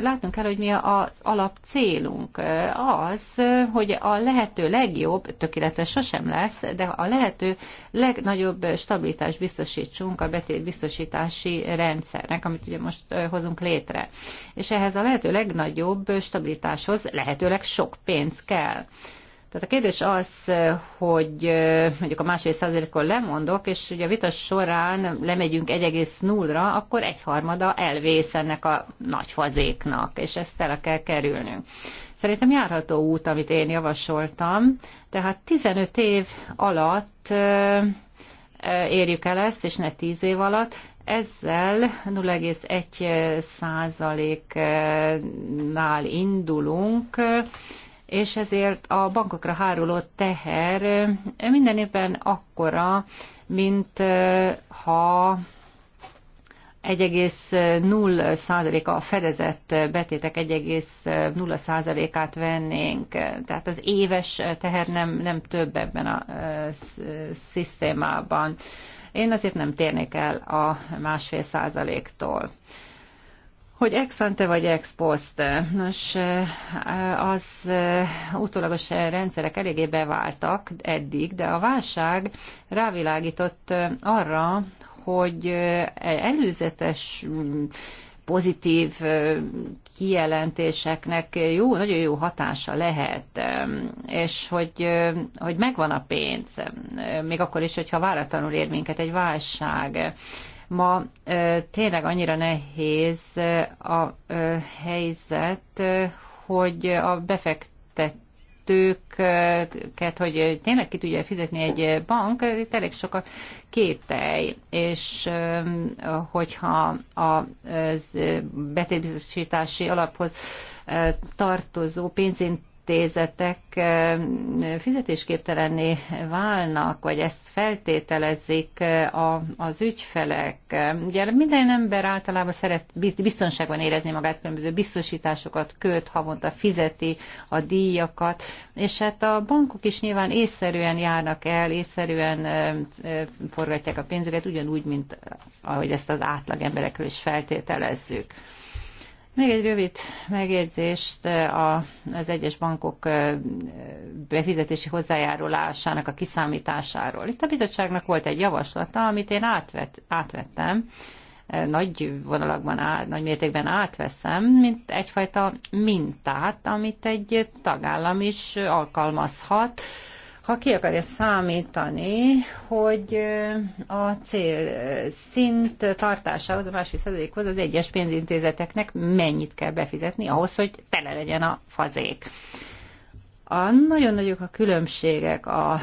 látnunk kell, hogy mi az alap célunk. Az, hogy a lehető legjobb, tökéletes sosem lesz, de a lehető legnagyobb stabilitást biztosítsunk a betét biztosítási rendszernek, amit ugye most hozunk létre. És ehhez a lehető legnagyobb stabilitáshoz lehetőleg sok pénz kell. Tehát a kérdés az, hogy mondjuk a másfél százalékon lemondok, és ugye a vita során lemegyünk 1,0-ra, akkor egyharmada elvész ennek a nagy fazéknak, és ezt el kell kerülnünk. Szerintem járható út, amit én javasoltam, tehát 15 év alatt érjük el ezt, és ne 10 év alatt, ezzel 0,1 százaléknál indulunk, és ezért a bankokra háruló teher eh, minden évben akkora, mint eh, ha 1,0%-a a fedezett betétek 1,0%-át vennénk. Tehát az éves teher nem, nem több ebben a eh, szisztémában. Én azért nem térnék el a másfél százaléktól hogy ex ante vagy ex post. Nos, az utólagos rendszerek eléggé beváltak eddig, de a válság rávilágított arra, hogy előzetes mm, pozitív mm, kijelentéseknek jó, nagyon jó hatása lehet, mm, és hogy, hogy megvan a pénz, még akkor is, hogyha váratlanul ér minket egy válság Ma tényleg annyira nehéz a helyzet, hogy a befektet tőket, hogy tényleg ki tudja fizetni egy bank, itt elég sok a kételj, és hogyha a betétbiztosítási alaphoz tartozó pénzén intézetek fizetésképtelenné válnak, vagy ezt feltételezik a, az ügyfelek. Ugye minden ember általában szeret biztonságban érezni magát, különböző biztosításokat köt, havonta fizeti a díjakat, és hát a bankok is nyilván észszerűen járnak el, észszerűen forgatják a pénzüket, ugyanúgy, mint ahogy ezt az átlag emberekről is feltételezzük. Még egy rövid megjegyzést eh, a, az egyes bankok eh, befizetési hozzájárulásának a kiszámításáról. Itt a bizottságnak volt egy javaslata, amit én átvet, átvettem, eh, nagy vonalakban, át, nagy mértékben átveszem, mint egyfajta mintát, amit egy tagállam is alkalmazhat, ha ki akarja számítani, hogy a cél szint tartásához, a másik százalékhoz az egyes pénzintézeteknek mennyit kell befizetni ahhoz, hogy tele legyen a fazék. A nagyon nagyok a különbségek a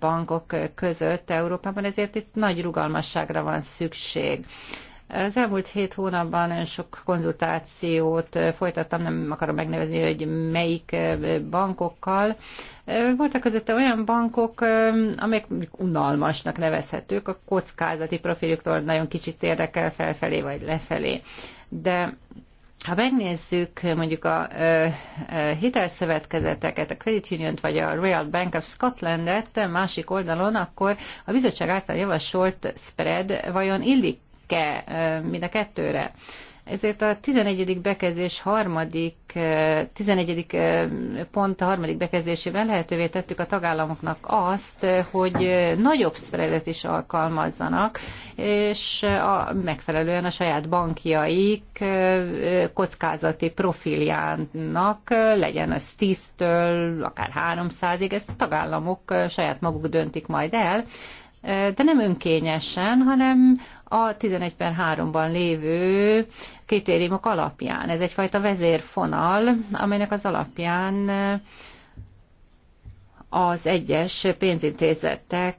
bankok között Európában, ezért itt nagy rugalmasságra van szükség. Az elmúlt hét hónapban nagyon sok konzultációt eh, folytattam, nem akarom megnevezni, hogy melyik eh, bankokkal. Eh, voltak közötte olyan bankok, amelyek unalmasnak nevezhetők, a kockázati profiljuktól nagyon kicsit érdekel felfelé vagy lefelé. De ha megnézzük mondjuk a ö, ö, hitelszövetkezeteket, a Credit Union-t vagy a Royal Bank of Scotland-et másik oldalon, akkor a bizottság által javasolt spread vajon illik szürke mind a kettőre. Ezért a 11. bekezdés harmadik, 11. pont a harmadik bekezdésével lehetővé tettük a tagállamoknak azt, hogy nagyobb spreadet is alkalmazzanak, és a, megfelelően a saját bankjaik kockázati profiljának legyen az 10-től akár 300-ig, ezt a tagállamok saját maguk döntik majd el, de nem önkényesen, hanem a 11 per 3-ban lévő kritériumok alapján. Ez egyfajta vezérfonal, amelynek az alapján az egyes pénzintézetek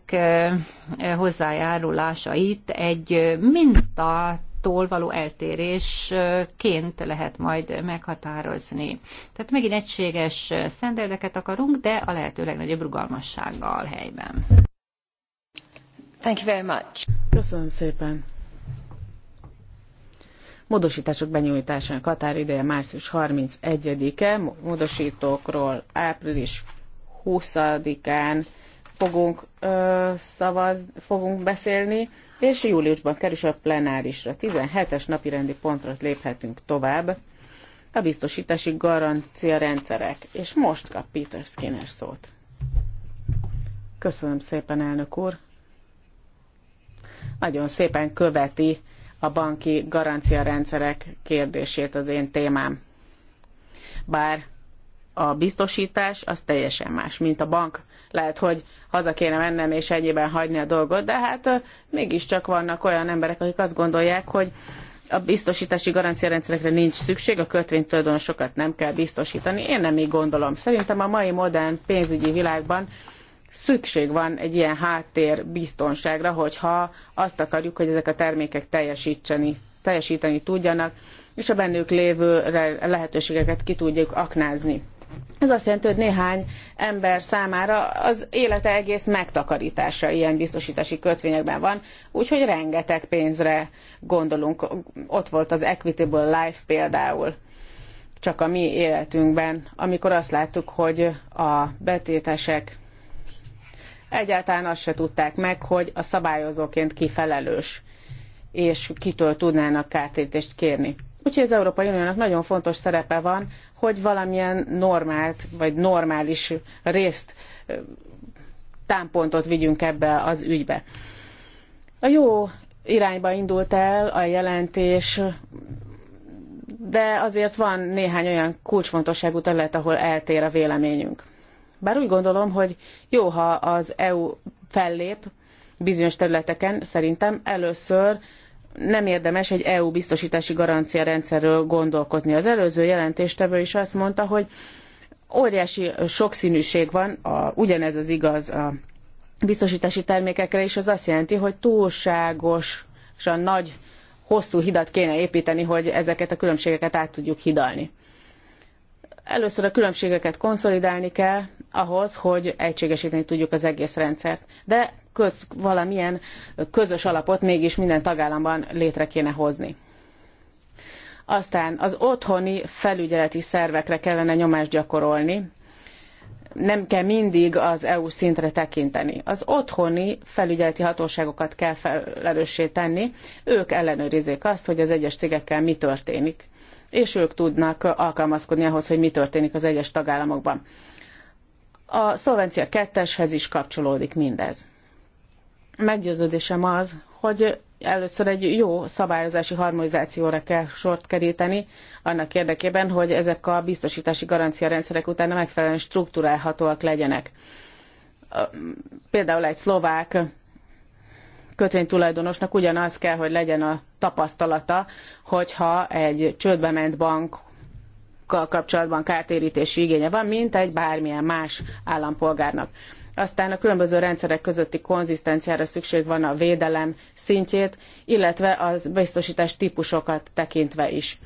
hozzájárulásait egy mintától attól való eltérésként lehet majd meghatározni. Tehát megint egységes szendeldeket akarunk, de a lehető legnagyobb rugalmassággal helyben módostások benyújtásának határideje március 31-e, módostókról április 20-án fogunk ö, szavaz, fogunk beszélni, és júliusban kerül a plenárisra. 17-es napirendi pontra léphetünk tovább. A biztosítási garancia rendszerek. És most kap Peter Skinner szót. Köszönöm szépen, elnök úr nagyon szépen követi a banki garanciarendszerek kérdését az én témám. Bár a biztosítás az teljesen más, mint a bank. Lehet, hogy haza kéne mennem és ennyiben hagyni a dolgot, de hát mégiscsak vannak olyan emberek, akik azt gondolják, hogy a biztosítási garanciarendszerekre nincs szükség, a kötvénytulajdonosokat nem kell biztosítani. Én nem így gondolom. Szerintem a mai modern pénzügyi világban szükség van egy ilyen háttér biztonságra, hogyha azt akarjuk, hogy ezek a termékek teljesíteni, teljesíteni tudjanak, és a bennük lévő lehetőségeket ki tudjuk aknázni. Ez azt jelenti, hogy néhány ember számára az élete egész megtakarítása ilyen biztosítási kötvényekben van, úgyhogy rengeteg pénzre gondolunk. Ott volt az Equitable Life például csak a mi életünkben, amikor azt láttuk, hogy a betétesek egyáltalán azt se tudták meg, hogy a szabályozóként kifelelős, és kitől tudnának kártérítést kérni. Úgyhogy az Európai Uniónak nagyon fontos szerepe van, hogy valamilyen normált vagy normális részt, támpontot vigyünk ebbe az ügybe. A jó irányba indult el a jelentés, de azért van néhány olyan kulcsfontosságú terület, ahol eltér a véleményünk. Bár úgy gondolom, hogy jó, ha az EU fellép bizonyos területeken, szerintem először nem érdemes egy EU biztosítási garancia rendszerről gondolkozni. Az előző jelentéstevő is azt mondta, hogy óriási sokszínűség van, a, ugyanez az igaz a biztosítási termékekre, is. az azt jelenti, hogy túlságosan nagy, hosszú hidat kéne építeni, hogy ezeket a különbségeket át tudjuk hidalni. Először a különbségeket konszolidálni kell, ahhoz, hogy egységesíteni tudjuk az egész rendszert. De köz, valamilyen közös alapot mégis minden tagállamban létre kéne hozni. Aztán az otthoni felügyeleti szervekre kellene nyomást gyakorolni, nem kell mindig az EU szintre tekinteni. Az otthoni felügyeleti hatóságokat kell felelőssé tenni, ők ellenőrizzék azt, hogy az egyes cégekkel mi történik, és ők tudnak alkalmazkodni ahhoz, hogy mi történik az egyes tagállamokban. A szolvencia ketteshez is kapcsolódik mindez. Meggyőződésem az, hogy először egy jó szabályozási harmonizációra kell sort keríteni, annak érdekében, hogy ezek a biztosítási garanciarendszerek utána megfelelően struktúrálhatóak legyenek. Például egy szlovák kötvénytulajdonosnak ugyanaz kell, hogy legyen a tapasztalata, hogyha egy csődbe ment bank államokkal kapcsolatban kártérítési igénye van, mint egy bármilyen más állampolgárnak. Aztán a különböző rendszerek közötti konzisztenciára szükség van a védelem szintjét, illetve az biztosítás típusokat tekintve is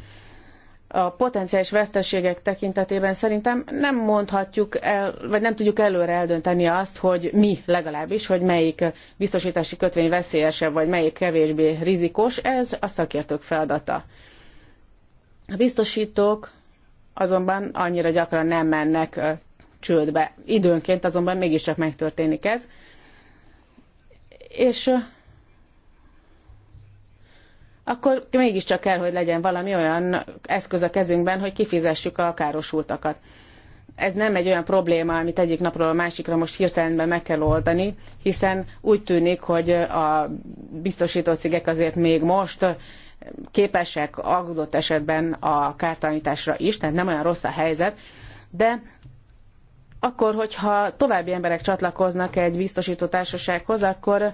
a potenciális veszteségek tekintetében szerintem nem mondhatjuk el, vagy nem tudjuk előre eldönteni azt, hogy mi legalábbis, hogy melyik biztosítási kötvény veszélyesebb, vagy melyik kevésbé rizikós. Ez a szakértők feladata. A biztosítók azonban annyira gyakran nem mennek csődbe. Időnként azonban mégiscsak megtörténik ez. És akkor mégiscsak kell, hogy legyen valami olyan eszköz a kezünkben, hogy kifizessük a károsultakat. Ez nem egy olyan probléma, amit egyik napról a másikra most hirtelenben meg kell oldani, hiszen úgy tűnik, hogy a biztosító cégek azért még most képesek adott esetben a kártalanításra is, tehát nem olyan rossz a helyzet, de akkor, hogyha további emberek csatlakoznak egy biztosító társasághoz, akkor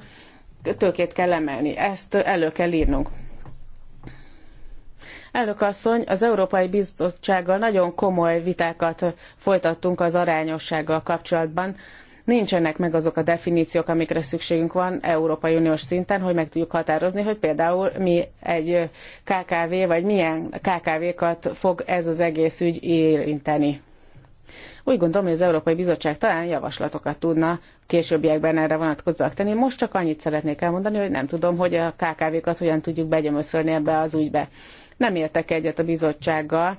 tőkét kell emelni. Ezt elő kell írnunk. Elnök asszony, az Európai Bizottsággal nagyon komoly vitákat folytattunk az arányossággal kapcsolatban, nincsenek meg azok a definíciók, amikre szükségünk van Európai Uniós szinten, hogy meg tudjuk határozni, hogy például mi egy KKV, vagy milyen KKV-kat fog ez az egész ügy érinteni. Úgy gondolom, hogy az Európai Bizottság talán javaslatokat tudna későbbiekben erre vonatkozóak tenni. Most csak annyit szeretnék elmondani, hogy nem tudom, hogy a KKV-kat hogyan tudjuk begyömöszölni ebbe az ügybe. Nem értek egyet a bizottsággal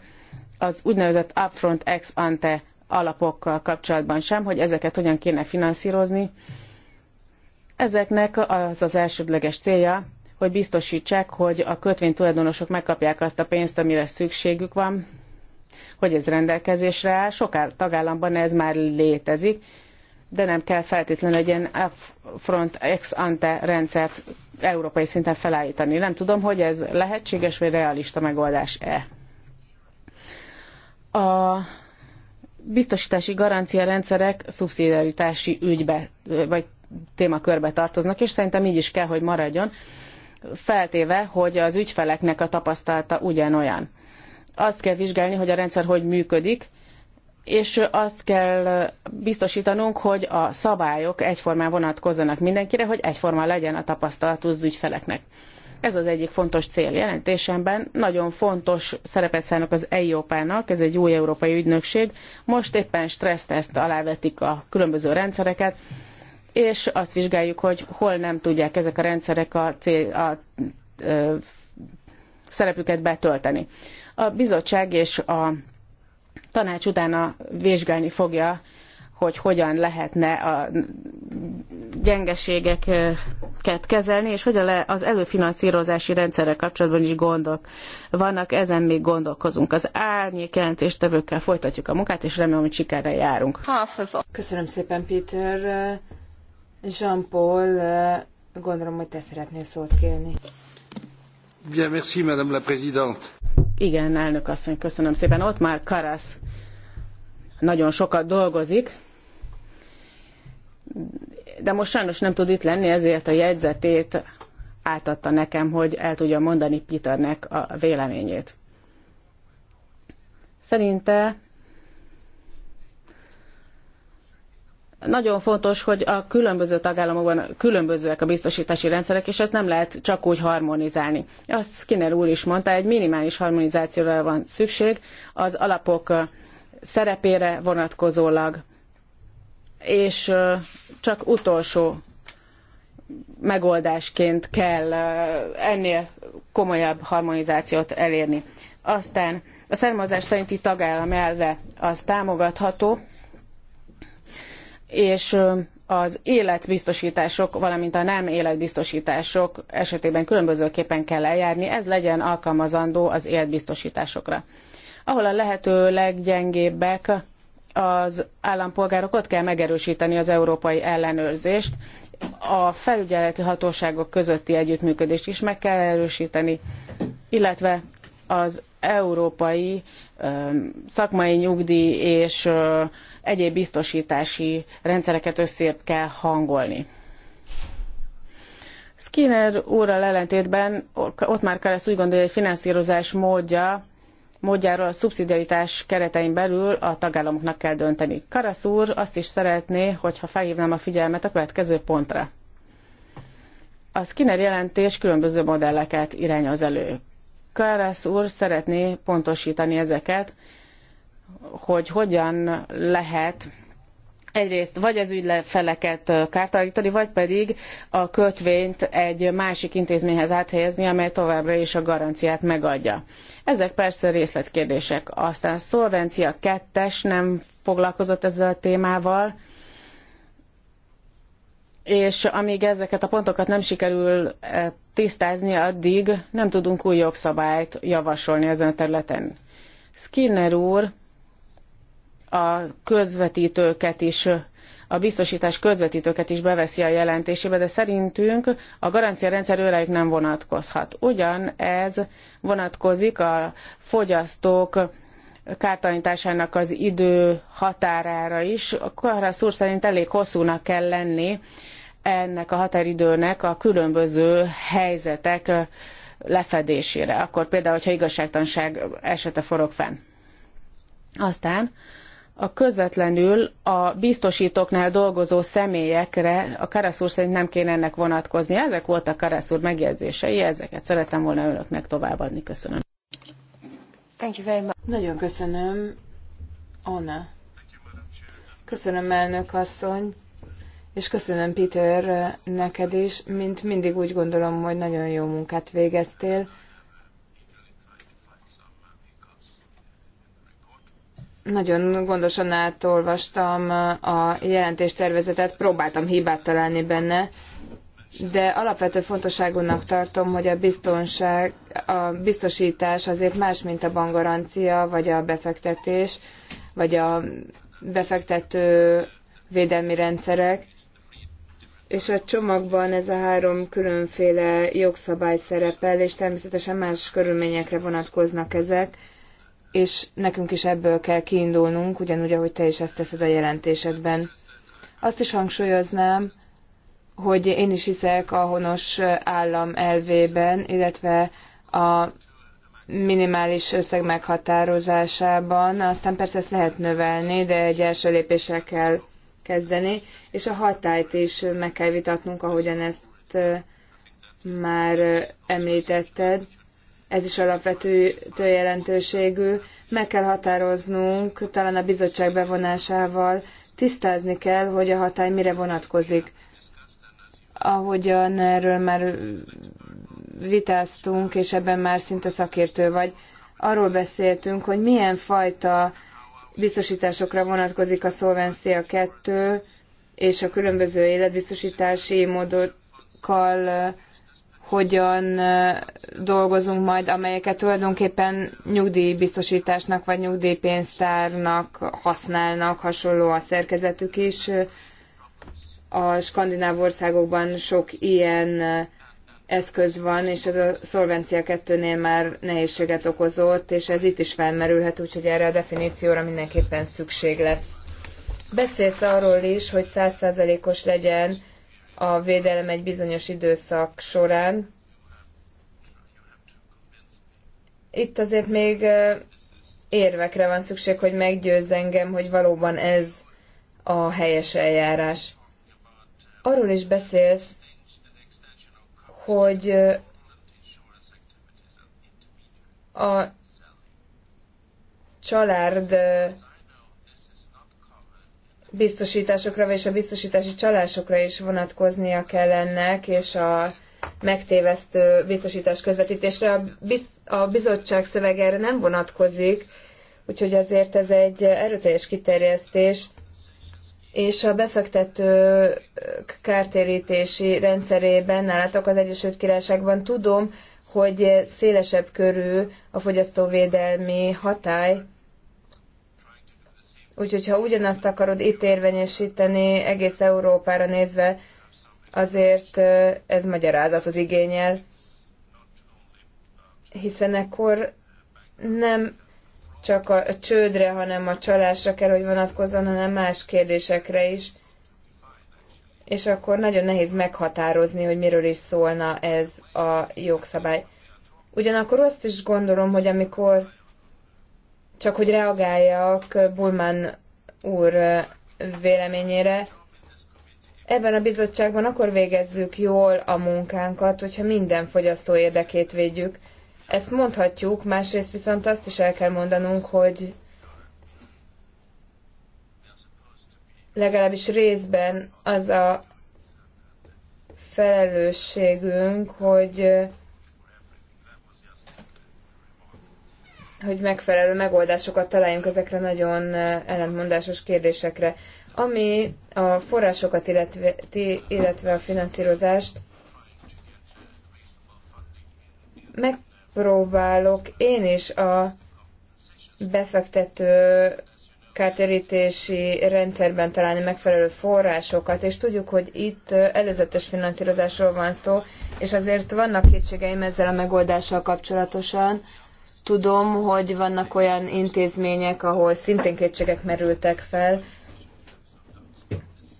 az úgynevezett upfront ex ante alapokkal kapcsolatban sem, hogy ezeket hogyan kéne finanszírozni. Ezeknek az az elsődleges célja, hogy biztosítsák, hogy a kötvénytulajdonosok megkapják azt a pénzt, amire szükségük van, hogy ez rendelkezésre áll. Sok tagállamban ez már létezik, de nem kell feltétlenül egy ilyen front ex ante rendszert európai szinten felállítani. Nem tudom, hogy ez lehetséges vagy realista megoldás-e. A biztosítási garancia rendszerek szubszidiaritási ügybe, vagy témakörbe tartoznak, és szerintem így is kell, hogy maradjon, feltéve, hogy az ügyfeleknek a tapasztalata ugyanolyan. Azt kell vizsgálni, hogy a rendszer hogy működik, és azt kell biztosítanunk, hogy a szabályok egyformán vonatkozzanak mindenkire, hogy egyforma legyen a tapasztalat az ügyfeleknek. Ez az egyik fontos cél jelentésemben. Nagyon fontos szerepet szállnak az EIOPA-nak, ez egy új európai ügynökség. Most éppen stresszteszt alávetik a különböző rendszereket, és azt vizsgáljuk, hogy hol nem tudják ezek a rendszerek a, cél, a ö, szerepüket betölteni. A bizottság és a tanács utána vizsgálni fogja hogy hogyan lehetne a gyengeségeket kezelni, és hogyan le az előfinanszírozási rendszerrel kapcsolatban is gondok vannak, ezen még gondolkozunk. Az árnyék tevőkkel folytatjuk a munkát, és remélem, hogy sikerre járunk. Köszönöm szépen, Peter. Jean-Paul, gondolom, hogy te szeretnél szót kérni. Bien, merci, Madame la Présidente. Igen, elnök asszony, köszönöm szépen. Ott már Karasz nagyon sokat dolgozik, de most sajnos nem tud itt lenni, ezért a jegyzetét átadta nekem, hogy el tudja mondani Peternek a véleményét. Szerinte nagyon fontos, hogy a különböző tagállamokban különbözőek a biztosítási rendszerek, és ezt nem lehet csak úgy harmonizálni. Azt Skinner úr is mondta, egy minimális harmonizációra van szükség az alapok szerepére vonatkozólag és csak utolsó megoldásként kell ennél komolyabb harmonizációt elérni. Aztán a származás szerinti tagállam elve az támogatható, és az életbiztosítások, valamint a nem életbiztosítások esetében különbözőképpen kell eljárni, ez legyen alkalmazandó az életbiztosításokra. Ahol a lehető leggyengébbek az állampolgárok ott kell megerősíteni az európai ellenőrzést, a felügyeleti hatóságok közötti együttműködést is meg kell erősíteni, illetve az európai szakmai nyugdíj és egyéb biztosítási rendszereket össze kell hangolni. Skinner úrral ellentétben ott már Káresz úgy gondolja, hogy finanszírozás módja módjáról a szubszidiaritás keretein belül a tagállamoknak kell dönteni. Karasz úr azt is szeretné, hogyha felhívnám a figyelmet a következő pontra. A Skinner jelentés különböző modelleket irányoz elő. Karasz úr szeretné pontosítani ezeket, hogy hogyan lehet egyrészt vagy az ügyfeleket kártalanítani, vagy pedig a kötvényt egy másik intézményhez áthelyezni, amely továbbra is a garanciát megadja. Ezek persze részletkérdések. Aztán szolvencia kettes nem foglalkozott ezzel a témával, és amíg ezeket a pontokat nem sikerül tisztázni, addig nem tudunk új jogszabályt javasolni ezen a területen. Skinner úr a közvetítőket is a biztosítás közvetítőket is beveszi a jelentésébe, de szerintünk a garanciarendszer őreik nem vonatkozhat. Ugyan ez vonatkozik a fogyasztók kártalanításának az idő határára is. A Karasz úr szerint elég hosszúnak kell lenni ennek a határidőnek a különböző helyzetek lefedésére. Akkor például, hogyha igazságtanság esete forog fenn. Aztán a közvetlenül a biztosítóknál dolgozó személyekre a Karasz szerint nem kéne ennek vonatkozni. Ezek voltak Karasz úr megjegyzései, ezeket szeretem volna önöknek továbbadni. Köszönöm. Thank you very much. Nagyon köszönöm, Anna. Köszönöm, elnök asszony, és köszönöm, Peter, neked is. Mint mindig úgy gondolom, hogy nagyon jó munkát végeztél Nagyon gondosan átolvastam a jelentéstervezetet, próbáltam hibát találni benne, de alapvető fontosságúnak tartom, hogy a biztonság, a biztosítás azért más, mint a bankgarancia, vagy a befektetés, vagy a befektető védelmi rendszerek, és a csomagban ez a három különféle jogszabály szerepel, és természetesen más körülményekre vonatkoznak ezek és nekünk is ebből kell kiindulnunk, ugyanúgy, ahogy te is ezt teszed a jelentésedben. Azt is hangsúlyoznám, hogy én is hiszek a honos állam elvében, illetve a minimális összeg meghatározásában, aztán persze ezt lehet növelni, de egy első lépéssel kell kezdeni, és a hatályt is meg kell vitatnunk, ahogyan ezt már említetted ez is alapvető jelentőségű, meg kell határoznunk, talán a bizottság bevonásával tisztázni kell, hogy a hatály mire vonatkozik. Ahogyan erről már vitáztunk, és ebben már szinte szakértő vagy, arról beszéltünk, hogy milyen fajta biztosításokra vonatkozik a Szolvencia 2 és a különböző életbiztosítási módokkal hogyan dolgozunk majd, amelyeket tulajdonképpen nyugdíjbiztosításnak vagy nyugdíjpénztárnak használnak, hasonló a szerkezetük is. A skandináv országokban sok ilyen eszköz van, és ez a szolvencia kettőnél már nehézséget okozott, és ez itt is felmerülhet, úgyhogy erre a definícióra mindenképpen szükség lesz. Beszélsz arról is, hogy százszázalékos legyen a védelem egy bizonyos időszak során. Itt azért még érvekre van szükség, hogy meggyőzz engem, hogy valóban ez a helyes eljárás. Arról is beszélsz, hogy a család biztosításokra és a biztosítási csalásokra is vonatkoznia kell ennek, és a megtévesztő biztosítás közvetítésre. A, biz, a bizottság szövege erre nem vonatkozik, úgyhogy azért ez egy erőteljes kiterjesztés, és a befektető kártérítési rendszerében nálatok az Egyesült Királyságban tudom, hogy szélesebb körű a fogyasztóvédelmi hatály, Úgyhogy ha ugyanazt akarod itt érvényesíteni egész Európára nézve, azért ez magyarázatot igényel, hiszen akkor nem csak a csődre, hanem a csalásra kell, hogy vonatkozzon, hanem más kérdésekre is. És akkor nagyon nehéz meghatározni, hogy miről is szólna ez a jogszabály. Ugyanakkor azt is gondolom, hogy amikor csak hogy reagáljak Bulman úr véleményére, ebben a bizottságban akkor végezzük jól a munkánkat, hogyha minden fogyasztó érdekét védjük. Ezt mondhatjuk, másrészt viszont azt is el kell mondanunk, hogy legalábbis részben az a felelősségünk, hogy hogy megfelelő megoldásokat találjunk ezekre nagyon ellentmondásos kérdésekre. Ami a forrásokat, illetve, illetve a finanszírozást, megpróbálok én is a befektető kártérítési rendszerben találni megfelelő forrásokat, és tudjuk, hogy itt előzetes finanszírozásról van szó, és azért vannak kétségeim ezzel a megoldással kapcsolatosan, Tudom, hogy vannak olyan intézmények, ahol szintén kétségek merültek fel,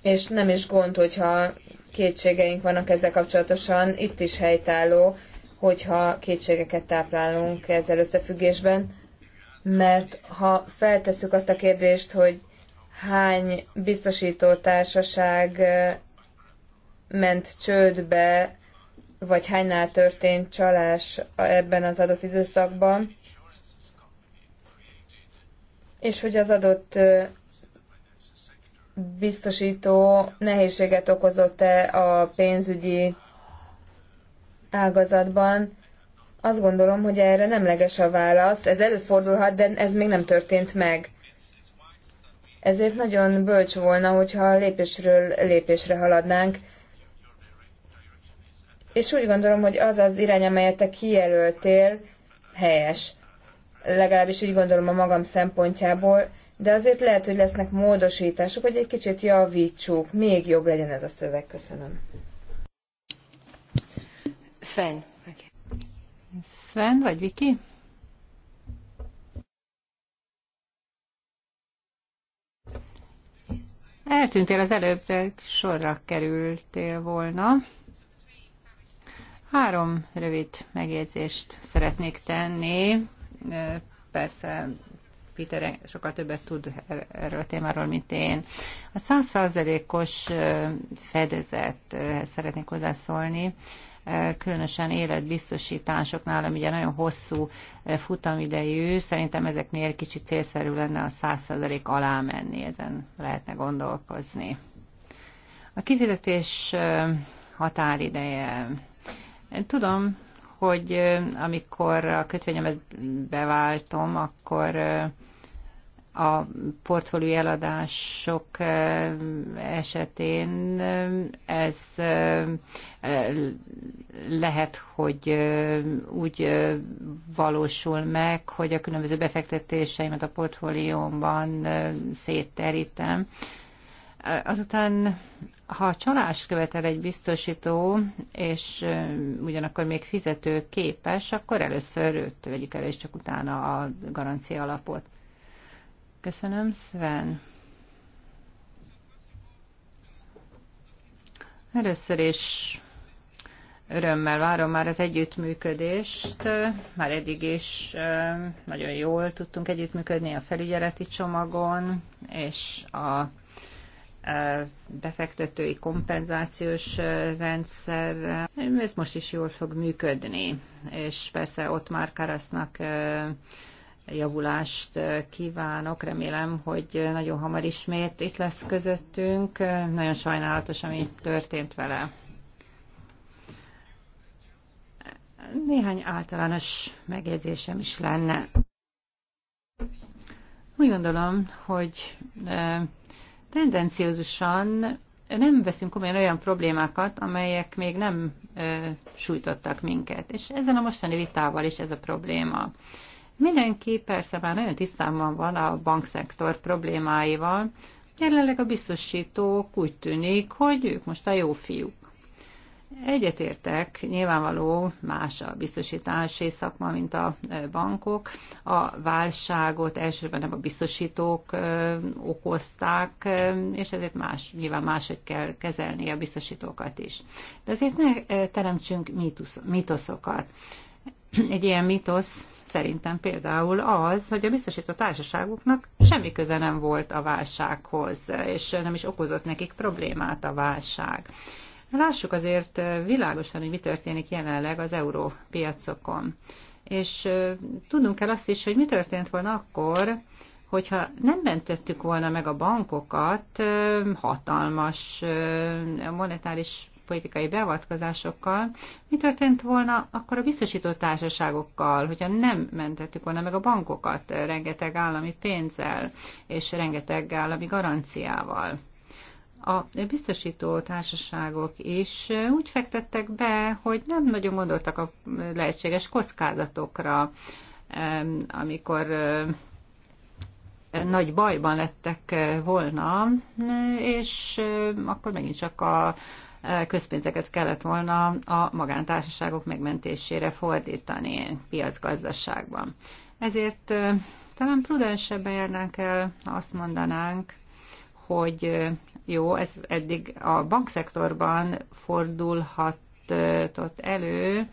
és nem is gond, hogyha kétségeink vannak ezzel kapcsolatosan. Itt is helytálló, hogyha kétségeket táplálunk ezzel összefüggésben, mert ha feltesszük azt a kérdést, hogy hány biztosító társaság eh, ment csődbe vagy hánynál történt csalás ebben az adott időszakban, és hogy az adott biztosító nehézséget okozott-e a pénzügyi ágazatban. Azt gondolom, hogy erre nemleges a válasz. Ez előfordulhat, de ez még nem történt meg. Ezért nagyon bölcs volna, hogyha lépésről lépésre haladnánk, és úgy gondolom, hogy az az irány, amelyet te kijelöltél, helyes. Legalábbis így gondolom a magam szempontjából, de azért lehet, hogy lesznek módosítások, hogy egy kicsit javítsuk, még jobb legyen ez a szöveg. Köszönöm. Sven. Sven vagy Viki? Eltűntél az előbb, de sorra kerültél volna. Három rövid megjegyzést szeretnék tenni. Persze Peter sokkal többet tud er-, erről a témáról, mint én. A 100%-os fedezethez szeretnék hozzászólni különösen életbiztosításoknál, ami ugye nagyon hosszú futamidejű, szerintem ezeknél kicsit célszerű lenne a 100% alá menni, ezen lehetne gondolkozni. A kifizetés határideje Tudom, hogy amikor a kötvényemet beváltom, akkor a portfólió eladások esetén ez lehet, hogy úgy valósul meg, hogy a különböző befektetéseimet a portfóliómban szétterítem, Azután, ha csalást követel egy biztosító, és ugyanakkor még fizető képes, akkor először őt vegyük el, és csak utána a garancia alapot. Köszönöm, Sven. Először is örömmel várom már az együttműködést. Már eddig is nagyon jól tudtunk együttműködni a felügyeleti csomagon, és a befektetői kompenzációs rendszer, ez most is jól fog működni. És persze ott már Karasznak javulást kívánok, remélem, hogy nagyon hamar ismét itt lesz közöttünk. Nagyon sajnálatos, ami történt vele. Néhány általános megjegyzésem is lenne. Úgy gondolom, hogy tendenciózusan nem veszünk komolyan olyan problémákat, amelyek még nem ö, sújtottak minket. És ezen a mostani vitával is ez a probléma. Mindenki persze már nagyon tisztában van a bankszektor problémáival. Jelenleg a biztosítók úgy tűnik, hogy ők most a jó fiúk. Egyetértek, nyilvánvaló más a biztosítási szakma, mint a e, bankok. A válságot elsősorban nem a biztosítók e, okozták, e, és ezért más, nyilván máshogy kell kezelni a biztosítókat is. De azért ne teremtsünk mítusz, mítoszokat. Egy ilyen mítosz szerintem például az, hogy a biztosító társaságoknak semmi köze nem volt a válsághoz, és nem is okozott nekik problémát a válság. Lássuk azért világosan, hogy mi történik jelenleg az európiacokon. És tudnunk kell azt is, hogy mi történt volna akkor, hogyha nem mentettük volna meg a bankokat hatalmas monetáris politikai beavatkozásokkal, mi történt volna akkor a biztosító társaságokkal, hogyha nem mentettük volna meg a bankokat rengeteg állami pénzzel és rengeteg állami garanciával a biztosító társaságok is úgy fektettek be, hogy nem nagyon gondoltak a lehetséges kockázatokra, amikor nagy bajban lettek volna, és akkor megint csak a közpénzeket kellett volna a magántársaságok megmentésére fordítani piacgazdaságban. Ezért talán prudensebben járnánk el, ha azt mondanánk, hogy jó, ez eddig a bankszektorban fordulhatott elő,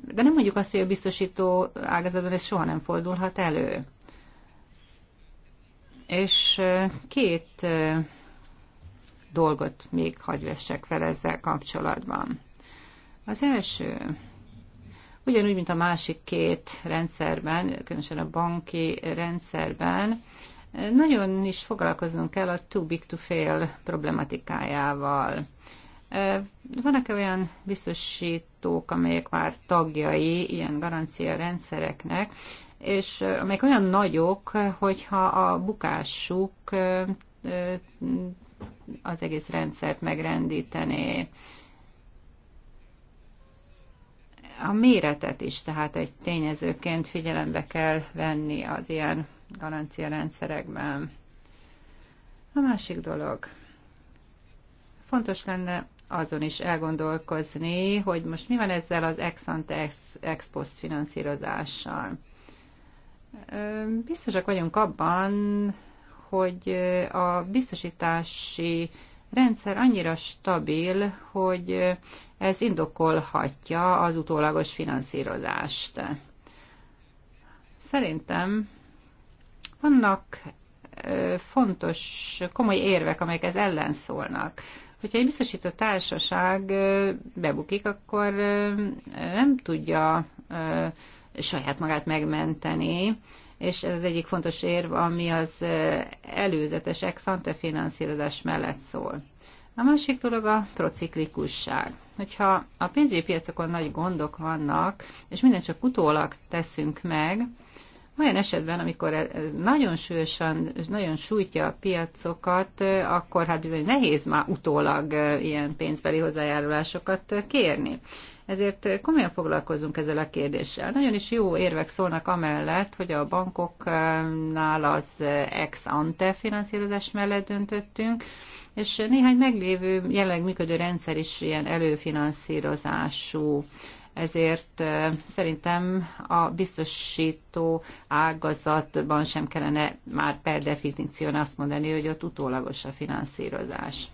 de nem mondjuk azt, hogy a biztosító ágazatban ez soha nem fordulhat elő. És két dolgot még hagyvessek fel ezzel kapcsolatban. Az első, ugyanúgy, mint a másik két rendszerben, különösen a banki rendszerben, nagyon is foglalkoznunk kell a too big to fail problematikájával. Vannak-e olyan biztosítók, amelyek már tagjai ilyen garancia rendszereknek, és amelyek olyan nagyok, hogyha a bukásuk az egész rendszert megrendítené. A méretet is tehát egy tényezőként figyelembe kell venni az ilyen garancia rendszerekben. A másik dolog. Fontos lenne azon is elgondolkozni, hogy most mi van ezzel az ex ante ex, ex post finanszírozással. Biztosak vagyunk abban, hogy a biztosítási rendszer annyira stabil, hogy ez indokolhatja az utólagos finanszírozást. Szerintem vannak fontos, komoly érvek, amelyek ez ellen szólnak. Hogyha egy biztosított társaság bebukik, akkor nem tudja saját magát megmenteni, és ez az egyik fontos érv, ami az előzetes ex ante finanszírozás mellett szól. A másik dolog a prociklikusság. Hogyha a pénzügyi piacokon nagy gondok vannak, és minden csak utólag teszünk meg, olyan esetben, amikor ez nagyon súlyosan, nagyon sújtja a piacokat, akkor hát bizony nehéz már utólag ilyen pénzbeli hozzájárulásokat kérni. Ezért komolyan foglalkozunk ezzel a kérdéssel. Nagyon is jó érvek szólnak amellett, hogy a bankoknál az ex-ante finanszírozás mellett döntöttünk, és néhány meglévő jelenleg működő rendszer is ilyen előfinanszírozású ezért szerintem a biztosító ágazatban sem kellene már per definíción azt mondani, hogy ott utólagos a finanszírozás.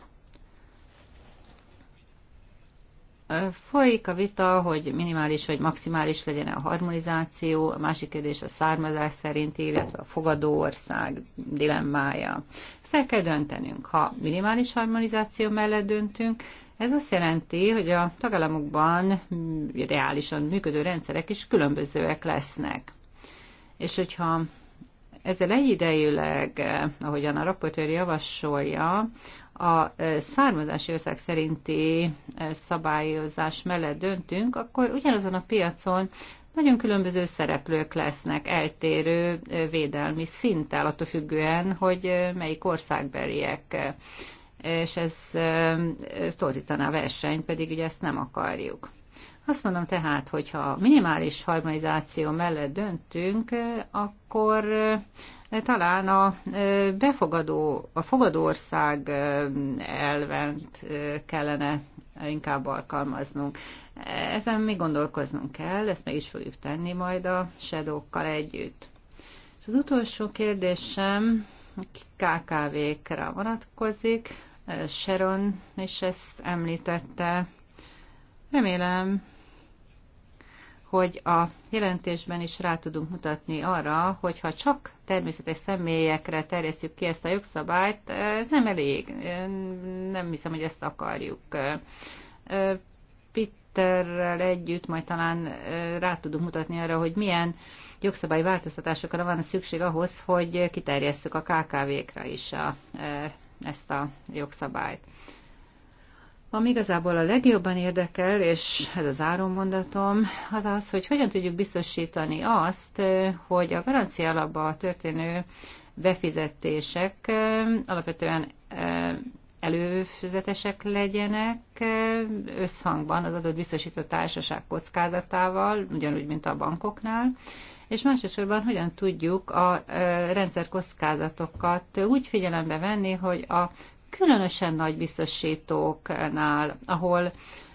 Folyik a vita, hogy minimális vagy maximális legyen a harmonizáció, a másik kérdés a származás szerint, illetve a fogadó ország dilemmája. Ezt el kell döntenünk. Ha minimális harmonizáció mellett döntünk, ez azt jelenti, hogy a tagállamokban reálisan működő rendszerek is különbözőek lesznek. És hogyha ezzel egyidejűleg, ahogyan a raportőr javasolja, a származási ország szerinti szabályozás mellett döntünk, akkor ugyanazon a piacon nagyon különböző szereplők lesznek, eltérő védelmi szinttel, attól függően, hogy melyik országbeliek és ez torzítaná a versenyt, pedig ugye ezt nem akarjuk. Azt mondom tehát, hogyha minimális harmonizáció mellett döntünk, akkor talán a befogadó, a fogadóország elvent kellene inkább alkalmaznunk. Ezen még gondolkoznunk kell, ezt meg is fogjuk tenni majd a shadow együtt. És az utolsó kérdésem KKV-kra vonatkozik. Sharon is ezt említette. Remélem, hogy a jelentésben is rá tudunk mutatni arra, hogy ha csak természetes személyekre terjesztjük ki ezt a jogszabályt, ez nem elég. Nem hiszem, hogy ezt akarjuk. Peterrel együtt majd talán rá tudunk mutatni arra, hogy milyen jogszabályi változtatásokra van szükség ahhoz, hogy kiterjesszük a KKV-kra is a ezt a jogszabályt. Ami igazából a legjobban érdekel, és ez az áronmondatom, az az, hogy hogyan tudjuk biztosítani azt, hogy a garancia alapba történő befizetések alapvetően előfizetesek legyenek összhangban az adott biztosított társaság kockázatával, ugyanúgy, mint a bankoknál, és másodszorban hogyan tudjuk a rendszer kockázatokat úgy figyelembe venni, hogy a különösen nagy biztosítóknál, ahol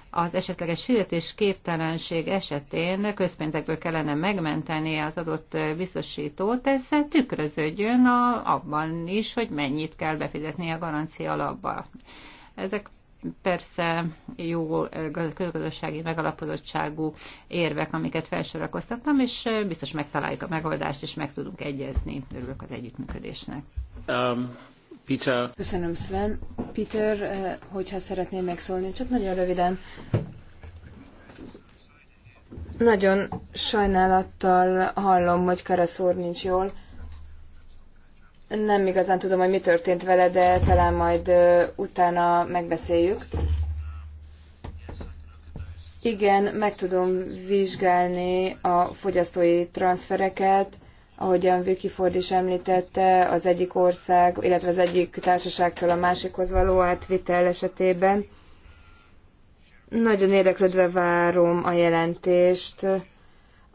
az esetleges fizetés képtelenség esetén közpénzekből kellene megmenteni az adott biztosítót, ez tükröződjön a, abban is, hogy mennyit kell befizetni a garancia alapba. Ezek persze jó eh, közgazdasági megalapozottságú érvek, amiket felsorakoztattam, és eh, biztos megtaláljuk a megoldást, és meg tudunk egyezni. Örülök az együttműködésnek. Um. Peter. Köszönöm, Sven. Peter, eh, hogyha szeretném megszólni, csak nagyon röviden. Nagyon sajnálattal hallom, hogy Karaszór nincs jól. Nem igazán tudom, hogy mi történt vele, de talán majd utána megbeszéljük. Igen, meg tudom vizsgálni a fogyasztói transfereket, ahogyan Vicky Ford is említette, az egyik ország, illetve az egyik társaságtól a másikhoz való átvitel esetében. Nagyon érdeklődve várom a jelentést.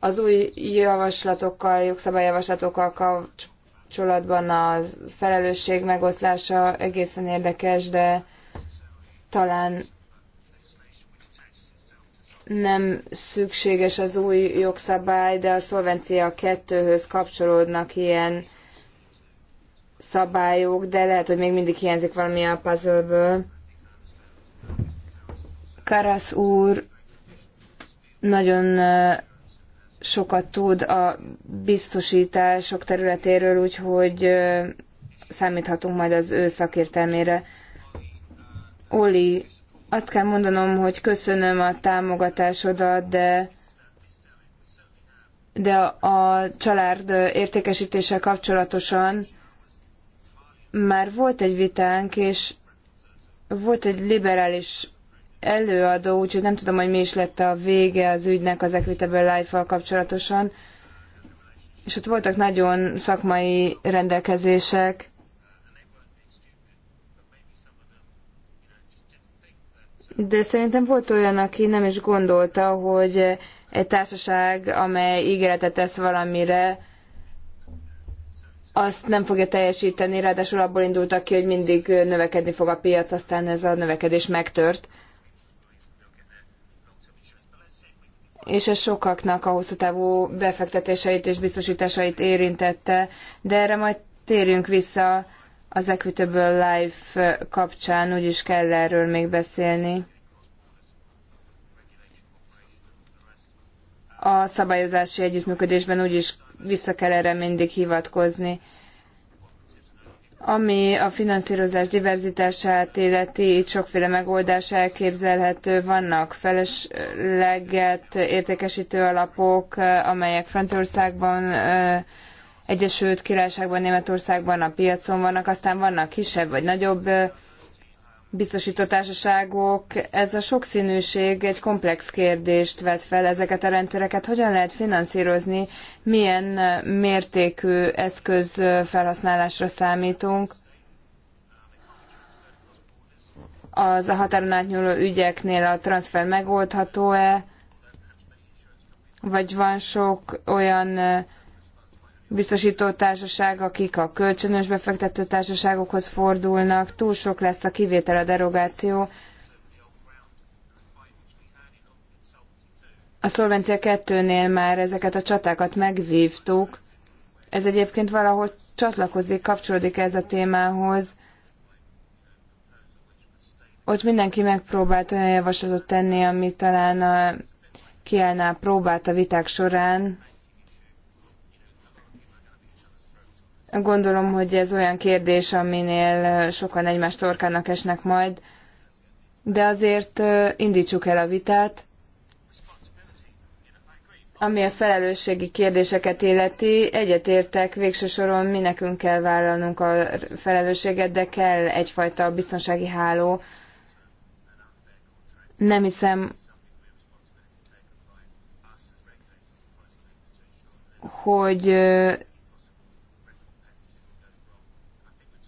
Az új javaslatokkal, jogszabályjavaslatokkal kapcsolatban a felelősség megoszlása egészen érdekes, de talán nem szükséges az új jogszabály, de a szolvencia kettőhöz kapcsolódnak ilyen szabályok, de lehet, hogy még mindig hiányzik valami a puzzleből. Karasz úr nagyon sokat tud a biztosítások területéről, úgyhogy számíthatunk majd az ő szakértelmére. Oli, azt kell mondanom, hogy köszönöm a támogatásodat, de de a család értékesítése kapcsolatosan már volt egy vitánk, és volt egy liberális előadó, úgyhogy nem tudom, hogy mi is lett a vége az ügynek az Equitable Life-val kapcsolatosan. És ott voltak nagyon szakmai rendelkezések. De szerintem volt olyan, aki nem is gondolta, hogy egy társaság, amely ígéretet tesz valamire, azt nem fogja teljesíteni, ráadásul abból indultak ki, hogy mindig növekedni fog a piac, aztán ez a növekedés megtört. és ez sokaknak a hosszú távú befektetéseit és biztosításait érintette, de erre majd térjünk vissza az Equitable Life kapcsán, úgyis kell erről még beszélni. A szabályozási együttműködésben úgyis vissza kell erre mindig hivatkozni. Ami a finanszírozás diverzitását illeti, itt sokféle megoldás elképzelhető. Vannak felesleget értékesítő alapok, amelyek Franciaországban, Egyesült Királyságban, Németországban a piacon vannak, aztán vannak kisebb vagy nagyobb biztosító társaságok, ez a sokszínűség egy komplex kérdést vet fel ezeket a rendszereket. Hogyan lehet finanszírozni, milyen mértékű eszköz felhasználásra számítunk? Az a határon átnyúló ügyeknél a transfer megoldható-e? Vagy van sok olyan biztosító társaság, akik a kölcsönös befektető társaságokhoz fordulnak, túl sok lesz a kivétel a derogáció. A Szolvencia 2-nél már ezeket a csatákat megvívtuk. Ez egyébként valahogy csatlakozik, kapcsolódik ez a témához. Ott mindenki megpróbált olyan javaslatot tenni, ami talán a, kiállná próbált a viták során, Gondolom, hogy ez olyan kérdés, aminél sokan egymást torkának esnek majd, de azért indítsuk el a vitát, ami a felelősségi kérdéseket illeti, egyetértek, végső soron mi nekünk kell vállalnunk a felelősséget, de kell egyfajta biztonsági háló. Nem hiszem, hogy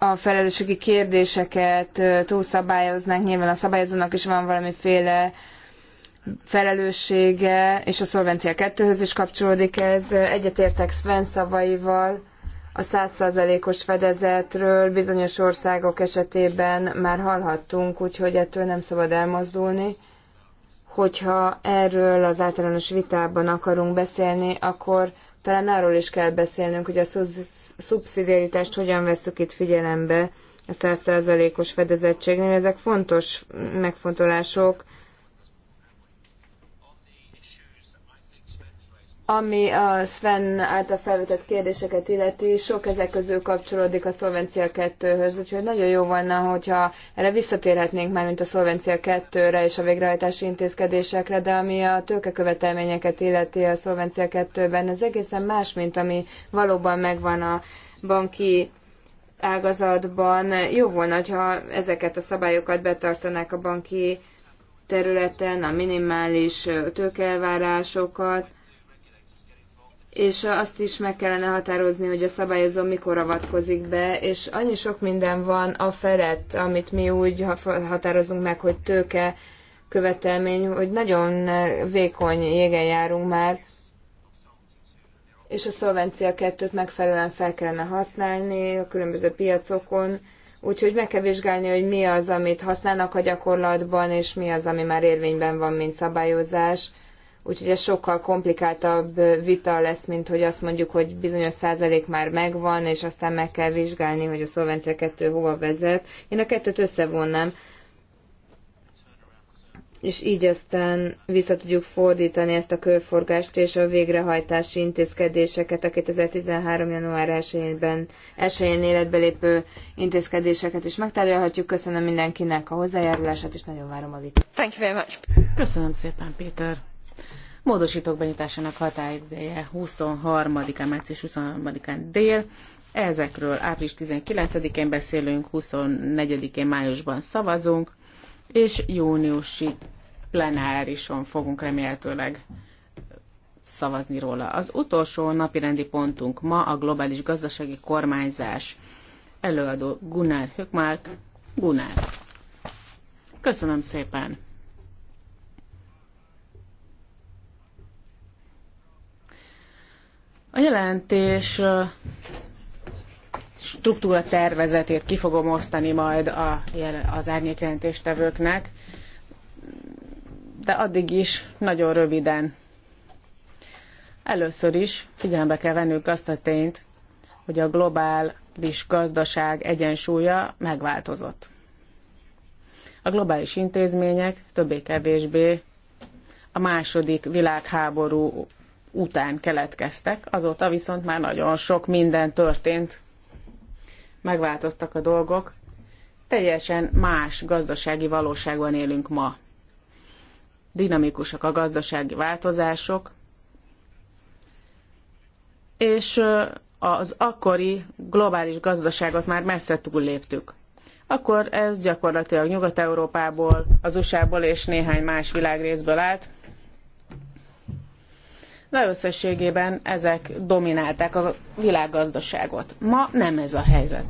a felelősségi kérdéseket túlszabályoznánk, nyilván a szabályozónak is van valamiféle felelőssége, és a szolvencia kettőhöz is kapcsolódik ez. Egyetértek Sven szavaival, a százszázalékos fedezetről bizonyos országok esetében már hallhattunk, úgyhogy ettől nem szabad elmozdulni. Hogyha erről az általános vitában akarunk beszélni, akkor talán arról is kell beszélnünk, hogy a szubszidiaritást hogyan veszük itt figyelembe a százszerzalékos fedezettségnél. Ezek fontos megfontolások Ami a Sven által felvetett kérdéseket illeti, sok ezek közül kapcsolódik a Szolvencia 2-höz, úgyhogy nagyon jó volna, hogyha erre visszatérhetnénk már, mint a Szolvencia 2-re és a végrehajtási intézkedésekre, de ami a tőkekövetelményeket illeti a Szolvencia 2-ben, ez egészen más, mint ami valóban megvan a banki ágazatban. Jó volna, ha ezeket a szabályokat betartanák a banki területen, a minimális tőkeelvárásokat, és azt is meg kellene határozni, hogy a szabályozó mikor avatkozik be, és annyi sok minden van a felett, amit mi úgy határozunk meg, hogy tőke követelmény, hogy nagyon vékony jégen járunk már, és a szolvencia kettőt megfelelően fel kellene használni a különböző piacokon, úgyhogy meg kell vizsgálni, hogy mi az, amit használnak a gyakorlatban, és mi az, ami már érvényben van, mint szabályozás Úgyhogy ez sokkal komplikáltabb vita lesz, mint hogy azt mondjuk, hogy bizonyos százalék már megvan, és aztán meg kell vizsgálni, hogy a szolvencia 2 hova vezet. Én a kettőt összevonnám, és így aztán vissza tudjuk fordítani ezt a körforgást és a végrehajtási intézkedéseket, a 2013. január 1-ben, 1 életbe lépő intézkedéseket is megtárgyalhatjuk. Köszönöm mindenkinek a hozzájárulását, és nagyon várom a vitát. Thank you very much. Köszönöm szépen, Péter. Módosítók benyitásának határideje 23-án, március 23-án dél. Ezekről április 19-én beszélünk, 24-én májusban szavazunk, és júniusi plenárison fogunk remélhetőleg szavazni róla. Az utolsó napirendi pontunk ma a globális gazdasági kormányzás. Előadó Gunnar Hökmark. Gunnar. Köszönöm szépen! A jelentés struktúra tervezetét ki fogom osztani majd a, az árnyékjelentéstevőknek, de addig is nagyon röviden. Először is figyelembe kell vennünk azt a tényt, hogy a globális gazdaság egyensúlya megváltozott. A globális intézmények többé-kevésbé a második világháború után keletkeztek, azóta viszont már nagyon sok minden történt, megváltoztak a dolgok, teljesen más gazdasági valóságban élünk ma. Dinamikusak a gazdasági változások, és az akkori globális gazdaságot már messze túlléptük. Akkor ez gyakorlatilag Nyugat-Európából, az USA-ból és néhány más világrészből állt, de összességében ezek dominálták a világgazdaságot. Ma nem ez a helyzet.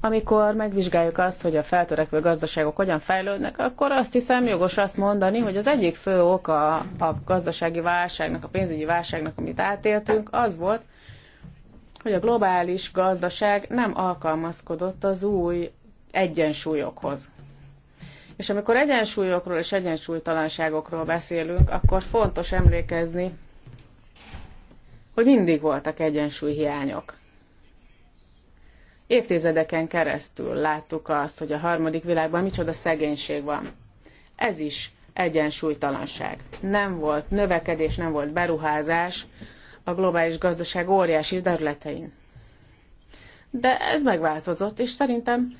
Amikor megvizsgáljuk azt, hogy a feltörekvő gazdaságok hogyan fejlődnek, akkor azt hiszem jogos azt mondani, hogy az egyik fő oka a gazdasági válságnak, a pénzügyi válságnak, amit átéltünk, az volt, hogy a globális gazdaság nem alkalmazkodott az új egyensúlyokhoz. És amikor egyensúlyokról és egyensúlytalanságokról beszélünk, akkor fontos emlékezni, hogy mindig voltak egyensúlyhiányok. Évtizedeken keresztül láttuk azt, hogy a harmadik világban micsoda szegénység van. Ez is egyensúlytalanság. Nem volt növekedés, nem volt beruházás a globális gazdaság óriási területein. De ez megváltozott, és szerintem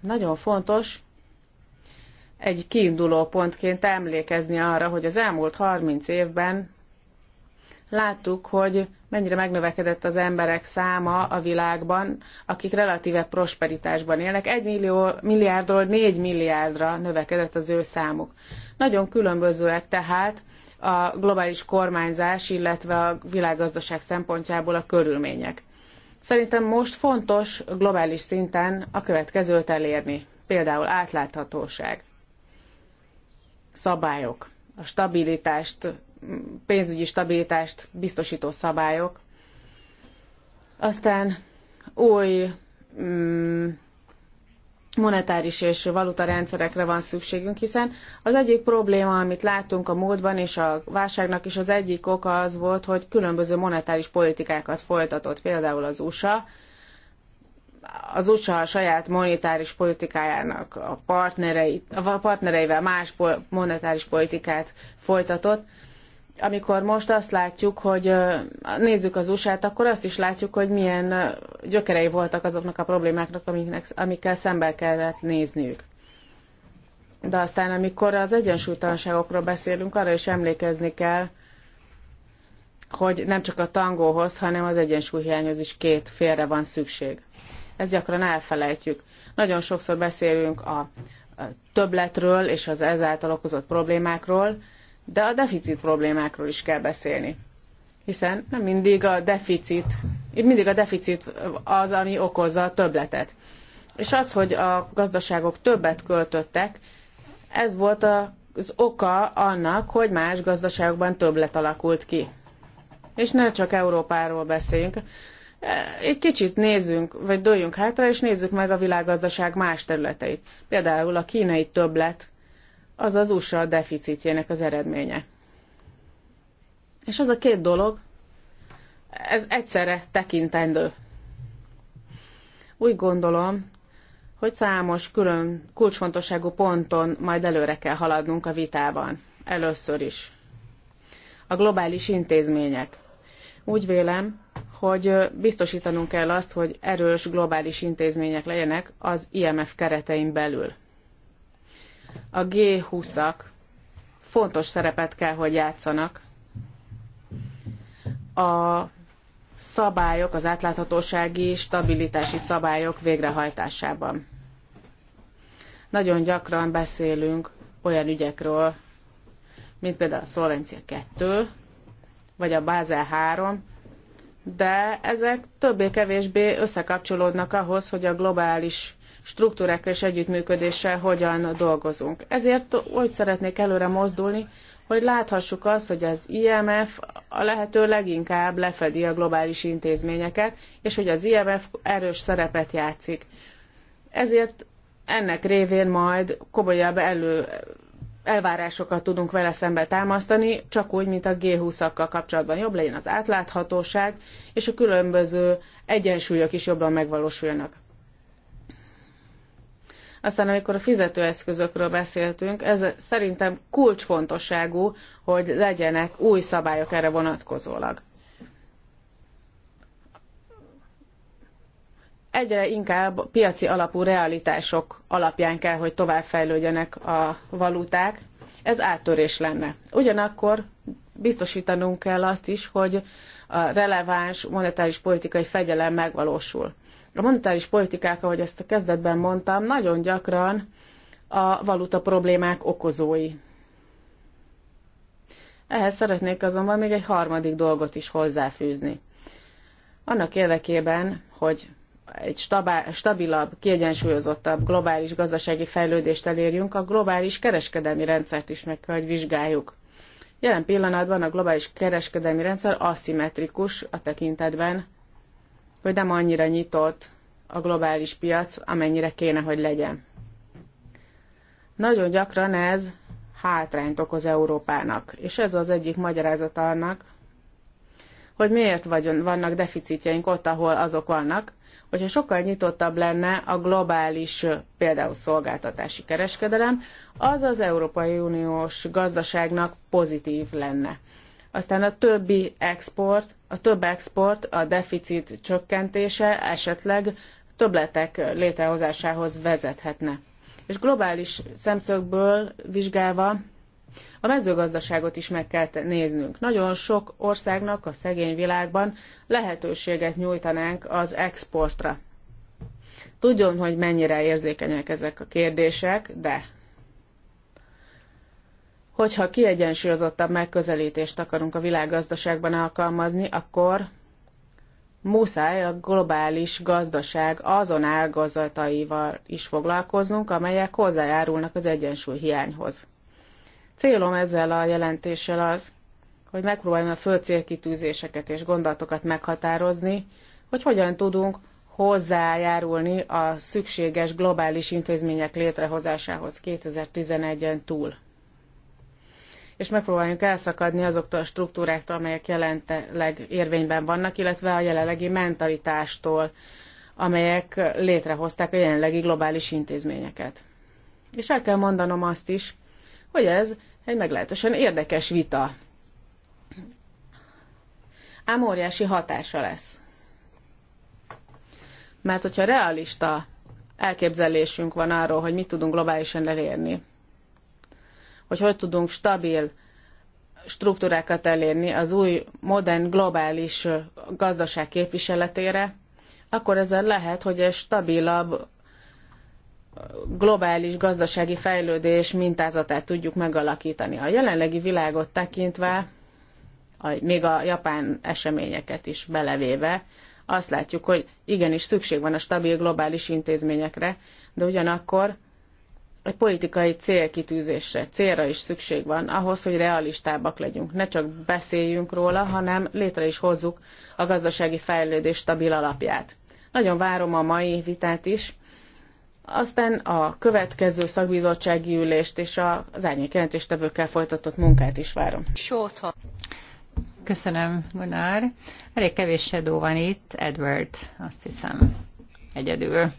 nagyon fontos, egy kiinduló pontként emlékezni arra, hogy az elmúlt 30 évben láttuk, hogy mennyire megnövekedett az emberek száma a világban, akik relatíve prosperitásban élnek. Egy millió, milliárdról négy milliárdra növekedett az ő számuk. Nagyon különbözőek tehát a globális kormányzás, illetve a világgazdaság szempontjából a körülmények. Szerintem most fontos globális szinten a következőt elérni, például átláthatóság szabályok, a stabilitást, pénzügyi stabilitást biztosító szabályok, aztán új mm, monetáris és valuta rendszerekre van szükségünk, hiszen az egyik probléma, amit láttunk a módban és a válságnak is az egyik oka az volt, hogy különböző monetáris politikákat folytatott, például az USA, az USA a saját monetáris politikájának a, partnerei, a partnereivel más monetáris politikát folytatott. Amikor most azt látjuk, hogy nézzük az USA-t, akkor azt is látjuk, hogy milyen gyökerei voltak azoknak a problémáknak, amiknek, amikkel szembe kellett nézniük. De aztán, amikor az egyensúlytalanságokról beszélünk, arra is emlékezni kell, hogy nem csak a tangóhoz, hanem az egyensúlyhiányhoz is két félre van szükség ezt gyakran elfelejtjük. Nagyon sokszor beszélünk a többletről és az ezáltal okozott problémákról, de a deficit problémákról is kell beszélni. Hiszen nem mindig a deficit, mindig a deficit az, ami okozza a többletet. És az, hogy a gazdaságok többet költöttek, ez volt az oka annak, hogy más gazdaságokban többlet alakult ki. És ne csak Európáról beszéljünk, egy kicsit nézzünk, vagy doljunk hátra, és nézzük meg a világgazdaság más területeit. Például a kínai többlet, az az USA deficitjének az eredménye. És az a két dolog, ez egyszerre tekintendő. Úgy gondolom, hogy számos külön kulcsfontosságú ponton majd előre kell haladnunk a vitában. Először is. A globális intézmények. Úgy vélem, hogy biztosítanunk kell azt, hogy erős globális intézmények legyenek az IMF keretein belül. A G20-ak fontos szerepet kell, hogy játszanak. A szabályok, az átláthatósági, stabilitási szabályok végrehajtásában. Nagyon gyakran beszélünk olyan ügyekről, mint például a Szolvencia 2, vagy a Bázel 3, de ezek többé-kevésbé összekapcsolódnak ahhoz, hogy a globális struktúrákkal és együttműködéssel hogyan dolgozunk. Ezért úgy szeretnék előre mozdulni, hogy láthassuk azt, hogy az IMF a lehető leginkább lefedi a globális intézményeket, és hogy az IMF erős szerepet játszik. Ezért ennek révén majd komolyabb elő elvárásokat tudunk vele szembe támasztani, csak úgy, mint a G20-akkal kapcsolatban jobb legyen az átláthatóság, és a különböző egyensúlyok is jobban megvalósuljanak. Aztán amikor a fizetőeszközökről beszéltünk, ez szerintem kulcsfontosságú, hogy legyenek új szabályok erre vonatkozólag. egyre inkább piaci alapú realitások alapján kell, hogy továbbfejlődjenek a valuták. Ez áttörés lenne. Ugyanakkor biztosítanunk kell azt is, hogy a releváns monetáris politikai fegyelem megvalósul. A monetáris politikák, ahogy ezt a kezdetben mondtam, nagyon gyakran a valuta problémák okozói. Ehhez szeretnék azonban még egy harmadik dolgot is hozzáfűzni. Annak érdekében, hogy egy stabilabb, kiegyensúlyozottabb globális gazdasági fejlődést elérjünk, a globális kereskedelmi rendszert is meg kell, hogy vizsgáljuk. Jelen pillanatban a globális kereskedelmi rendszer aszimmetrikus a tekintetben, hogy nem annyira nyitott a globális piac, amennyire kéne, hogy legyen. Nagyon gyakran ez hátrányt okoz Európának, és ez az egyik magyarázata annak, hogy miért vannak deficitjeink ott, ahol azok vannak, hogyha sokkal nyitottabb lenne a globális például szolgáltatási kereskedelem, az az Európai Uniós gazdaságnak pozitív lenne. Aztán a többi export, a több export, a deficit csökkentése esetleg többletek létrehozásához vezethetne. És globális szemszögből vizsgálva a mezőgazdaságot is meg kell néznünk. Nagyon sok országnak a szegény világban lehetőséget nyújtanánk az exportra. Tudjon, hogy mennyire érzékenyek ezek a kérdések, de hogyha kiegyensúlyozottabb megközelítést akarunk a világgazdaságban alkalmazni, akkor muszáj a globális gazdaság azon ágazataival is foglalkoznunk, amelyek hozzájárulnak az egyensúly hiányhoz. Célom ezzel a jelentéssel az, hogy megpróbáljam a fő célkitűzéseket és gondolatokat meghatározni, hogy hogyan tudunk hozzájárulni a szükséges globális intézmények létrehozásához 2011-en túl. És megpróbáljunk elszakadni azoktól a struktúráktól, amelyek jelenleg érvényben vannak, illetve a jelenlegi mentalitástól, amelyek létrehozták a jelenlegi globális intézményeket. És el kell mondanom azt is, hogy ez egy meglehetősen érdekes vita. Ám óriási hatása lesz. Mert hogyha realista elképzelésünk van arról, hogy mit tudunk globálisan elérni, hogy hogy tudunk stabil struktúrákat elérni az új, modern, globális gazdaság képviseletére, akkor ezzel lehet, hogy egy stabilabb globális gazdasági fejlődés mintázatát tudjuk megalakítani. A jelenlegi világot tekintve, a, még a japán eseményeket is belevéve, azt látjuk, hogy igenis szükség van a stabil globális intézményekre, de ugyanakkor egy politikai célkitűzésre, célra is szükség van ahhoz, hogy realistábbak legyünk. Ne csak beszéljünk róla, hanem létre is hozzuk a gazdasági fejlődés stabil alapját. Nagyon várom a mai vitát is, aztán a következő szakbizottsági ülést és az árnyékjelentéstevőkkel folytatott munkát is várom. Sóta. Köszönöm, Gunnar. Elég kevés sedó van itt, Edward, azt hiszem, egyedül.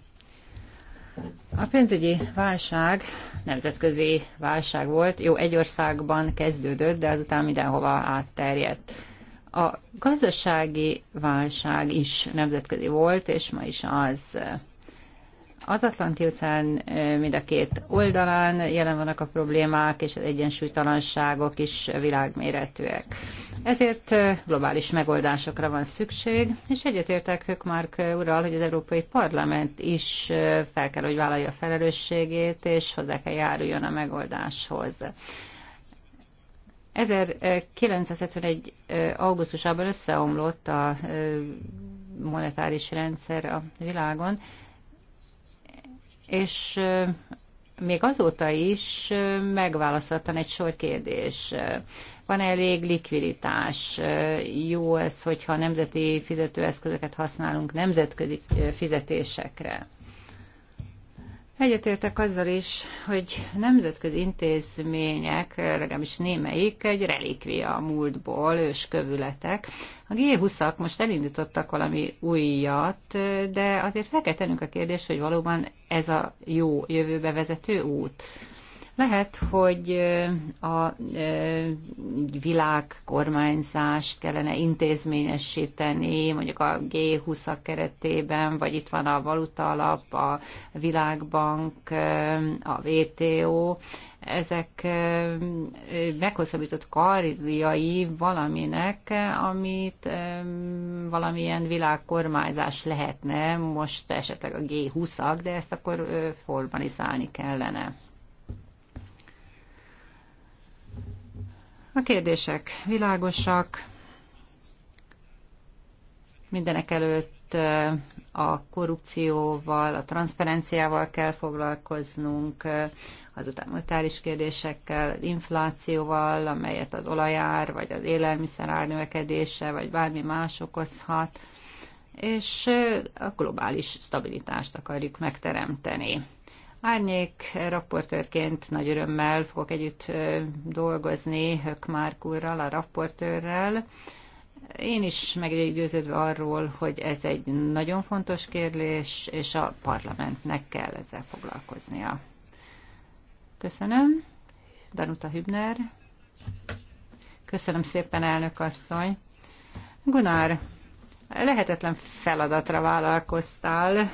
A pénzügyi válság nemzetközi válság volt. Jó, egy országban kezdődött, de azután mindenhova átterjedt. A gazdasági válság is nemzetközi volt, és ma is az az Atlanti-óceán mind a két oldalán jelen vannak a problémák, és az egyensúlytalanságok is világméretűek. Ezért globális megoldásokra van szükség, és egyetértek Hökmark ural, hogy az Európai Parlament is fel kell, hogy vállalja a felelősségét, és hozzá kell járuljon a megoldáshoz. 1971. augusztusában összeomlott a monetáris rendszer a világon, és még azóta is megválaszoltan egy sor kérdés. Van -e elég likviditás? Jó ez, hogyha nemzeti fizetőeszközöket használunk nemzetközi fizetésekre? Egyetértek azzal is, hogy nemzetközi intézmények, legalábbis némelyik, egy relikvia a múltból, őskövületek. A G20-ak most elindítottak valami újat, de azért fel kell tennünk a kérdést, hogy valóban ez a jó jövőbe vezető út. Lehet, hogy a kormányzást kellene intézményesíteni, mondjuk a g 20 keretében, vagy itt van a valuta alap, a világbank, a WTO, ezek meghosszabbított karriai valaminek, amit valamilyen világkormányzás lehetne, most esetleg a G20-ak, de ezt akkor formalizálni kellene. A kérdések világosak. Mindenek előtt eh, a korrupcióval, a transzferenciával kell foglalkoznunk, eh, az monetáris kérdésekkel, inflációval, amelyet az olajár, vagy az élelmiszer árnövekedése, vagy bármi más okozhat, és eh, a globális stabilitást akarjuk megteremteni. Árnyék raportőrként nagy örömmel fogok együtt dolgozni Márk úrral, a raportőrrel. Én is meggyőződve arról, hogy ez egy nagyon fontos kérdés, és a parlamentnek kell ezzel foglalkoznia. Köszönöm. Danuta Hübner. Köszönöm szépen, elnök asszony. Gunár, lehetetlen feladatra vállalkoztál,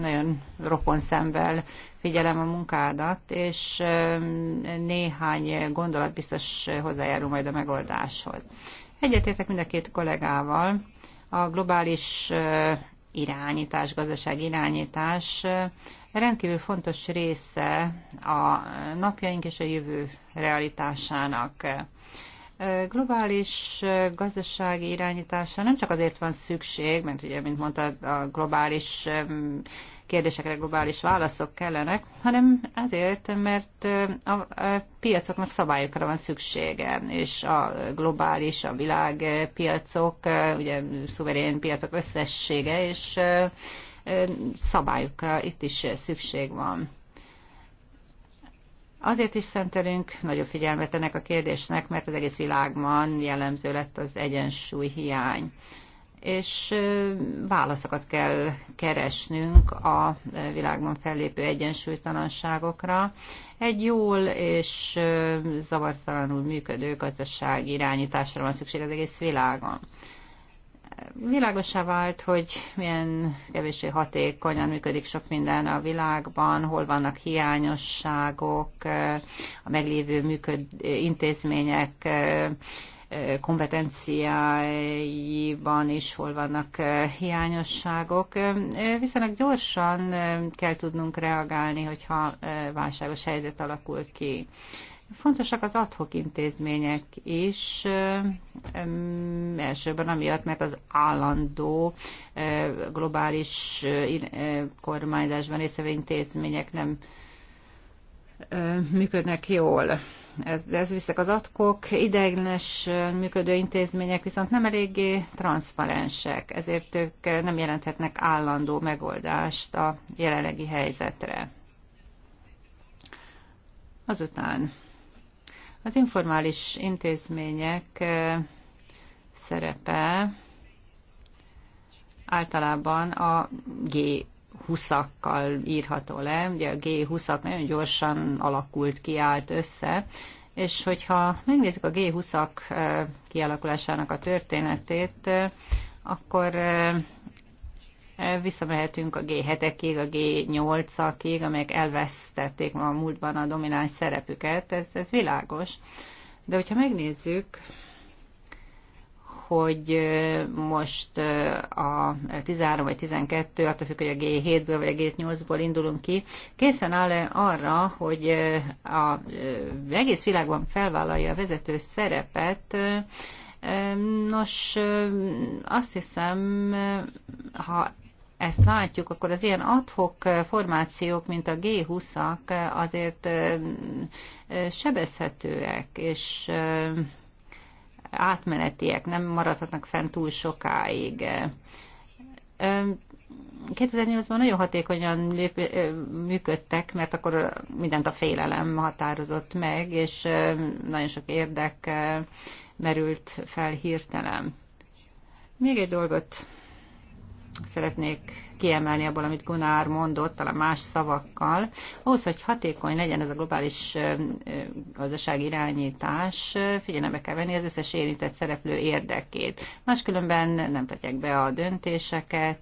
nagyon rokon szemvel figyelem a munkádat, és néhány gondolat biztos hozzájárul majd a megoldáshoz. Egyetértek mind a két kollégával. A globális irányítás, gazdaság irányítás rendkívül fontos része a napjaink és a jövő realitásának. Globális gazdasági irányítása nem csak azért van szükség, mert ugye, mint mondta, a globális kérdésekre globális válaszok kellenek, hanem azért, mert a piacoknak szabályokra van szüksége, és a globális, a világpiacok, ugye szuverén piacok összessége, és szabályokra itt is szükség van. Azért is szentelünk nagyobb figyelmet ennek a kérdésnek, mert az egész világban jellemző lett az egyensúly hiány és válaszokat kell keresnünk a világban fellépő egyensúlytalanságokra. Egy jól és zavartalanul működő gazdaság irányításra van szükség az egész világon. Világosá vált, hogy milyen kevéssé hatékonyan működik sok minden a világban, hol vannak hiányosságok, a meglévő működ, intézmények kompetenciáiban is hol vannak hiányosságok. Viszonylag gyorsan kell tudnunk reagálni, hogyha válságos helyzet alakul ki. Fontosak az adhok intézmények is, elsőben amiatt, mert az állandó globális kormányzásban részvevő intézmények nem működnek jól ez, ez viszek az adkok, ideiglenes működő intézmények viszont nem eléggé transzparensek, ezért ők nem jelenthetnek állandó megoldást a jelenlegi helyzetre. Azután az informális intézmények eh, szerepe általában a G G20-akkal írható le. Ugye a G20-ak nagyon gyorsan alakult kiállt össze, és hogyha megnézzük a G20-ak eh, kialakulásának a történetét, eh, akkor eh, visszamehetünk a G7-ekig, a G8-akig, amelyek elvesztették ma a múltban a domináns szerepüket, ez, ez világos. De hogyha megnézzük hogy most a 13 vagy 12, attól függ, hogy a G7-ből vagy a G8-ból indulunk ki, készen áll arra, hogy a egész világban felvállalja a vezető szerepet, Nos, azt hiszem, ha ezt látjuk, akkor az ilyen adhok formációk, mint a G20-ak azért sebezhetőek, és átmenetiek, nem maradhatnak fent túl sokáig. 2008-ban nagyon hatékonyan lép, működtek, mert akkor mindent a félelem határozott meg, és nagyon sok érdek merült fel hirtelen. Még egy dolgot szeretnék kiemelni abból, amit Gunár mondott, talán más szavakkal. Ahhoz, hogy hatékony legyen ez a globális gazdasági irányítás, figyelembe kell venni az összes érintett szereplő érdekét. Máskülönben nem tartják be a döntéseket,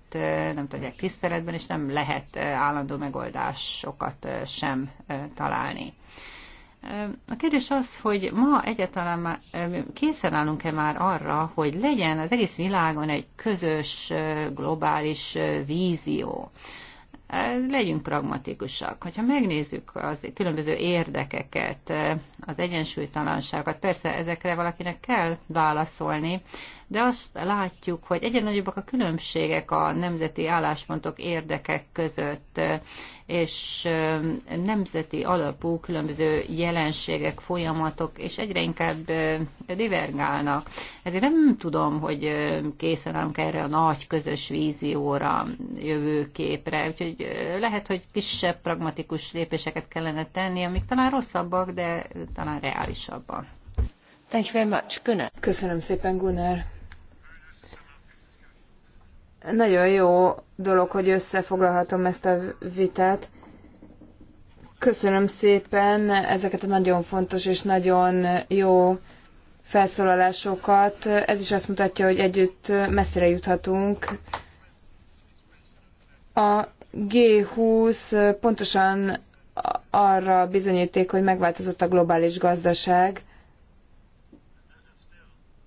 nem tartják tiszteletben, és nem lehet állandó megoldásokat sem találni. A kérdés az, hogy ma egyáltalán készen állunk-e már arra, hogy legyen az egész világon egy közös, globális vízió. Legyünk pragmatikusak. Hogyha megnézzük az különböző érdekeket, az egyensúlytalanságokat, persze ezekre valakinek kell válaszolni, de azt látjuk, hogy egyre nagyobbak a különbségek a nemzeti álláspontok érdekek között, és nemzeti alapú különböző jelenségek, folyamatok, és egyre inkább divergálnak. Ezért nem tudom, hogy készen állunk erre a nagy közös vízióra, jövőképre, úgyhogy lehet, hogy kisebb pragmatikus lépéseket kellene tenni, amik talán rosszabbak, de talán reálisabbak. Thank you very much, Gunnar. Köszönöm szépen, Gunnar. Nagyon jó dolog, hogy összefoglalhatom ezt a vitát. Köszönöm szépen ezeket a nagyon fontos és nagyon jó felszólalásokat. Ez is azt mutatja, hogy együtt messzire juthatunk. A G20 pontosan arra bizonyíték, hogy megváltozott a globális gazdaság,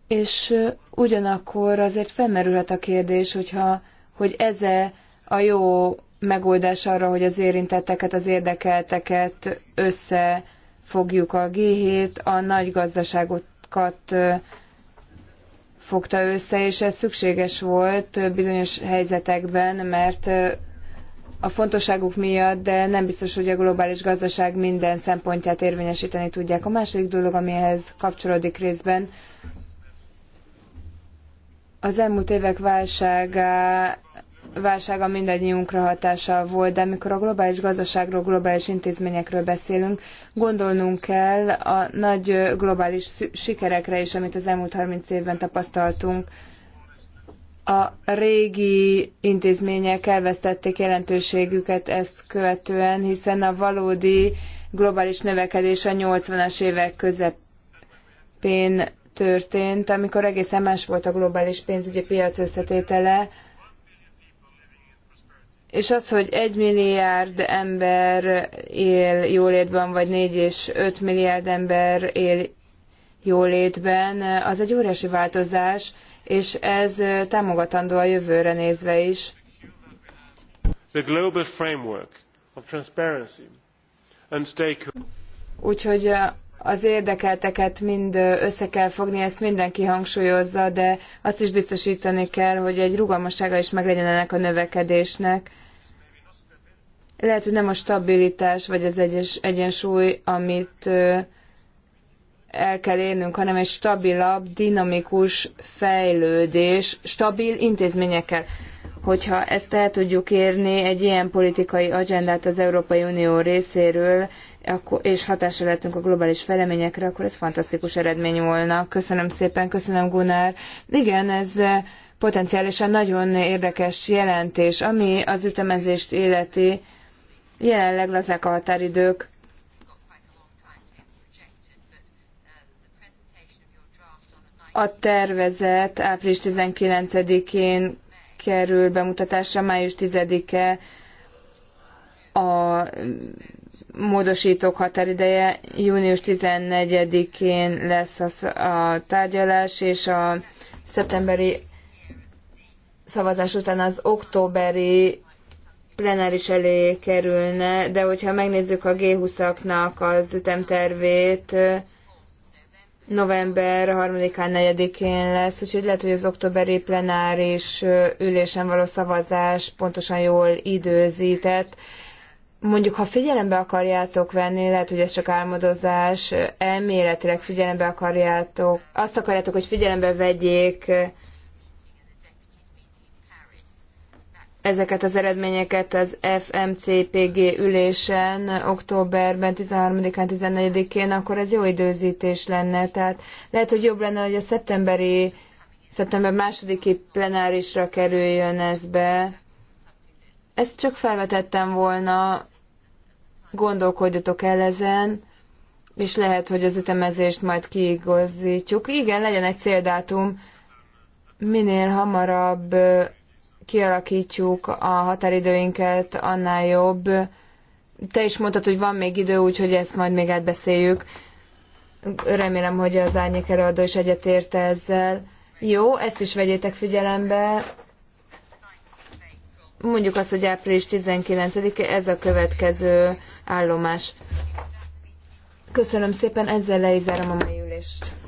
és ugyanakkor azért felmerülhet a kérdés, hogyha, hogy ez -e a jó megoldás arra, hogy az érintetteket, az érdekelteket összefogjuk a g a nagy gazdaságokat fogta össze, és ez szükséges volt bizonyos helyzetekben, mert a fontosságuk miatt, de nem biztos, hogy a globális gazdaság minden szempontját érvényesíteni tudják. A második dolog, amihez kapcsolódik részben, az elmúlt évek válsága, válsága mindannyiunkra hatással volt, de amikor a globális gazdaságról, globális intézményekről beszélünk, gondolnunk kell a nagy globális sikerekre is, amit az elmúlt 30 évben tapasztaltunk. A régi intézmények elvesztették jelentőségüket ezt követően, hiszen a valódi globális növekedés a 80-as évek közepén történt, amikor egészen más volt a globális pénzügyi piac összetétele, és az, hogy egy milliárd ember él jólétben, vagy négy és öt milliárd ember él jólétben, az egy óriási változás, és ez támogatandó a jövőre nézve is. The global framework of transparency and stakeholders. Úgyhogy az érdekelteket mind össze kell fogni, ezt mindenki hangsúlyozza, de azt is biztosítani kell, hogy egy rugalmassága is meglegyen ennek a növekedésnek. Lehet, hogy nem a stabilitás vagy az egyes, egyensúly, amit el kell érnünk, hanem egy stabilabb, dinamikus fejlődés, stabil intézményekkel. Hogyha ezt el tudjuk érni, egy ilyen politikai agendát az Európai Unió részéről, és hatásra lettünk a globális fejleményekre, akkor ez fantasztikus eredmény volna. Köszönöm szépen, köszönöm Gunnar. Igen, ez eh, potenciálisan nagyon érdekes jelentés, ami az ütemezést életi jelenleg lazák a határidők. A tervezet április 19-én kerül bemutatásra, május 10-e a módosítók határideje június 14-én lesz a tárgyalás, és a szeptemberi szavazás után az októberi plenáris elé kerülne, de hogyha megnézzük a G20-aknak az ütemtervét, november 3-án, 4-én lesz, úgyhogy lehet, hogy az októberi plenáris ülésen való szavazás pontosan jól időzített, mondjuk, ha figyelembe akarjátok venni, lehet, hogy ez csak álmodozás, elméletileg figyelembe akarjátok, azt akarjátok, hogy figyelembe vegyék eh, ezeket az eredményeket az FMCPG ülésen októberben 13-án, 14-én, akkor ez jó időzítés lenne. Tehát lehet, hogy jobb lenne, hogy a szeptemberi, szeptember másodiki plenárisra kerüljön ez be, ezt csak felvetettem volna, gondolkodjatok el ezen, és lehet, hogy az ütemezést majd kiigazítjuk. Igen, legyen egy céldátum, minél hamarabb kialakítjuk a határidőinket, annál jobb. Te is mondtad, hogy van még idő, úgyhogy ezt majd még átbeszéljük. Remélem, hogy az árnyék előadó is egyetérte ezzel. Jó, ezt is vegyétek figyelembe mondjuk azt, hogy április 19 -e, ez a következő állomás. Köszönöm szépen, ezzel leizárom a mai ülést.